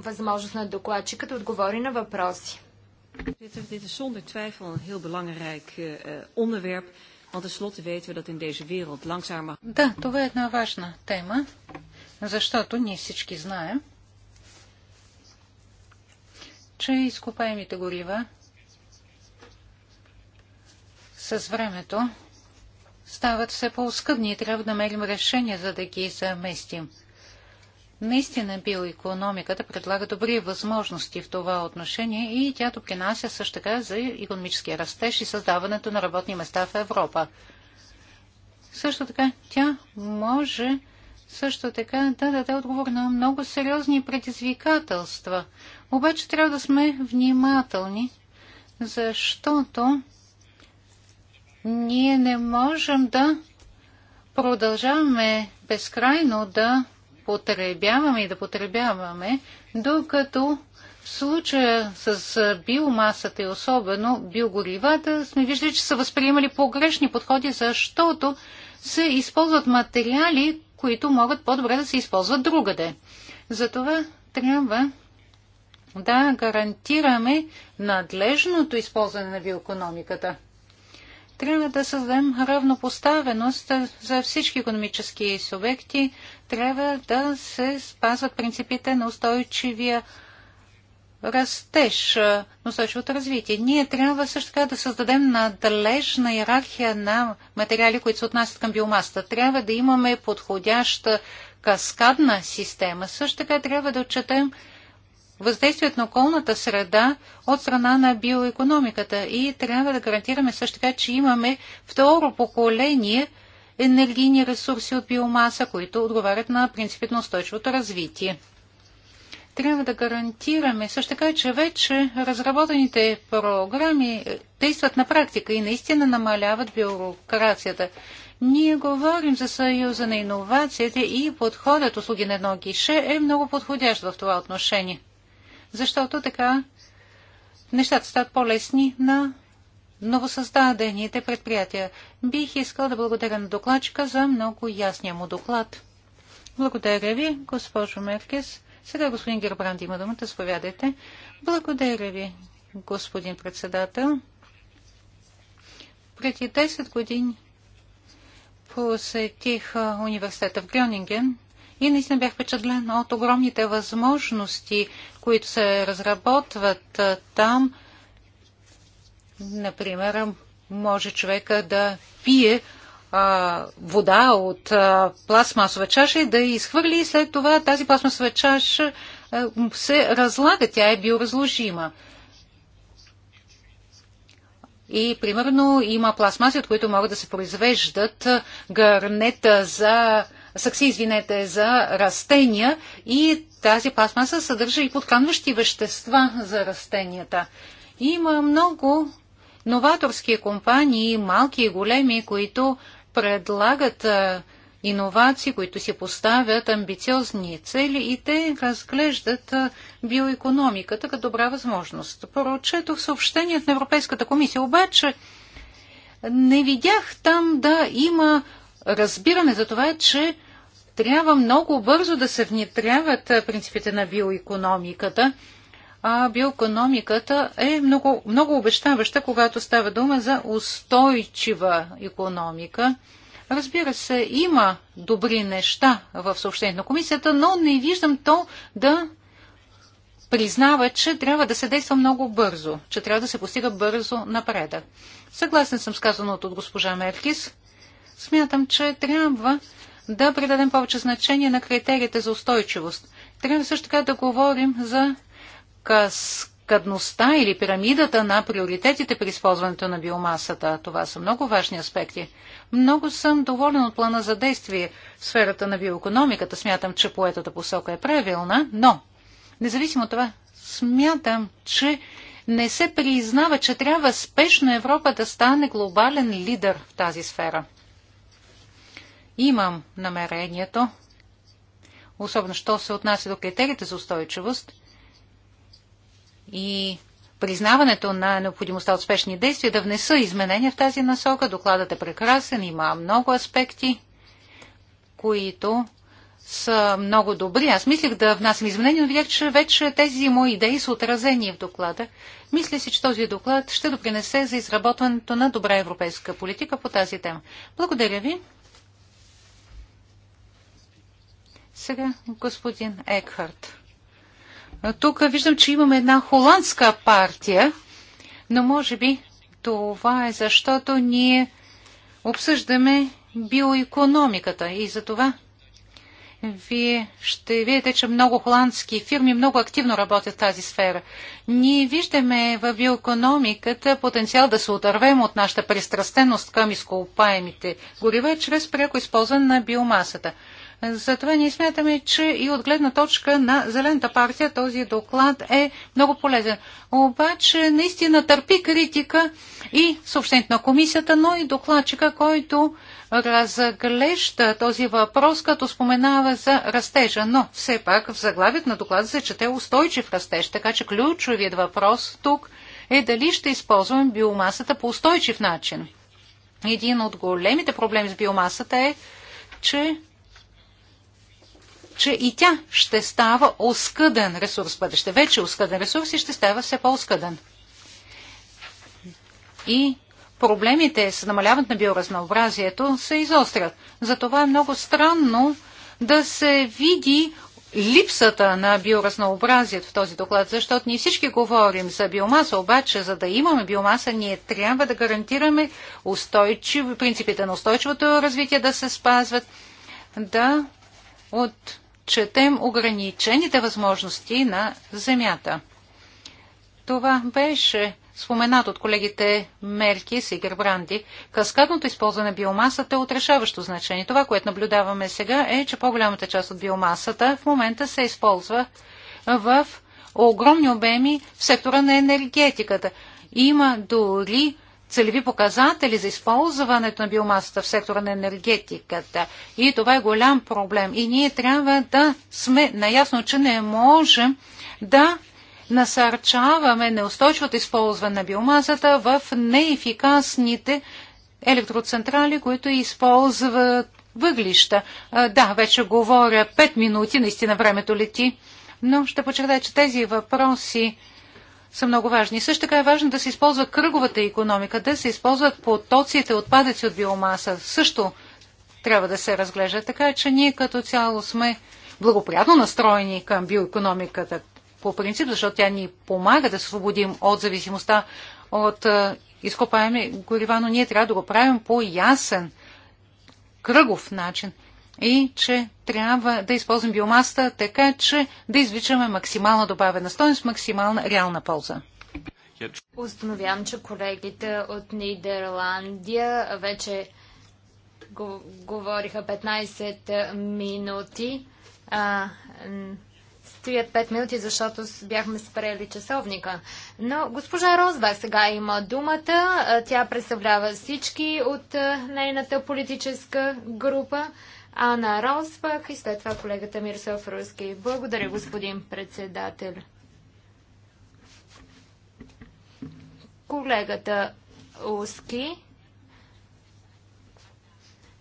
възможност на докладчика да отговори на въпроси. Dit is zonder twijfel een heel belangrijk eh, eh, onderwerp, want tenslotte weten we dat in deze wereld langzamer... Да, това е една важна тема, защото ние всички знаем, че изкопаемите горива с времето стават все по скъдни и трябва да намерим решение, за да ги заместим. Наистина биоекономиката предлага добри възможности в това отношение и тя допринася също така за економическия растеж и създаването на работни места в Европа. Също така тя може също така да даде отговор на много сериозни предизвикателства, обаче трябва да сме внимателни, защото ние не можем да продължаваме безкрайно да потребяваме и да потребяваме, докато в случая с биомасата и особено биогоривата сме виждали, че са възприемали погрешни подходи, защото се използват материали, които могат по-добре да се използват другаде. Затова трябва да гарантираме надлежното използване на биоекономиката. Трябва да създадем равнопоставеност за всички економически субекти. Трябва да се спазват принципите на устойчивия растеж, на устойчивото развитие. Ние трябва също така да създадем надлежна иерархия на материали, които се отнасят към биомаста. Трябва да имаме подходяща каскадна система. Също така трябва да отчетем въздействието на околната среда от страна на биоекономиката. И трябва да гарантираме също така, че имаме второ поколение енергийни ресурси от биомаса, които отговарят на принципите на устойчивото развитие. Трябва да гарантираме също така, че вече разработените програми действат на практика и наистина намаляват бюрокрацията. Ние говорим за съюза на иновациите и подходът услуги на едно гише е много подходящ в това отношение защото така нещата стават по-лесни на новосъздадените предприятия. Бих искал да благодаря на докладчика за много ясния му доклад. Благодаря ви, госпожо Меркес. Сега господин Гербранд има думата. Заповядайте. Благодаря ви, господин председател. Преди 10 години посетих университета в Грюнинген и наистина бях впечатлен от огромните възможности, които се разработват там. Например, може човека да пие а, вода от а, пластмасова чаша и да изхвърли и след това тази пластмасова чаша а, се разлага, тя е биоразложима. И, примерно, има пластмаси, от които могат да се произвеждат гарнета за сакси, извинете, за растения и тази пластмаса съдържа и подканващи вещества за растенията. Има много новаторски компании, малки и големи, които предлагат иновации, които си поставят амбициозни цели и те разглеждат биоекономиката като добра възможност. в съобщението на Европейската комисия, обаче не видях там да има разбиране за това, че трябва много бързо да се внедряват принципите на биоекономиката. А биоекономиката е много, много обещаваща, когато става дума за устойчива економика. Разбира се, има добри неща в съобщението на комисията, но не виждам то да признава, че трябва да се действа много бързо, че трябва да се постига бързо напредък. Съгласен съм с казаното от госпожа Меркис. Смятам, че трябва да придадем повече значение на критериите за устойчивост. Трябва също така да говорим за каскадността или пирамидата на приоритетите при използването на биомасата. Това са много важни аспекти. Много съм доволен от плана за действие в сферата на биоекономиката. Смятам, че поетата посока е правилна, но независимо от това, смятам, че не се признава, че трябва спешно Европа да стане глобален лидер в тази сфера имам намерението, особено що се отнася до критериите за устойчивост и признаването на необходимостта от спешни действия, да внеса изменения в тази насока. Докладът е прекрасен, има много аспекти, които са много добри. Аз мислих да внасям изменения, но видях, че вече тези мои идеи са отразени в доклада. Мисля си, че този доклад ще допринесе за изработването на добра европейска политика по тази тема. Благодаря ви. Сега господин Екхарт. Тук виждам, че имаме една холандска партия, но може би това е защото ние обсъждаме биоекономиката и за това вие ще видите, че много холандски фирми много активно работят в тази сфера. Ние виждаме в биоекономиката потенциал да се отървем от нашата пристрастеност към изкопаемите горива чрез пряко използване на биомасата. Затова ние смятаме, че и от гледна точка на Зелената партия този доклад е много полезен. Обаче наистина търпи критика и съобщението на комисията, но и докладчика, който разглежда този въпрос, като споменава за растежа. Но все пак в заглавието на доклада се чете устойчив растеж, така че ключовият въпрос тук е дали ще използваме биомасата по устойчив начин. Един от големите проблеми с биомасата е, че че и тя ще става оскъден ресурс бъдеще. Вече оскъден ресурс и ще става все по-оскъден. И проблемите с намаляването на биоразнообразието се изострят. Затова е много странно да се види липсата на биоразнообразието в този доклад, защото ние всички говорим за биомаса, обаче за да имаме биомаса, ние трябва да гарантираме устойчив, принципите на устойчивото развитие да се спазват, да от отчетем ограничените възможности на Земята. Това беше споменат от колегите Мерки и Гербранди. Каскадното използване на биомасата е отрешаващо значение. Това, което наблюдаваме сега е, че по-голямата част от биомасата в момента се използва в огромни обеми в сектора на енергетиката. Има дори целеви показатели за използването на биомасата в сектора на енергетиката. И това е голям проблем. И ние трябва да сме наясно, че не можем да насърчаваме неустойчивото използване на биомасата в неефикасните електроцентрали, които използват въглища. Да, вече говоря 5 минути, наистина времето лети, но ще подчертая, че тези въпроси са много важни. Също така е важно да се използва кръговата економика, да се използват потоците отпадъци от биомаса. Също трябва да се разглежда така, е, че ние като цяло сме благоприятно настроени към биоекономиката по принцип, защото тя ни помага да се освободим от зависимостта от е, изкопаеми горива, но ние трябва да го правим по ясен кръгов начин – и че трябва да използвам биомаста, така, че да извичаме максимална добавена стоеност, максимална реална полза. Установявам, че колегите от Нидерландия вече говориха 15 минути. А, стоят 5 минути, защото бяхме спрели часовника. Но госпожа Розбах сега има думата. Тя представлява всички от нейната политическа група. Ана Росбах и след това колегата Мирсов Руски. Благодаря, господин председател. Колегата Руски,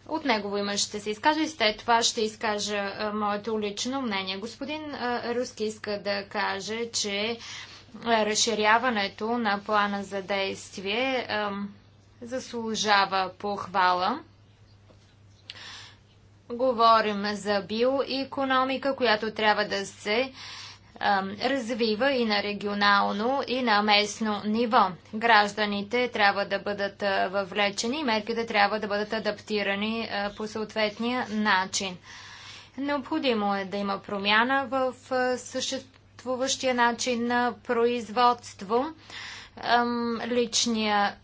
От негово има ще се изкажа и след това ще изкажа а, моето лично мнение. Господин а, Руски иска да каже, че разширяването на плана за действие заслужава похвала. Говорим за биоекономика, която трябва да се развива и на регионално, и на местно ниво. Гражданите трябва да бъдат въвлечени, мерките трябва да бъдат адаптирани по съответния начин. Необходимо е да има промяна в съществуващия начин на производство. Личния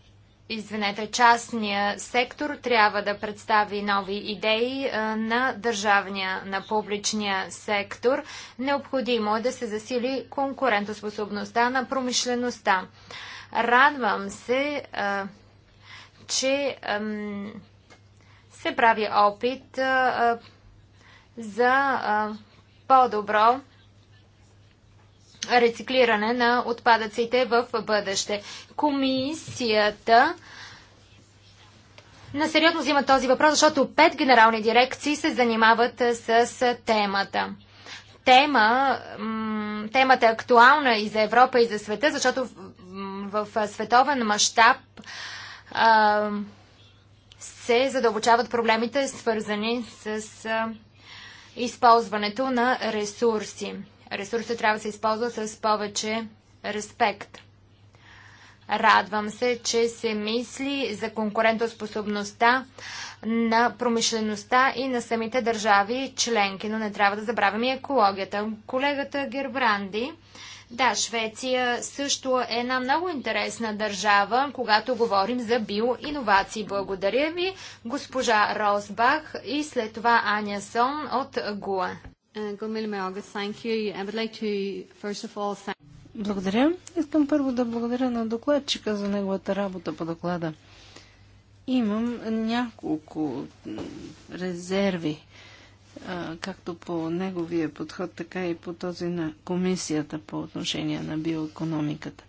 извинете, частния сектор трябва да представи нови идеи е, на държавния, на публичния сектор. Необходимо е да се засили конкурентоспособността на промишлеността. Радвам се, е, че се прави опит е, за по-добро рециклиране на отпадъците в бъдеще. Комисията на сериозно взима този въпрос, защото пет генерални дирекции се занимават с темата. Тема, темата е актуална и за Европа, и за света, защото в, световен мащаб се задълбочават проблемите, свързани с използването на ресурси ресурсът трябва да се използва с повече респект. Радвам се, че се мисли за конкурентоспособността на промишлеността и на самите държави членки, но не трябва да забравяме и екологията. Колегата Гербранди, да, Швеция също е една много интересна държава, когато говорим за биоиновации. Благодаря ви, госпожа Росбах и след това Аня Сон от ГУА. Uh, благодаря. Искам първо да благодаря на докладчика за неговата работа по доклада. Имам няколко резерви, както по неговия подход, така и по този на комисията по отношение на биоекономиката.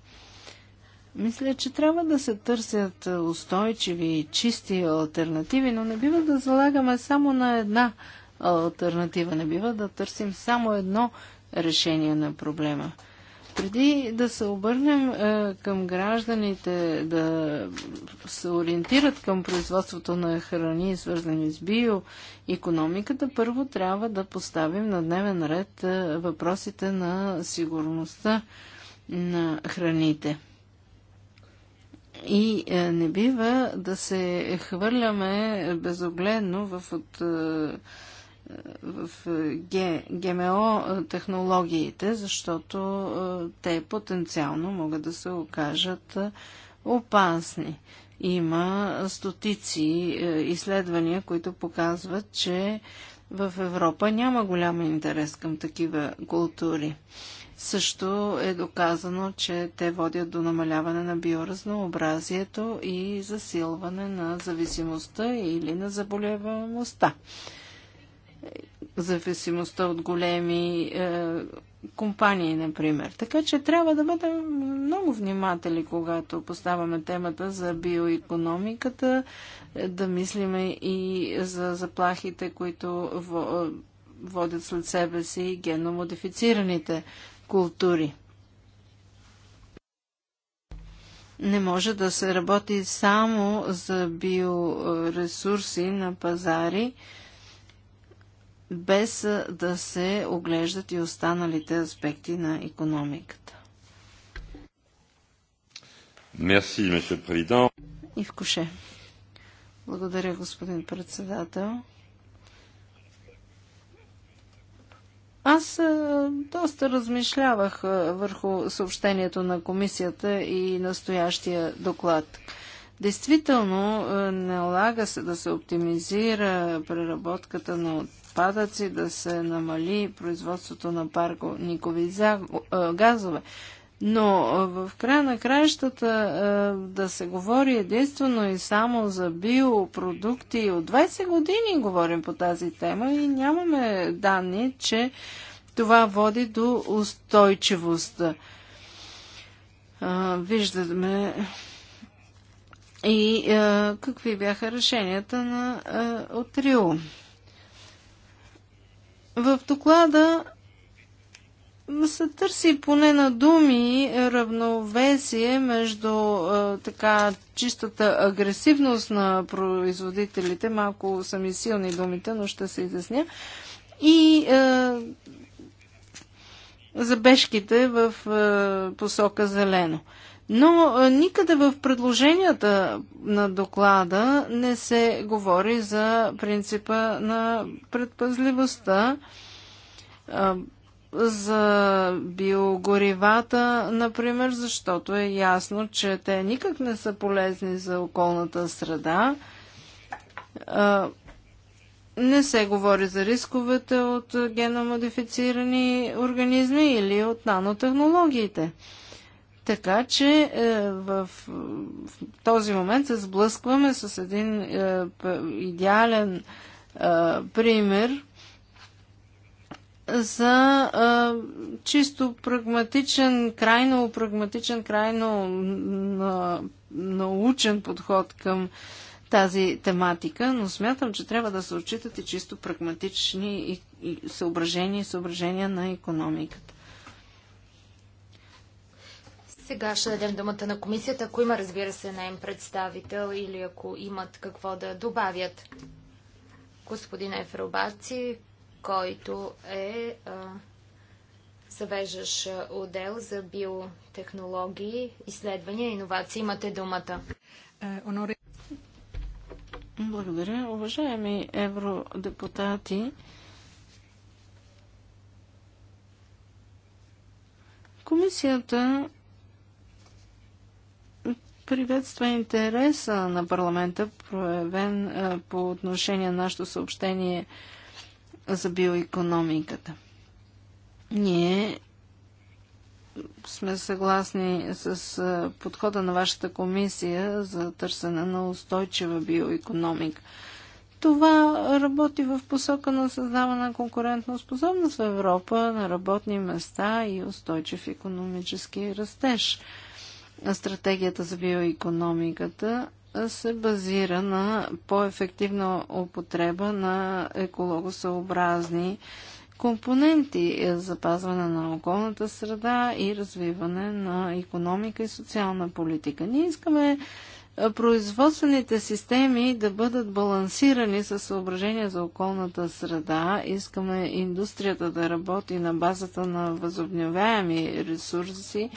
Мисля, че трябва да се търсят устойчиви и чисти альтернативи, но не бива да залагаме само на една альтернатива. Не бива да търсим само едно решение на проблема. Преди да се обърнем е, към гражданите, да се ориентират към производството на храни, свързани с биоекономиката, първо трябва да поставим на дневен ред е, въпросите на сигурността на храните. И е, не бива да се хвърляме безогледно в от. Е, в ГМО технологиите, защото те потенциално могат да се окажат опасни. Има стотици изследвания, които показват, че в Европа няма голям интерес към такива култури. Също е доказано, че те водят до намаляване на биоразнообразието и засилване на зависимостта или на заболеваемостта зависимостта от големи е, компании, например. Така че трябва да бъдем много вниматели, когато поставяме темата за биоекономиката, е, да мислиме и за заплахите, които е, водят след себе си геномодифицираните култури. Не може да се работи само за биоресурси на пазари, без да се оглеждат и останалите аспекти на економиката. Мерси, месье президент. И в Благодаря, господин председател. Аз доста размишлявах върху съобщението на комисията и настоящия доклад. Действително налага се да се оптимизира преработката на отпадъци, да се намали производството на парконикови е, газове. Но е, в края на краищата е, да се говори единствено и само за биопродукти, от 20 години говорим по тази тема и нямаме данни, че това води до устойчивост. Виждаме и какви бяха решенията на, от Рио. В доклада се търси поне на думи равновесие между а, е, така чистата агресивност на производителите, малко са ми силни думите, но ще се изясня, и а, е, забежките в а, е, посока зелено. А, но никъде в предложенията на доклада не се говори за принципа на предпазливостта, за биогоривата, например, защото е ясно, че те никак не са полезни за околната среда. Не се говори за рисковете от геномодифицирани организми или от нанотехнологиите. Така че е, в този момент се сблъскваме с един е, идеален е, пример за чисто прагматичен, крайно прагматичен, крайно научен подход към тази тематика, но смятам, че трябва да се отчитат и чисто прагматични съображения и съображения на економиката. Сега ще дадем думата на комисията, ако има, разбира се, наем представител или ако имат какво да добавят. Господин Ефробаци, който е а, завеждаш отдел за биотехнологии, изследвания и иновации. Имате думата. Е, Благодаря. Уважаеми евродепутати, Комисията приветства интереса на парламента, проявен по отношение на нашето съобщение за биоекономиката. Ние сме съгласни с подхода на вашата комисия за търсене на устойчива биоекономика. Това работи в посока на създаване на конкурентна способност в Европа, на работни места и устойчив економически растеж – стратегията за биоекономиката се базира на по-ефективна употреба на екологосъобразни компоненти за е, запазване на околната среда и развиване на економика и социална политика. Ние искаме е, производствените системи да бъдат балансирани с съображения за околната среда. Искаме индустрията да работи на базата на възобновяеми ресурси,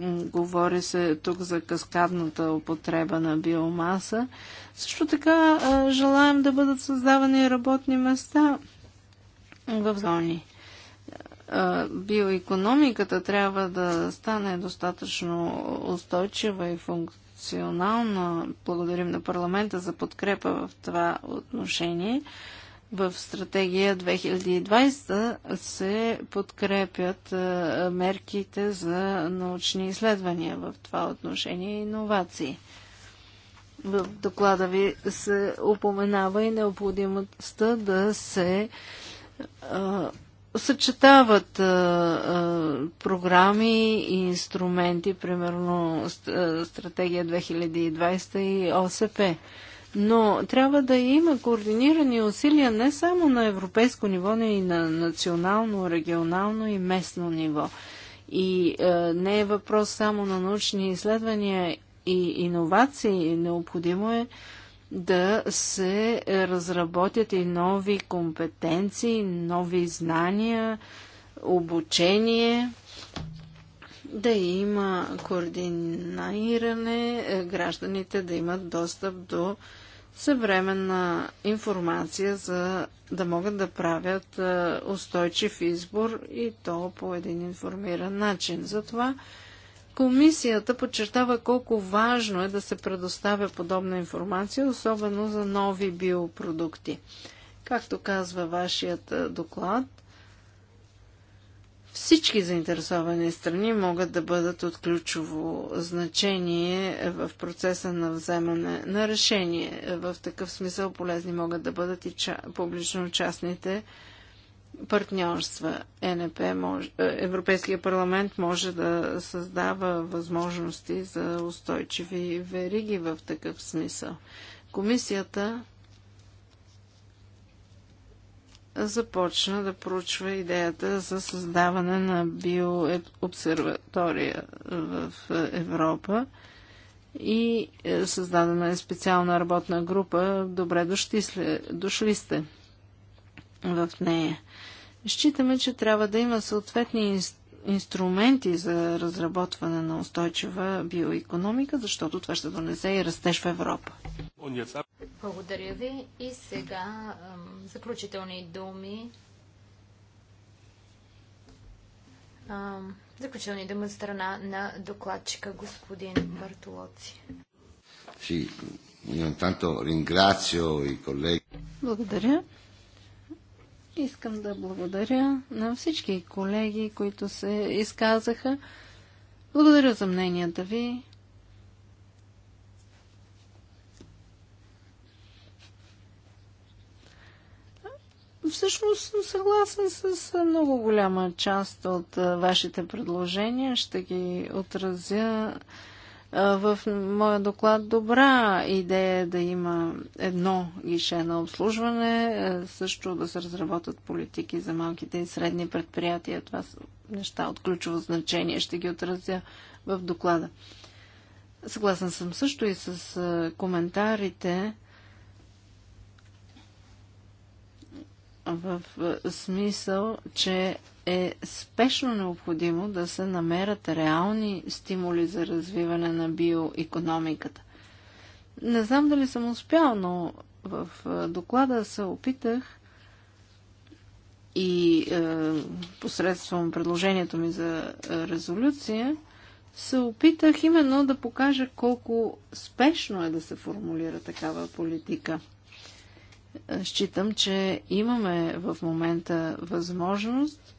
Говори се тук за каскадната употреба на биомаса. Също така желаем да бъдат създавани работни места в зони. Биоекономиката трябва да стане достатъчно устойчива и функционална. Благодарим на парламента за подкрепа в това отношение в стратегия 2020 се подкрепят мерките за научни изследвания в това отношение и иновации. В доклада ви се упоменава и необходимостта да се а, съчетават а, а, програми и инструменти, примерно ст, стратегия 2020 и ОСП но трябва да има координирани усилия не само на европейско ниво, но и на национално, регионално и местно ниво. И е, не е въпрос само на научни изследвания и иновации. Необходимо е да се разработят и нови компетенции, нови знания, обучение, да има координиране, е, гражданите да имат достъп до съвременна информация, за да могат да правят е, устойчив избор и то по един информиран начин. Затова комисията подчертава колко важно е да се предоставя подобна информация, особено за нови биопродукти. Както казва вашият е, доклад, всички заинтересовани страни могат да бъдат от ключово значение в процеса на вземане на решение. В такъв смисъл полезни могат да бъдат и ча... публично-частните партньорства. ЕНП може... Европейския парламент може да създава възможности за устойчиви вериги в такъв смисъл. Комисията започна да проучва идеята за създаване на биообсерватория в Европа и е, създадена е специална работна група. Добре дошли, дошли сте в нея. Считаме, че трябва да има съответни институции инструменти за разработване на устойчива биоекономика, защото това ще донесе и растеж в Европа. Благодаря ви. И сега заключителни думи. Заключителни думи от страна на докладчика господин Бартолоци. Благодаря. Искам да благодаря на всички колеги, които се изказаха. Благодаря за мненията ви. Всъщност съм съгласен с много голяма част от вашите предложения. Ще ги отразя в моя доклад добра идея е да има едно гише на обслужване, е, също да се разработят политики за малките и средни предприятия. Това са неща от ключово значение. Ще ги отразя в доклада. Съгласен съм също и с е, коментарите в е, смисъл, че е спешно необходимо да се намерят реални стимули за развиване на биоекономиката. Не знам дали съм успял, но в е, доклада се опитах и е, посредством предложението ми за е, резолюция се опитах именно да покажа колко спешно е да се формулира такава политика – считам, че имаме в момента възможност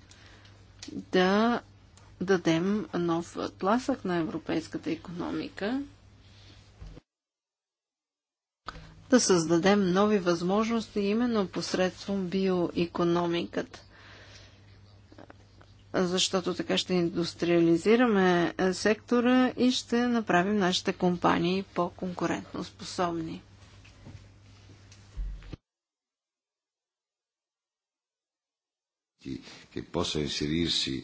да дадем нов тласък на европейската економика, да създадем нови възможности именно посредством биоекономиката. Защото така ще индустриализираме сектора и ще направим нашите компании по-конкурентно способни. всички che possono inserirsi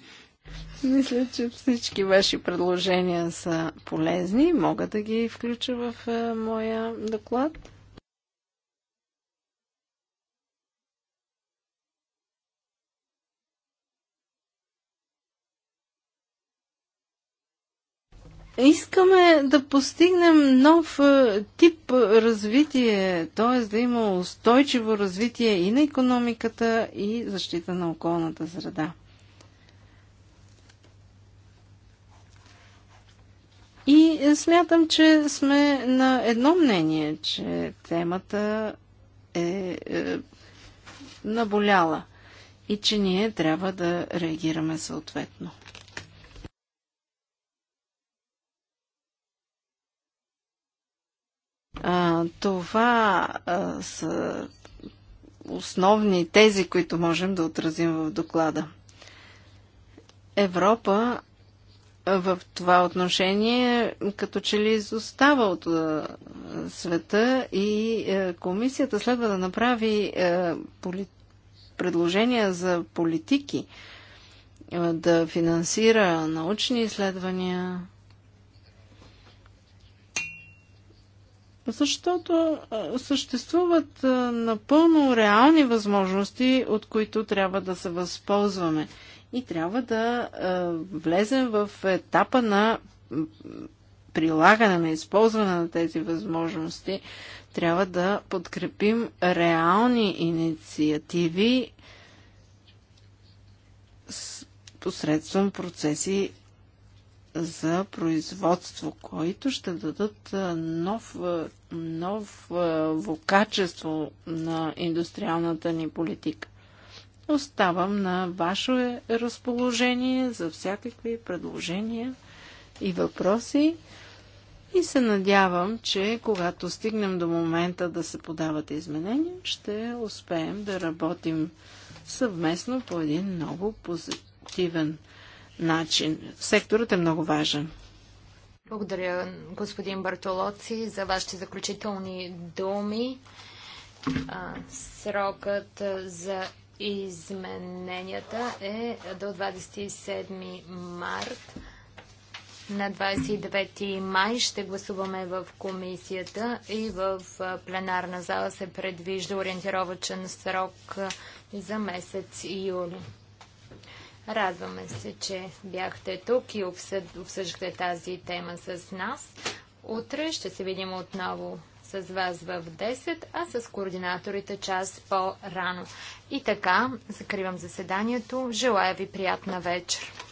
мисля, че всички ваши предложения са полезни. Мога да ги включа в е, моя доклад. Искаме да постигнем нов е, тип развитие, т.е. да има устойчиво развитие и на економиката, и защита на околната среда. И смятам, че сме на едно мнение, че темата е, е наболяла и че ние трябва да реагираме съответно. това а, са основни тези, които можем да отразим в доклада. Европа в това отношение като че ли изостава от света и комисията следва да направи поли... предложения за политики, да финансира научни изследвания, защото съществуват напълно реални възможности, от които трябва да се възползваме. И трябва да влезем в етапа на прилагане, на използване на тези възможности. Трябва да подкрепим реални инициативи посредством процеси за производство, които ще дадат нов, ново качество на индустриалната ни политика. Оставам на ваше разположение за всякакви предложения и въпроси и се надявам, че когато стигнем до момента да се подават изменения, ще успеем да работим съвместно по един много позитивен начин. Секторът е много важен. Благодаря, господин Бартолоци, за вашите заключителни думи. Срокът за измененията е до 27 март. На 29 май ще гласуваме в комисията и в пленарна зала се предвижда ориентировачен срок за месец юли. Радваме се, че бяхте тук и обсъждате обсъждахте тази тема с нас. Утре ще се видим отново с вас в 10, а с координаторите час по-рано. И така, закривам заседанието. Желая ви приятна вечер.